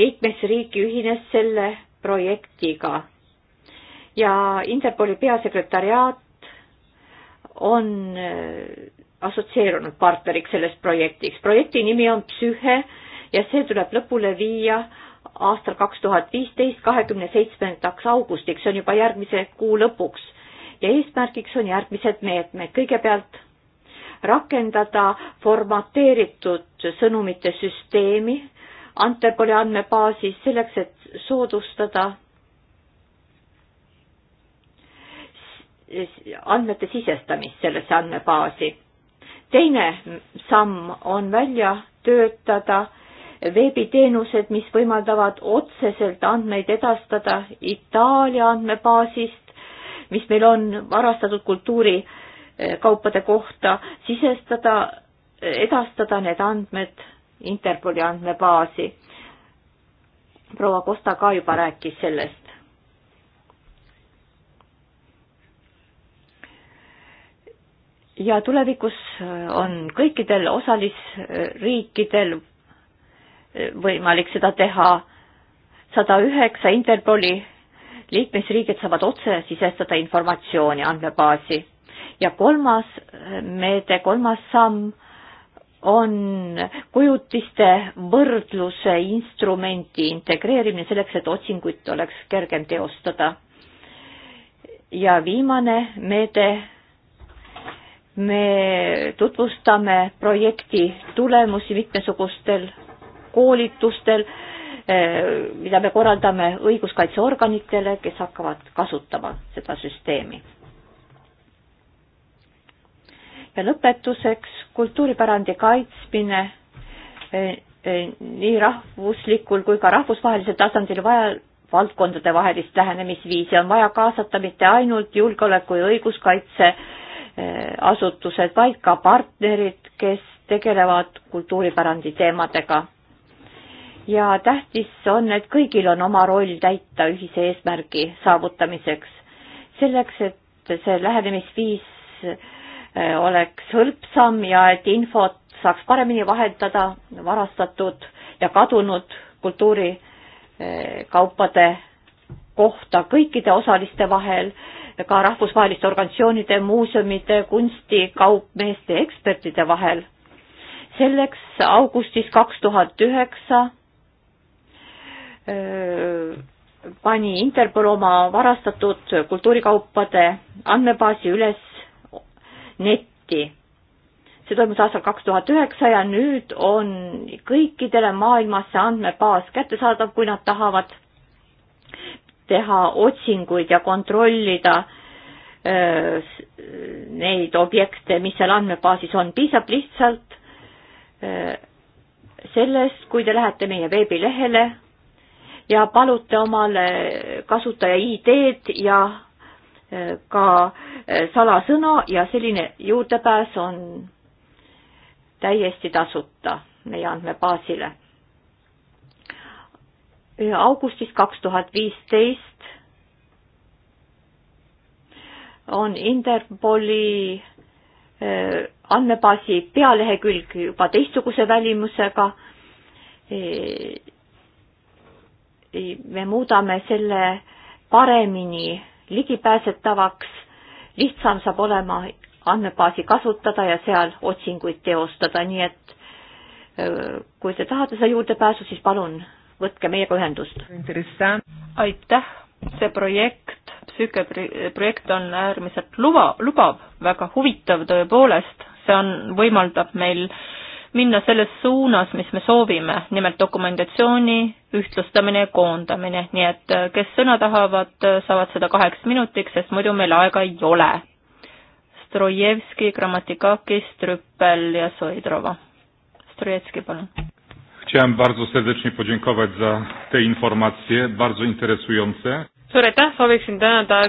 liikmesriiki ühines selle projektiga. ja Interpoli peasekretäriaat on äh, assotsieerunud partneriks selles projektiks. projekti nimi on Psühhe ja see tuleb lõpule viia aastal kaks tuhat viisteist, kahekümne seitsmendaks augustiks, see on juba järgmise kuu lõpuks ja eesmärgiks on järgmised meetmed. kõigepealt rakendada formateeritud sõnumite süsteemi Antepoli andmebaasis selleks, et soodustada andmete sisestamist sellesse andmebaasi. teine samm on välja töötada veebiteenused, mis võimaldavad otseselt andmeid edastada Itaalia andmebaasist mis meil on varastatud kultuurikaupade eh, kohta, sisestada, edastada need andmed Interpoli andmebaasi. proua Kosta ka juba rääkis sellest. ja tulevikus eh, on kõikidel osalisriikidel eh, võimalik seda teha. sada üheksa Interpoli liikmesriigid saavad otse sisestada informatsiooni andmebaasi. ja kolmas meede, kolmas samm on kujutiste võrdluse instrumenti integreerimine selleks, et otsinguid oleks kergem teostada. ja viimane meede, me tutvustame projekti tulemusi mitmesugustel koolitustel Äh, mida me korraldame õiguskaitseorganitele, kes hakkavad kasutama seda süsteemi. ja lõpetuseks kultuuripärandi kaitsmine äh, äh, nii rahvuslikul kui ka rahvusvahelisel tasandil vaja valdkondade vahelist lähenemisviisi, on vaja kaasata mitte ainult julgeoleku ja õiguskaitse asutused, vaid ka partnerid, kes tegelevad kultuuripärandi teemadega ja tähtis on, et kõigil on oma roll täita ühise eesmärgi saavutamiseks. selleks, et see lähenemisviis äh, oleks hõlpsam ja et infot saaks paremini vahetada varastatud ja kadunud kultuurikaupade äh, kohta kõikide osaliste vahel, ka rahvusvaheliste organisatsioonide, muuseumide, kunsti, kaupmeeste, ekspertide vahel. selleks augustis kaks tuhat üheksa pani Interpol oma varastatud kultuurikaupade andmebaasi üles netti. see toimus aastal kaks tuhat üheksa ja nüüd on kõikidele maailmas see andmebaas kättesaadav, kui nad tahavad teha otsinguid ja kontrollida öö, äh, neid objekte, mis seal andmebaasis on, piisab lihtsalt öö, äh, sellest, kui te lähete meie veebilehele ja palute omale kasutaja ID-d ja eh, ka eh, salasõna ja selline juurdepääs on täiesti tasuta meie andmebaasile. augustis kaks tuhat viisteist on Interpoli eh, andmebaasi pealehekülg juba teistsuguse välimusega me muudame selle paremini ligipääsetavaks, lihtsam saab olema andmebaasi kasutada ja seal otsinguid teostada, nii et kui te tahate seda juurdepääsu, siis palun võtke meiega ühendust. aitäh, see projekt, psühheprojekt on äärmiselt luba, lubav, väga huvitav tõepoolest, see on, võimaldab meil äh, minna selles suunas, mis me soovime, nimelt dokumentatsiooni ühtlustamine ja koondamine, nii et äh, kes sõna tahavad, äh, saavad seda kaheks minutiks, sest muidu meil aega ei ole. Strojevski, Grammatikakis, Trüppel ja Soidrova. Strojevski, palun. Chciałem bardzo serdecznie podziękować za te informacje, bardzo interesujące. suur aitäh, sooviksin tänada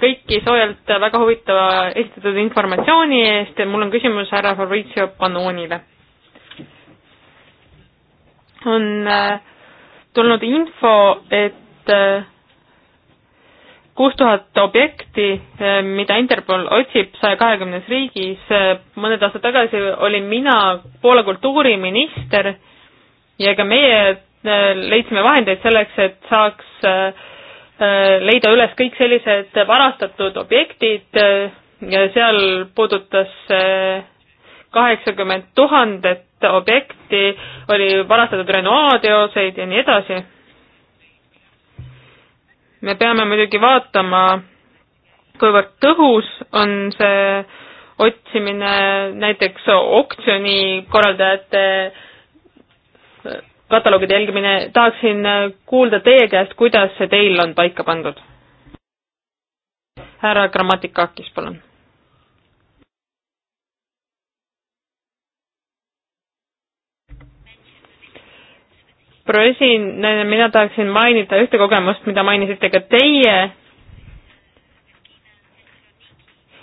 kõiki soojalt väga huvitava esitatud informatsiooni eest ja mul on küsimus härra Fabrizio Panonile on äh, tulnud info, et äh, kuus tuhat objekti, äh, mida Interpol otsib saja kahekümnes riigis. mõned aastad tagasi olin mina Poola kultuuriminister ja ka meie leidsime vahendeid selleks, et saaks leida üles kõik sellised varastatud objektid ja seal puudutas kaheksakümmend tuhandet objekti, oli varastatud Renault teoseid ja nii edasi. me peame muidugi vaatama, kuivõrd tõhus on see otsimine näiteks oktsiooni korraldajate kataloogide jälgimine, tahaksin kuulda teie käest, kuidas see teil on paika pandud? härra Grammatikakis, palun presidendina mina tahaksin mainida ühte kogemust, mida mainisite ka teie.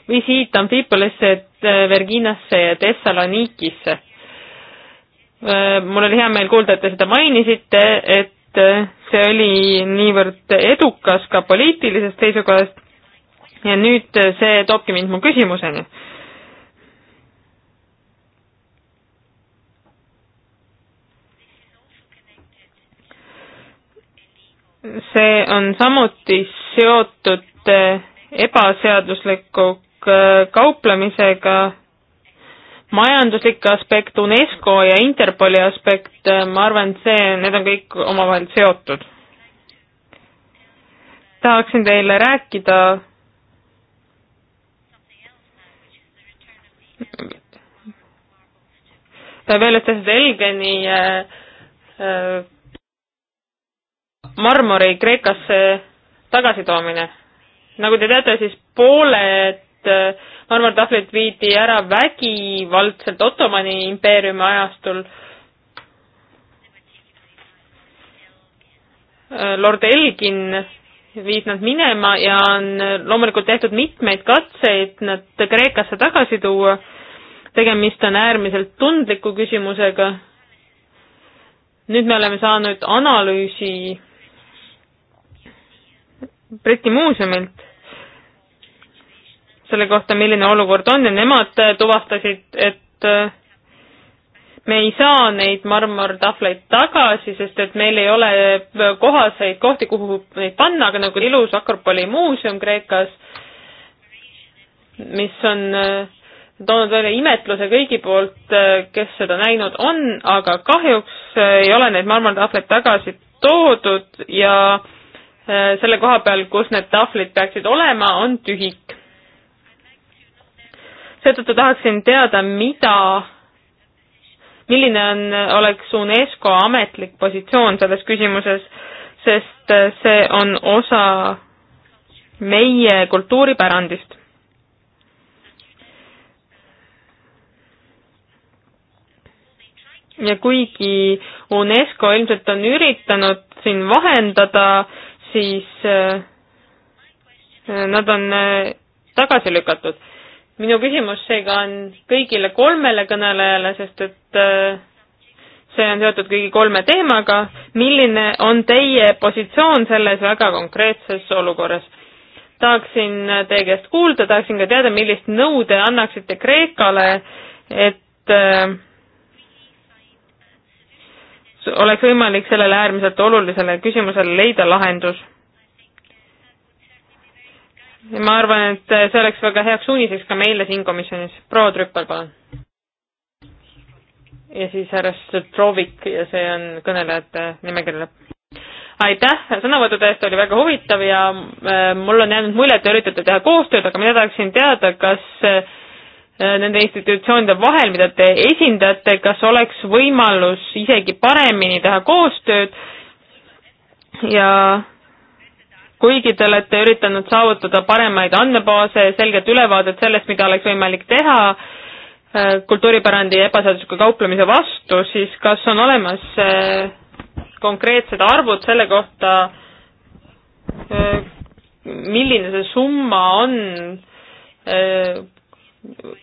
visiit Amfipolisse, äh, Verginasse ja Thessalonikisse. Äh, mul oli hea meel kuulda, et te seda mainisite, et äh, see oli niivõrd edukas ka poliitilisest seisukohast ja nüüd see toobki mind mu küsimuseni see on samuti seotud eh, ebaseadusliku eh, kauplemisega, majanduslik aspekt, UNESCO ja Interpoli aspekt, eh, ma arvan, et see, need on kõik omavahel seotud. tahaksin teile rääkida veel ühest asjast Elgeni äh, äh, marmori Kreekasse tagasitoomine. nagu te teate, siis pooled äh, marmortahvlid viidi ära vägivaldselt Ottomani impeeriumi ajastul. Äh, lord Elgin viis nad minema ja on äh, loomulikult tehtud mitmeid katseid nad Kreekasse tagasi tuua. tegemist on äärmiselt tundliku küsimusega. nüüd me oleme saanud analüüsi Briti muuseumilt selle kohta, milline olukord on ja nemad äh, tuvastasid, et äh, me ei saa neid marmortahvleid tagasi, sest et meil ei ole äh, kohaseid kohti, kuhu neid panna, aga nagu ilus Akropoli muuseum Kreekas, mis on toonud välja imetluse kõigi poolt, kes seda näinud on, aga kahjuks ei ole neid marmortahvleid tagasi toodud ja äh, Äh, selle koha peal, kus need tahvlid peaksid olema, on tühik. seetõttu tahaksin teada, mida, milline on, oleks UNESCO ametlik positsioon selles küsimuses, sest äh, see on osa meie kultuuripärandist ja kuigi UNESCO ilmselt on üritanud siin vahendada siis äh, nad on äh, tagasi lükatud. minu küsimus seega on kõigile kolmele kõnelejale, sest et äh, see on seotud kõigi kolme teemaga, milline on teie positsioon selles väga konkreetses olukorras? tahaksin teie käest kuulda, tahaksin ka teada, millist nõu te annaksite Kreekale, et äh, oleks võimalik sellele äärmiselt olulisele küsimusele leida lahendus. ja ma arvan, et see oleks väga heaks suuniseks ka meile siin komisjonis. proua Trüppel, palun. ja siis härra Strovik ja see on kõnelejate nimekiri lõpp aitäh sõnavõttude eest, oli väga huvitav ja äh, mul on jäänud mulje, et te üritate teha koostööd, aga mina tahaksin teada, kas äh, Äh, nende institutsioonide vahel, mida te esindate, kas oleks võimalus isegi paremini teha koostööd ja kuigi te olete üritanud saavutada paremaid andmebaase, selget ülevaadet sellest, mida oleks võimalik teha äh, kultuuripärandi ebaseadusliku kauplemise vastu, siis kas on olemas äh, konkreetsed arvud selle kohta, milline see summa on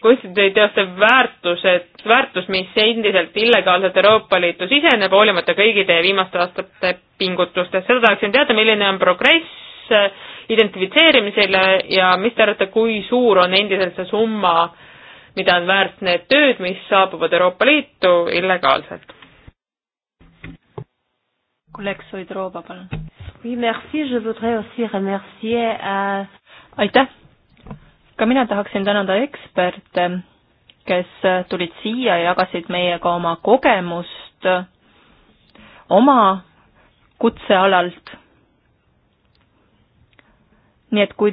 kunstid ei teosta väärtused, väärtus, mis endiselt illegaalselt Euroopa Liitu siseneb, hoolimata kõigi teie viimaste aastate pingutustest. seda tahaksin teada, milline on progress äh, identifitseerimisel ja mis te arvate, kui suur on endiselt see summa, mida on väärt need tööd, mis saabuvad Euroopa Liitu illegaalselt? kolleeg Soidrova, palun. Euh, aitäh ka mina tahaksin tänada eksperte, kes tulid siia ja jagasid meiega oma kogemust oma kutsealalt. nii et kui,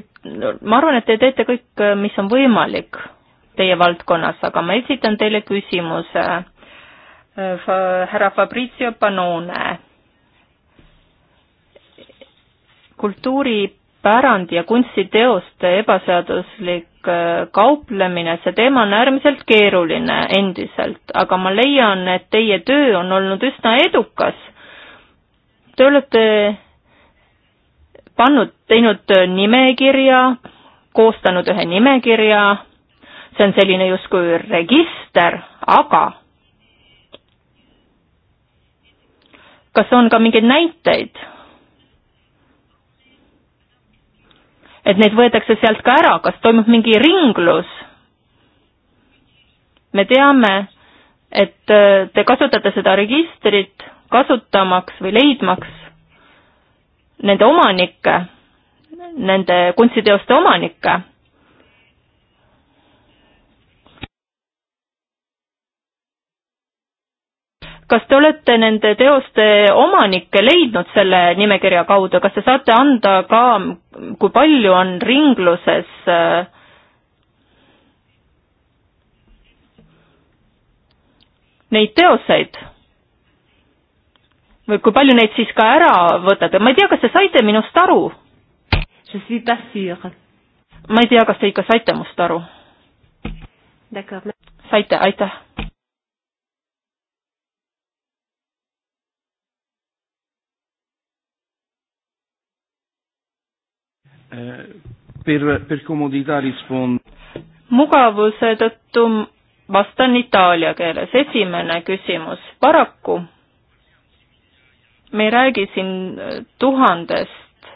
ma arvan, et te teete kõik, mis on võimalik teie valdkonnas, aga ma esitan teile küsimuse härra Fabrizio Panone kultuuri pärandi ja kunstiteoste ebaseaduslik äh, kauplemine, see teema on äärmiselt keeruline endiselt, aga ma leian, et teie töö on olnud üsna edukas. Te olete pannud, teinud nimekirja, koostanud ühe nimekirja, see on selline justkui register, aga kas on ka mingeid näiteid et neid võetakse sealt ka ära, kas toimub mingi ringlus? me teame, et äh, te kasutate seda registrit kasutamaks või leidmaks nende omanikke, nende kunstiteoste omanikke kas te olete nende teoste omanikke leidnud selle nimekirja kaudu, kas te saate anda ka, kui palju on ringluses äh, neid teoseid? või kui palju neid siis ka ära võtate, ma ei tea, kas te saite minust aru? ma ei tea, kas te ikka saite must aru? saite, aitäh per, per comodità rispond-. mugavuse tõttu vastan itaalia keeles. esimene küsimus, paraku me ei räägi siin äh, tuhandest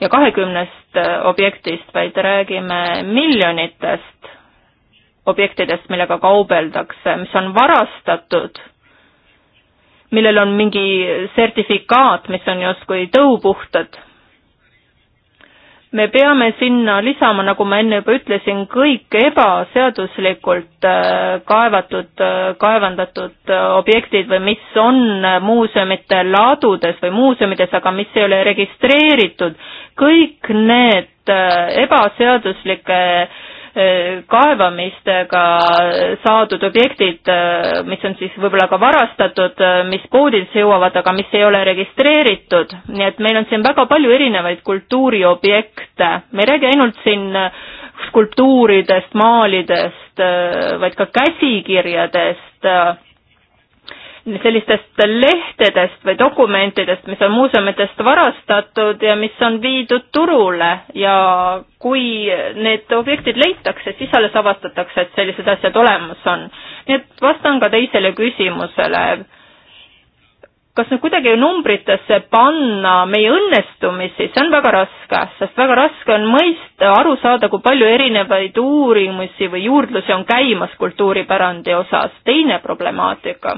ja kahekümnest äh, objektist, vaid räägime miljonitest objektidest, millega kaubeldakse, mis on varastatud, millel on mingi sertifikaat, mis on justkui tõupuhtad me peame sinna lisama, nagu ma enne juba ütlesin, kõik ebaseaduslikult äh, kaevatud, äh, kaevandatud äh, objektid või mis on muuseumite ladudes või muuseumides, aga mis ei ole registreeritud, kõik need ebaseaduslike äh, kaevamistega saadud objektid, mis on siis võib-olla ka varastatud, mis poodidesse jõuavad, aga mis ei ole registreeritud, nii et meil on siin väga palju erinevaid kultuuriobjekte, me ei räägi ainult siin skulptuuridest, maalidest, vaid ka käsikirjadest sellistest lehtedest või dokumentidest, mis on muuseumidest varastatud ja mis on viidud turule ja kui need objektid leitakse, siis alles avastatakse, et sellised asjad olemas on. nii et vastan ka teisele küsimusele. kas nüüd kuidagi numbritesse panna meie õnnestumisi, see on väga raske, sest väga raske on mõista, aru saada, kui palju erinevaid uurimusi või juurdlusi on käimas kultuuripärandi osas, teine problemaatika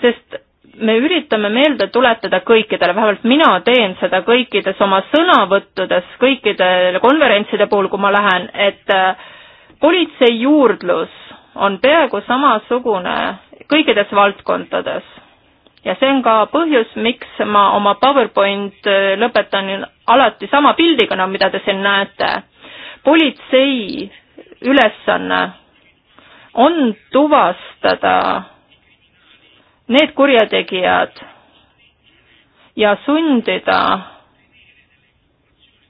sest me üritame meelde tuletada kõikidele, vähemalt mina teen seda kõikides oma sõnavõttudes, kõikide konverentside puhul, kui ma lähen, et äh, politsei juurdlus on peaaegu samasugune kõikides valdkondades. ja see on ka põhjus, miks ma oma PowerPoint äh, lõpetan alati sama pildiga, no mida te siin näete. politsei ülesanne on tuvastada need kurjategijad ja sundida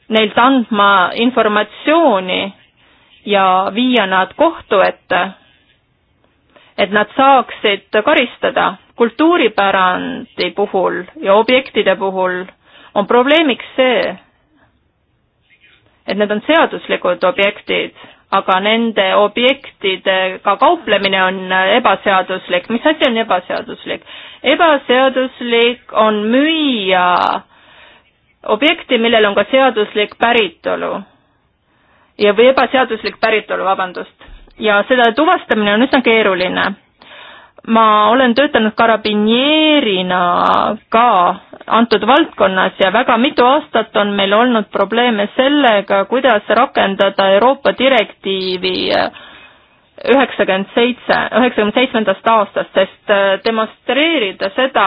neilt andma informatsiooni ja viia nad kohtu ette, et nad saaksid karistada. kultuuripärandi puhul ja objektide puhul on probleemiks see, et need on seaduslikud objektid aga nende objektidega ka kauplemine on ebaseaduslik. mis asi on ebaseaduslik? ebaseaduslik on müüa objekti, millel on ka seaduslik päritolu ja, või ebaseaduslik päritolu, vabandust. ja selle tuvastamine on üsna keeruline ma olen töötanud karabinjeerina ka antud valdkonnas ja väga mitu aastat on meil olnud probleeme sellega, kuidas rakendada Euroopa direktiivi üheksakümmend seitse, üheksakümne seitsmendast aastast, sest äh, demonstreerida seda,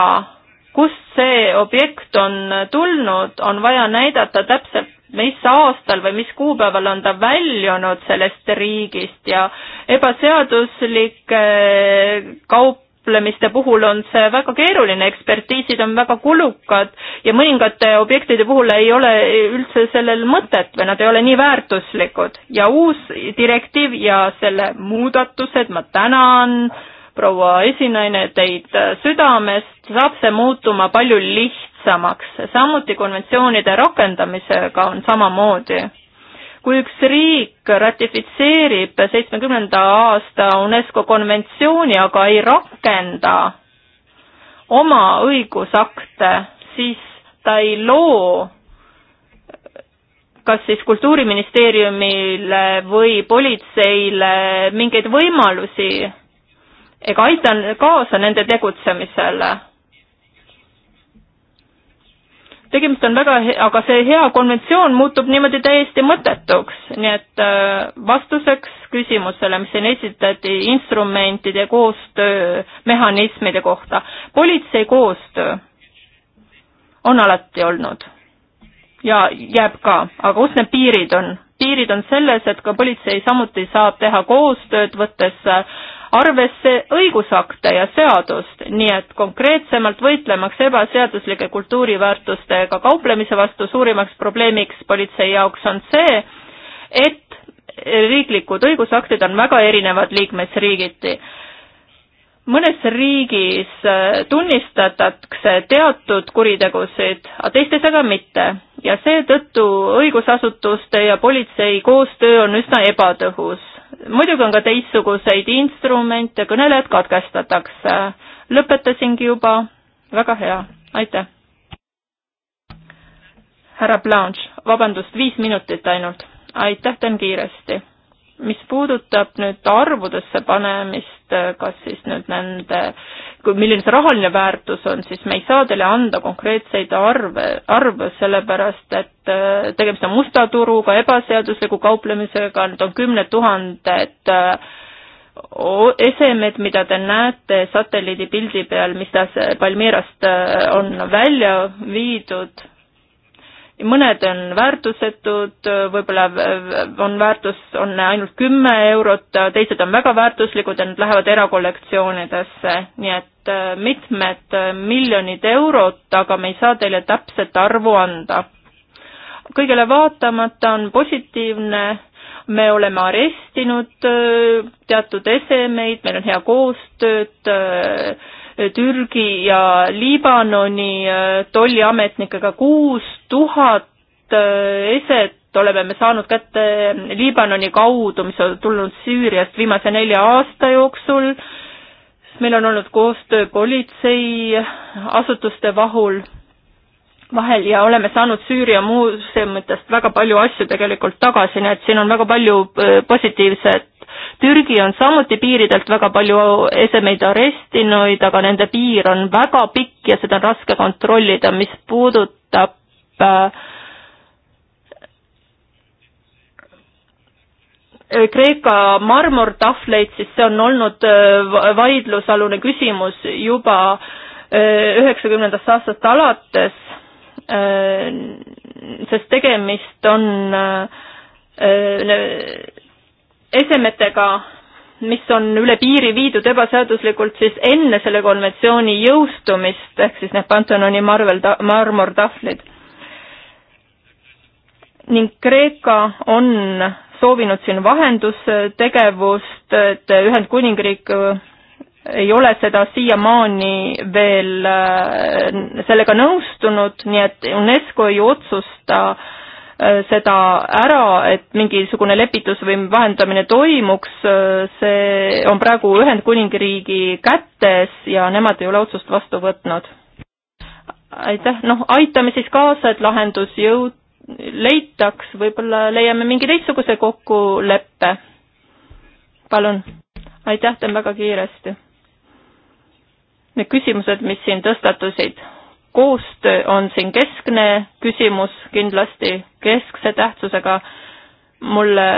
kust see objekt on tulnud, on vaja näidata täpselt mis aastal või mis kuupäeval on ta väljunud sellest riigist ja ebaseaduslike eh, kauplemiste puhul on see väga keeruline, ekspertiisid on väga kulukad ja mõningate objektide puhul ei ole üldse sellel mõtet või nad ei ole nii väärtuslikud ja uus direktiiv ja selle muudatused, ma tänan äh, proua esinaine, teid südamest saab see muutuma palju lihtsamaks, samuti konventsioonide rakendamisega on samamoodi. kui üks riik ratifitseerib seitsmekümnenda aasta UNESCO konventsiooni, aga ei rakenda oma õigusakte, siis ta ei loo kas siis Kultuuriministeeriumile või politseile mingeid võimalusi ega aitan kaasa nende tegutsemisele. tegemist on väga hea, aga see hea konventsioon muutub niimoodi täiesti mõttetuks, nii et äh, vastuseks küsimusele, mis siin esitati instrumentide koostöö mehhanismide kohta, politsei koostöö on alati olnud ja jääb ka, aga kus need piirid on? piirid on selles, et ka politsei samuti saab teha koostööd, võttes äh, arvesse õigusakte ja seadust, nii et konkreetsemalt võitlemaks ebaseaduslike kultuuriväärtustega kauplemise vastu suurimaks probleemiks politsei jaoks on see, et riiklikud õigusaktid on väga erinevad liikmesriigiti mõnes riigis äh, tunnistatakse teatud kuritegusid, aga teistes aga mitte ja seetõttu õigusasutuste ja politsei koostöö on üsna ebatõhus muidugi on ka teistsuguseid instrumente, kõnelejad katkestatakse. lõpetasingi juba, väga hea, aitäh. härra Blanche, vabandust, viis minutit ainult, aitäh, teen kiiresti mis puudutab nüüd arvudesse panemist, kas siis nüüd nende, kui milline see rahaline väärtus on, siis me ei saa teile anda konkreetseid arve, arve, sellepärast et äh, tegemist on musta turuga, ebaseadusliku kauplemisega, need on kümned tuhanded äh, esemed, mida te näete satelliidipildi peal, mis ta Palmirast äh, on välja viidud mõned on väärtusetud, võib-olla on väärtus, on ainult kümme eurot, teised on väga väärtuslikud ja need lähevad erakollektsioonidesse, nii et äh, mitmed äh, miljonid eurot, aga me ei saa teile täpset arvu anda. kõigele vaatamata on positiivne, me oleme arestinud äh, teatud esemeid, meil on hea koostööd, Türgi ja Liibanoni äh, tolliametnikega kuus tuhat äh, eset oleme me saanud kätte Liibanoni kaudu, mis on tulnud Süüriast viimase nelja aasta jooksul. meil on olnud koostöö politseiasutuste vahul, vahel ja oleme saanud Süüria muuseumitest väga palju asju tegelikult tagasi, nii et siin on väga palju äh, positiivset Türgi on samuti piiridelt väga palju esemeid arestinuid, aga nende piir on väga pikk ja seda on raske kontrollida, mis puudutab äh, Kreeka marmortahvleid, siis see on olnud äh, vaidlusalune küsimus juba äh, üheksakümnendast aastast alates, sest tegemist on esemetega, mis on üle piiri viidud ebaseaduslikult siis enne selle konventsiooni jõustumist, ehk siis need Pantanoni marvel, marmortahvlid. ning Kreeka on soovinud siin vahendustegevust, et Ühendkuningriik äh, ei ole seda siiamaani veel äh, sellega nõustunud, nii et UNESCO ei otsusta äh, Äh, seda ära, et mingisugune lepitus või vahendamine toimuks, äh, see on praegu Ühendkuningriigi kätes ja nemad ei ole otsust vastu võtnud. aitäh, noh, aitame siis kaasa, et lahendus jõud-, leitaks, võib-olla leiame mingi teistsuguse kokkuleppe. palun, aitäh, teen väga kiiresti. Need küsimused, mis siin tõstatusid koostöö on siin keskne küsimus kindlasti, keskse tähtsusega. mulle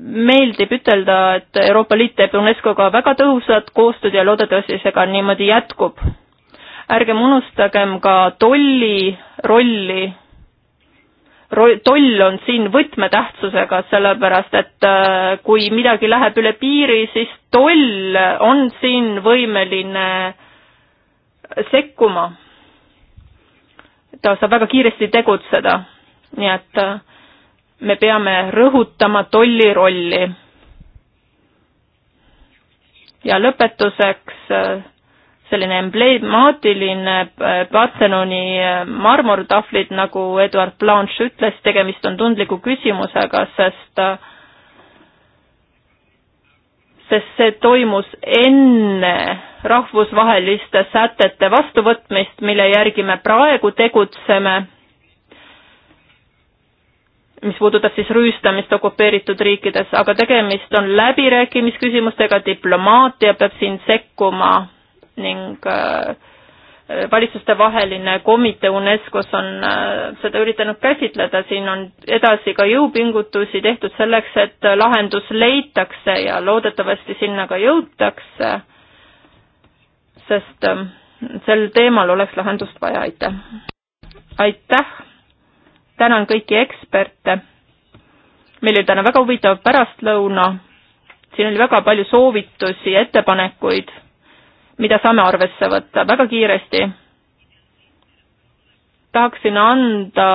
meeldib ütelda, et Euroopa Liit teeb UNESCO-ga väga tõhusat koostööd ja loodetavasti see ka niimoodi jätkub. ärgem unustagem ka tolli rolli. toll on siin võtmetähtsusega, sellepärast et äh, kui midagi läheb üle piiri, siis toll on siin võimeline sekkuma ta saab väga kiiresti tegutseda. nii et äh, me peame rõhutama tolli rolli. ja lõpetuseks äh, selline embleemaatiline äh, Barceloni marmortahvlid, nagu Eduard Blanche ütles, tegemist on tundliku küsimusega, sest äh, sest see toimus enne rahvusvaheliste sätete vastuvõtmist, mille järgi me praegu tegutseme, mis puudutab siis rüüstamist okupeeritud riikides, aga tegemist on läbirääkimisküsimustega, diplomaatia peab siin sekkuma ning äh, valitsustevaheline komitee UNESCO-s on äh, seda üritanud käsitleda, siin on edasi ka jõupingutusi tehtud selleks, et lahendus leitakse ja loodetavasti sinna ka jõutakse, sest ähm, sel teemal oleks lahendust vaja, aitäh! aitäh! tänan kõiki eksperte, meil oli täna väga huvitav pärastlõuna, siin oli väga palju soovitusi, ettepanekuid mida saame arvesse võtta väga kiiresti. tahaksin anda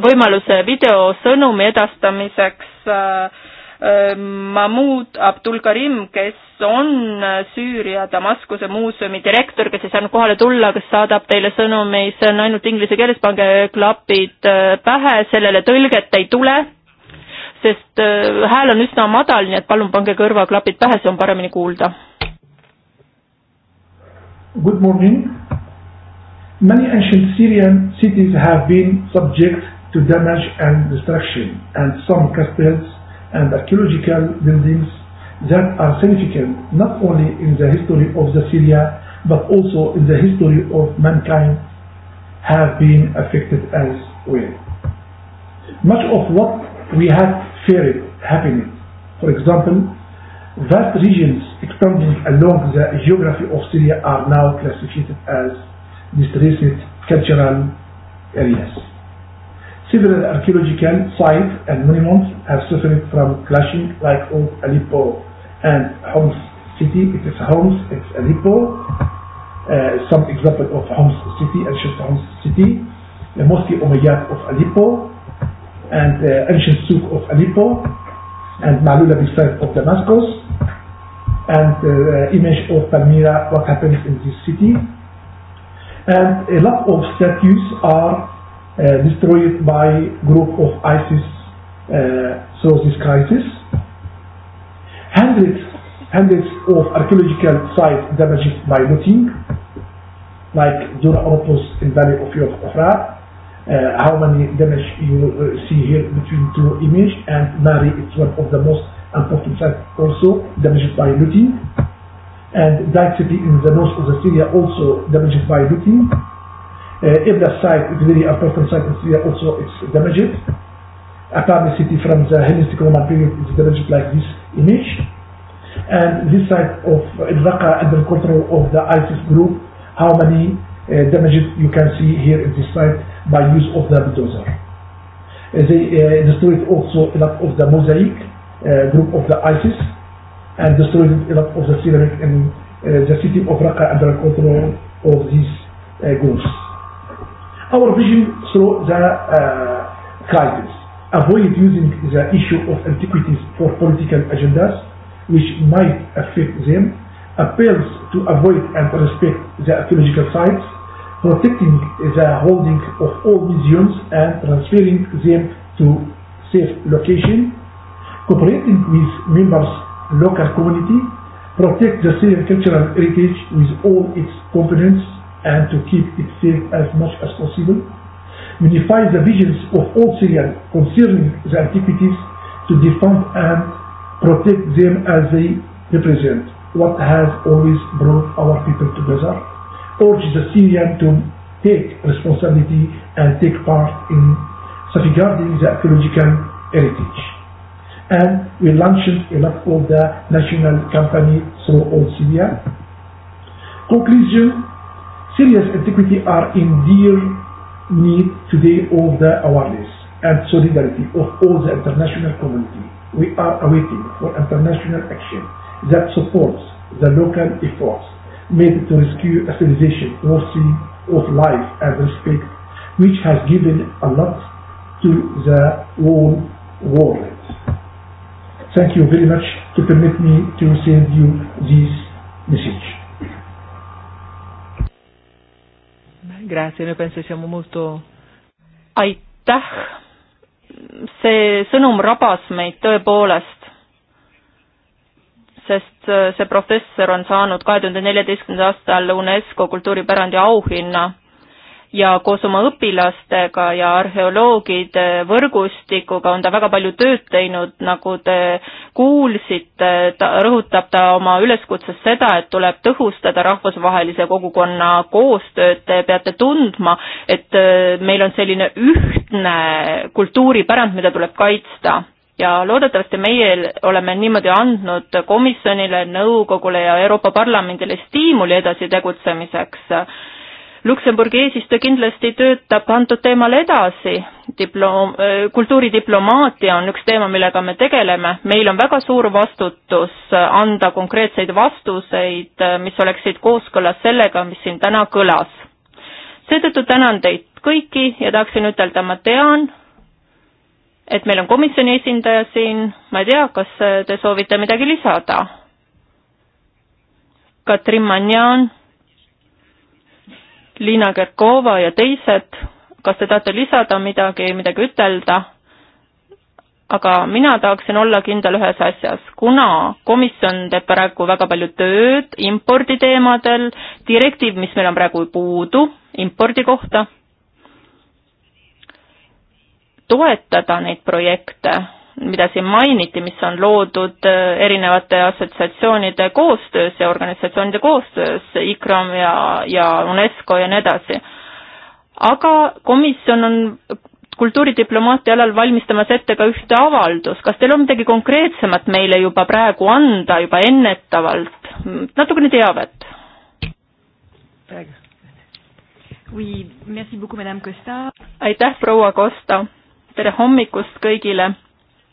võimaluse videosõnumi edastamiseks äh, äh, Mahmoud Abdul-Karim, kes on Süüria Damaskuse muuseumi direktor, kes ei saanud kohale tulla, kes saadab teile sõnumi, see on ainult inglise keeles, pange klapid äh, pähe, sellele tõlget ei tule, sest hääl on üsna madal, nii et palun pange kõrvaklapid pähe, see on paremini kuulda Good morning. Many ancient Syrian cities have been subject to damage and destruction, and some castles and archaeological buildings that are significant not only in the history of the Syria but also in the history of mankind have been affected as well. Much of what we have feared happening, for example, Vast regions extending along the geography of Syria are now classified as distressed cultural areas. Several archaeological sites and monuments have suffered from clashing like old Aleppo and Homs city. It is Homs, it's Aleppo. Uh, some example of Homs city, ancient Homs city. The Mosque Umayyad of Aleppo and uh, ancient souk of Aleppo and Malula beside of Damascus, and the uh, image of Palmyra, what happens in this city. And a lot of statues are uh, destroyed by group of ISIS uh, through this crisis. Hundreds, hundreds of archaeological sites damaged by looting, like Dura Oropos in Valley of Euphrates, uh, how many damage you uh, see here between two image and Mari it's one of the most important sites also damaged by looting and Dyke City in the north of the Syria also damaged by looting uh, Ibla site is very important site in Syria also it's damaged Atami city from the Hellenistic Roman period is damaged like this image and this site of Raqqa and the control of the ISIS group how many uh, damages you can see here in this site by use of the bulldozer. They uh, destroyed also a lot of the mosaic uh, group of the ISIS and destroyed a lot of the ceramic in uh, the city of Raqqa under control of these groups. Our vision through the crisis avoid using the issue of antiquities for political agendas which might affect them, appeals to avoid and respect the archaeological sites, protecting the holding of all museums and transferring them to safe location, cooperating with members, local community, protect the Syrian cultural heritage with all its components and to keep it safe as much as possible, unify the visions of all Syrians concerning the antiquities to defend and protect them as they represent what has always brought our people together urged the Syrians to take responsibility and take part in safeguarding the ecological heritage. And we launched a lot of the national campaign through all Syria. Conclusion, Syria's antiquity are in dear need today of the awareness and solidarity of all the international community. We are awaiting for international action that supports the local efforts made to rescue a civilization worthy of life and respect, which has given a lot to the whole world. Thank you very much to permit me to send you this message. Grazie, noi penso siamo molto... Aitäh! see sõnum rabas meid tõepoolest sest äh, see professor on saanud kahe tuhande neljateistkümnendal aastal UNESCO kultuuripärandi auhinna ja koos oma õpilastega ja arheoloogide võrgustikuga on ta väga palju tööd teinud, nagu te kuulsite, ta rõhutab ta oma üleskutses seda, et tuleb tõhustada rahvusvahelise kogukonna koostööd, te peate tundma, et äh, meil on selline ühtne kultuuripärand, mida tuleb kaitsta ja loodetavasti meie oleme niimoodi andnud komisjonile, nõukogule ja Euroopa Parlamendile stiimuli edasi tegutsemiseks. Luksemburgi eesistuja kindlasti töötab antud teemal edasi, diploom-, kultuuridiplomaatia on üks teema, millega me tegeleme, meil on väga suur vastutus anda konkreetseid vastuseid, mis oleksid kooskõlas sellega, mis siin täna kõlas. seetõttu tänan teid kõiki ja tahaksin ütelda, ma tean, et meil on komisjoni esindaja siin, ma ei tea, kas te soovite midagi lisada? Katrin Manjan, Liina Kerkova ja teised, kas te tahate lisada midagi, midagi ütelda? aga mina tahaksin olla kindel ühes asjas, kuna komisjon teeb praegu väga palju tööd imporditeemadel, direktiiv, mis meil on praegu puudu impordi kohta, toetada neid projekte, mida siin mainiti, mis on loodud äh, erinevate assotsiatsioonide koostöös ja organisatsioonide koostöös, ICRAM ja, ja UNESCO ja nii edasi. aga komisjon on kultuuridiplomaatia alal valmistamas ette ka ühte avaldus, kas teil on midagi konkreetsemat meile juba praegu anda, juba ennetavalt, natukene teavet? praegu. Oui, merci beaucoup, madame Costa. aitäh, proua Costa tere hommikust kõigile,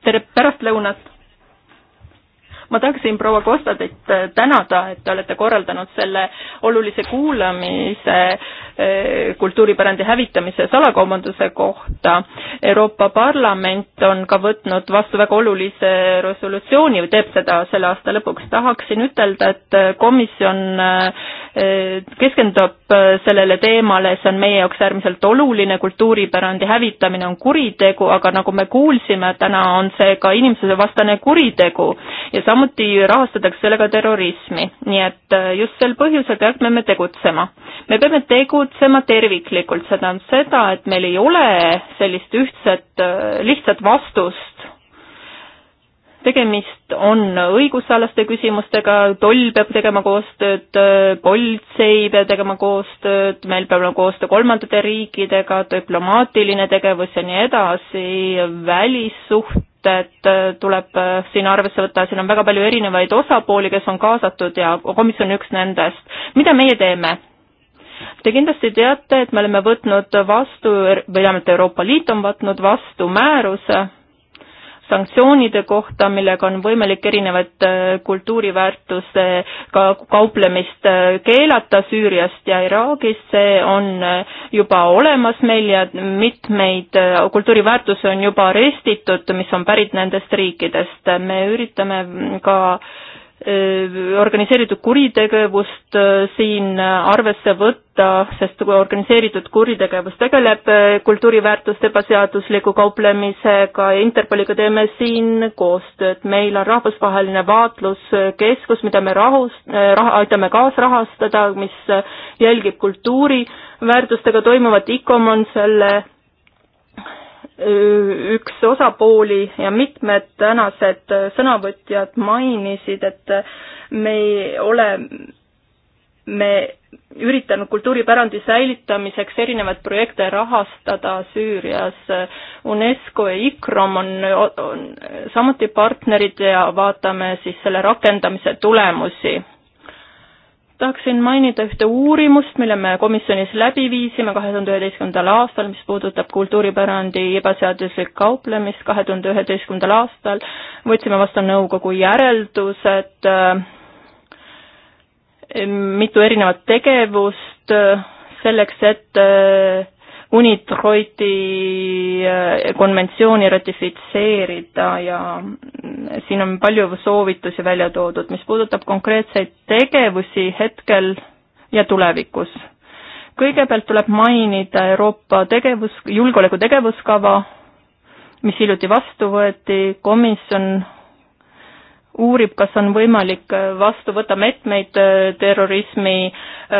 tere pärastlõunat. ma tahaksin proua Kostatit tänada, et te olete korraldanud selle olulise kuulamise kultuuripärandi hävitamise salakaubanduse kohta. Euroopa Parlament on ka võtnud vastu väga olulise resolutsiooni või teeb seda selle aasta lõpuks. tahaksin ütelda, et komisjon eh, keskendub sellele teemale, see on meie jaoks äärmiselt oluline, kultuuripärandi hävitamine on kuritegu, aga nagu me kuulsime, täna on see ka inimsusevastane kuritegu ja samuti rahastatakse sellega terrorismi. nii et just sel põhjusel peame me tegutsema. me peame tegutsema tegutsema terviklikult, see tähendab seda, et meil ei ole sellist ühtset, lihtsat vastust. tegemist on õigusalaste küsimustega, toll peab tegema koostööd, politsei peab tegema koostööd, meil peab olema koostöö kolmandate riikidega, diplomaatiline tegevus ja nii edasi, välissuht, et tuleb siin arvesse võtta, siin on väga palju erinevaid osapooli, kes on kaasatud ja komisjon on üks nendest. mida meie teeme? Te kindlasti teate, et me oleme võtnud vastu, või vähemalt Euroopa Liit on võtnud vastu määruse sanktsioonide kohta, millega on võimalik erinevaid äh, kultuuriväärtustega kauplemist äh, keelata Süüriast ja Iraagist, see on äh, juba olemas meil ja mitmeid kultuuriväärtusi on juba arestitud, mis on pärit nendest riikidest. me üritame ka äh, Äh, organiseeritud kuritegevust äh, siin arvesse võtta, sest organiseeritud kuritegevus tegeleb äh, kultuuriväärtuste ebaseadusliku kauplemisega ja Interpoliga teeme siin koostööd. meil on rahvusvaheline vaatluskeskus, mida me rahus, raha, aitame kaasrahastada, mis jälgib kultuuriväärtustega toimuvat, ICOM on selle üks osapooli ja mitmed tänased sõnavõtjad mainisid, et me ei ole, me üritanud kultuuripärandi säilitamiseks erinevaid projekte rahastada Süürias. UNESCO ja ICROM on, on samuti partnerid ja vaatame siis selle rakendamise tulemusi tahaksin mainida ühte uurimust, mille me komisjonis läbi viisime kahe tuhande üheteistkümnendal aastal, mis puudutab kultuuripärandi ebaseaduslik kauplemist kahe tuhande üheteistkümnendal aastal. võtsime vastu nõukogu järeldused, äh, mitu erinevat tegevust äh, selleks, et äh, UNITROIT-i äh, konventsiooni ratifitseerida ja mm, siin on palju soovitusi välja toodud, mis puudutab konkreetseid tegevusi hetkel ja tulevikus. kõigepealt tuleb mainida Euroopa tegevus, julgeoleku tegevuskava, mis hiljuti vastu võeti, komisjon uurib, kas on võimalik äh, vastu võtta meetmeid äh, terrorismi äh,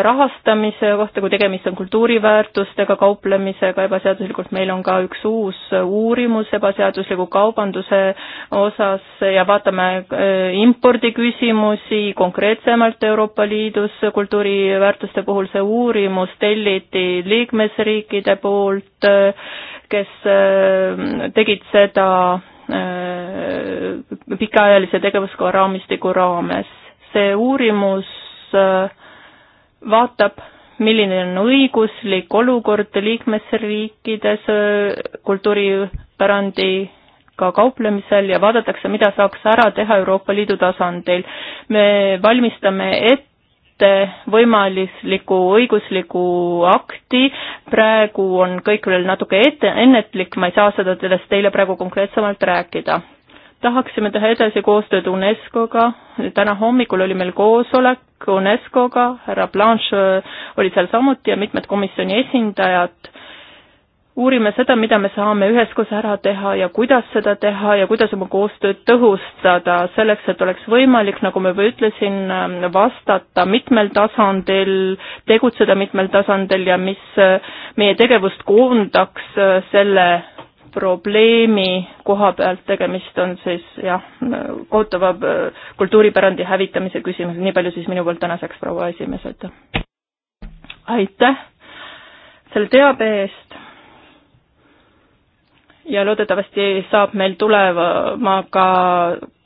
rahastamise kohta, kui tegemist on kultuuriväärtustega kauplemisega ebaseaduslikult, meil on ka üks uus uurimus ebaseadusliku kaubanduse osas ja vaatame impordiküsimusi konkreetsemalt Euroopa Liidus kultuuriväärtuste puhul, see uurimus telliti liikmesriikide poolt, kes tegid seda Äh, pikaajalise tegevuskava raamistiku raames. see uurimus äh, vaatab, milline on õiguslik olukord liikmesriikides äh, kultuuripärandi ka kauplemisel ja vaadatakse, mida saaks ära teha Euroopa Liidu tasandil. me valmistame ette ühte võimalikku õiguslikku akti, praegu on kõik veel natuke ette, ennetlik, ma ei saa seda sellest teile praegu konkreetsemalt rääkida. tahaksime teha edasi koostööd UNESCO-ga, täna hommikul oli meil koosolek UNESCO-ga, härra Blanche oli seal samuti ja mitmed komisjoni esindajad uurime seda, mida me saame üheskoos ära teha ja kuidas seda teha ja kuidas oma koostööd tõhustada, selleks et oleks võimalik, nagu ma juba ütlesin, vastata mitmel tasandil, tegutseda mitmel tasandil ja mis meie tegevust koondaks selle probleemi koha pealt, tegemist on siis jah, kohutava kultuuripärandi hävitamise küsimus, nii palju siis minu poolt tänaseks, proua esimees, aitäh! aitäh selle teabe eest! ja loodetavasti saab meil tulema ka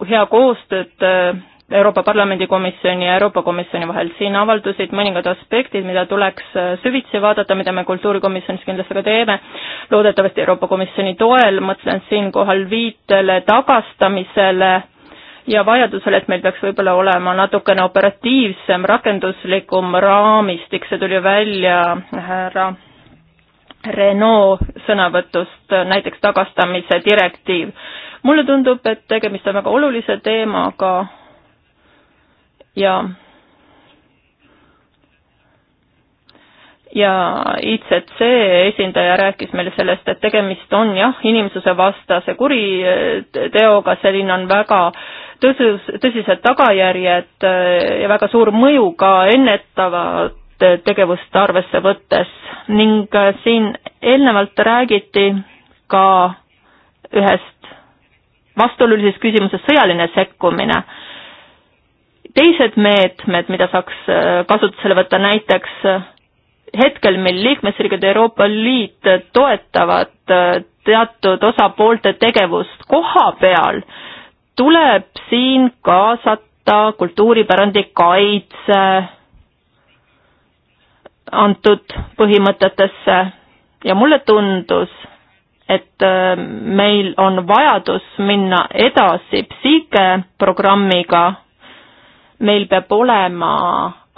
hea koostööd äh, Euroopa Parlamendi komisjoni ja Euroopa Komisjoni vahel. siin avaldusid mõningad aspektid, mida tuleks äh, süvitsi vaadata, mida me Kultuurikomisjonis kindlasti ka teeme, loodetavasti Euroopa Komisjoni toel, mõtlen siinkohal viitele tagastamisele ja vajadusele, et meil peaks võib-olla olema natukene operatiivsem, rakenduslikum raamistik, see tuli välja härra äh, Renault sõnavõtust, näiteks tagastamise direktiiv. mulle tundub, et tegemist on väga olulise teemaga ja ja ICC esindaja rääkis meile sellest, et tegemist on jah, inimsusevastase kuriteoga, selline on väga tõsus, tõsised tagajärjed ja väga suur mõju ka ennetavat Äh, tegevust arvesse võttes ning äh, siin eelnevalt räägiti ka ühest vastuolulisest küsimusest sõjaline sekkumine. teised meetmed, mida saaks äh, kasutusele võtta, näiteks hetkel, mil liikmesriigid ja Euroopa Liit toetavad teatud osapoolte tegevust koha peal, tuleb siin kaasata kultuuripärandi kaitse, antud põhimõtetesse ja mulle tundus, et äh, meil on vajadus minna edasi Psyche programmiga, meil peab olema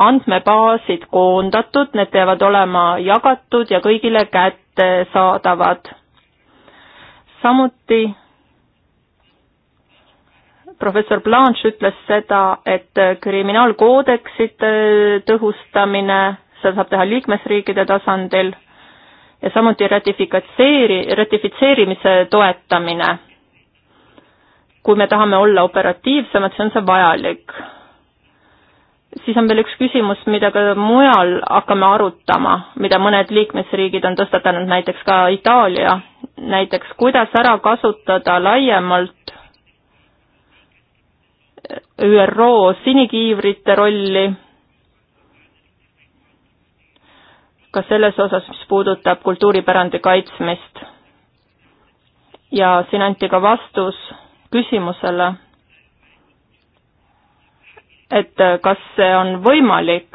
andmebaasid koondatud, need peavad olema jagatud ja kõigile kättesaadavad. samuti professor Blanche ütles seda, et kriminaalkoodeksite äh, tõhustamine seda saab teha liikmesriikide tasandil ja samuti ratifikatseeri-, ratifitseerimise toetamine. kui me tahame olla operatiivsemad, siis on see vajalik. siis on veel üks küsimus, mida ka mujal hakkame arutama, mida mõned liikmesriigid on tõstatanud, näiteks ka Itaalia, näiteks kuidas ära kasutada laiemalt ÜRO sinikiivrite rolli ka selles osas, mis puudutab kultuuripärandi kaitsmist. ja siin anti ka vastus küsimusele, et kas see on võimalik,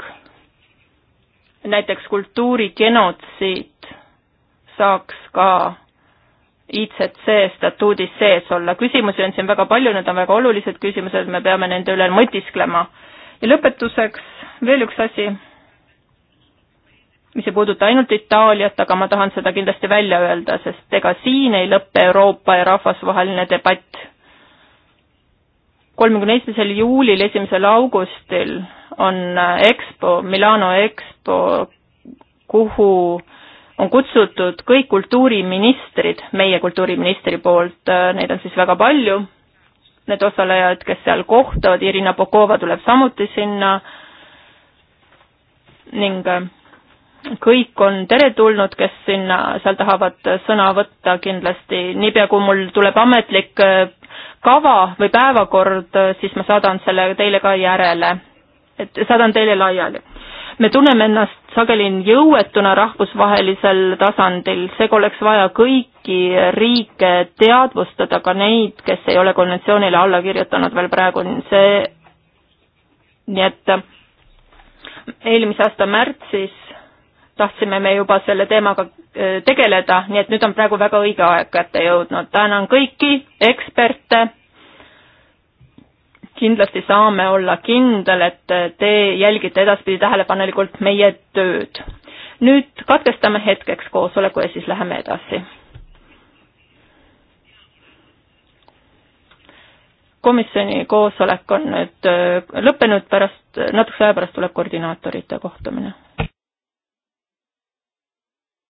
näiteks kultuurigenotsiid saaks ka ICC statuudis sees olla. küsimusi on siin väga palju, need on väga olulised küsimused, me peame nende üle mõtisklema. ja lõpetuseks veel üks asi mis ei puuduta ainult Itaaliat, aga ma tahan seda kindlasti välja öelda, sest ega siin ei lõppe Euroopa ja rahvusvaheline debatt. kolmekümne esimesel juulil, esimesel augustil on äh, EXPO, Milano EXPO, kuhu on kutsutud kõik kultuuriministrid meie kultuuriministri poolt, äh, neid on siis väga palju, need osalejad, kes seal kohtuvad, Irina Pokova tuleb samuti sinna ning äh, kõik on teretulnud, kes sinna, seal tahavad sõna võtta kindlasti, niipea kui mul tuleb ametlik äh, kava või päevakord, äh, siis ma saadan selle teile ka järele, et saadan teile laiali. me tunneme ennast sageli jõuetuna rahvusvahelisel tasandil, seega oleks vaja kõiki riike teadvustada, ka neid, kes ei ole konventsioonile alla kirjutanud veel praegu, see, nii et äh, eelmise aasta märtsis tahtsime me juba selle teemaga äh, tegeleda, nii et nüüd on praegu väga õige aeg kätte jõudnud. tänan kõiki eksperte. kindlasti saame olla kindel, et te jälgite edaspidi tähelepanelikult meie tööd. nüüd katkestame hetkeks koosoleku ja siis läheme edasi. komisjoni koosolek on nüüd äh, lõppenud, pärast, natukese aja pärast tuleb koordinaatorite kohtumine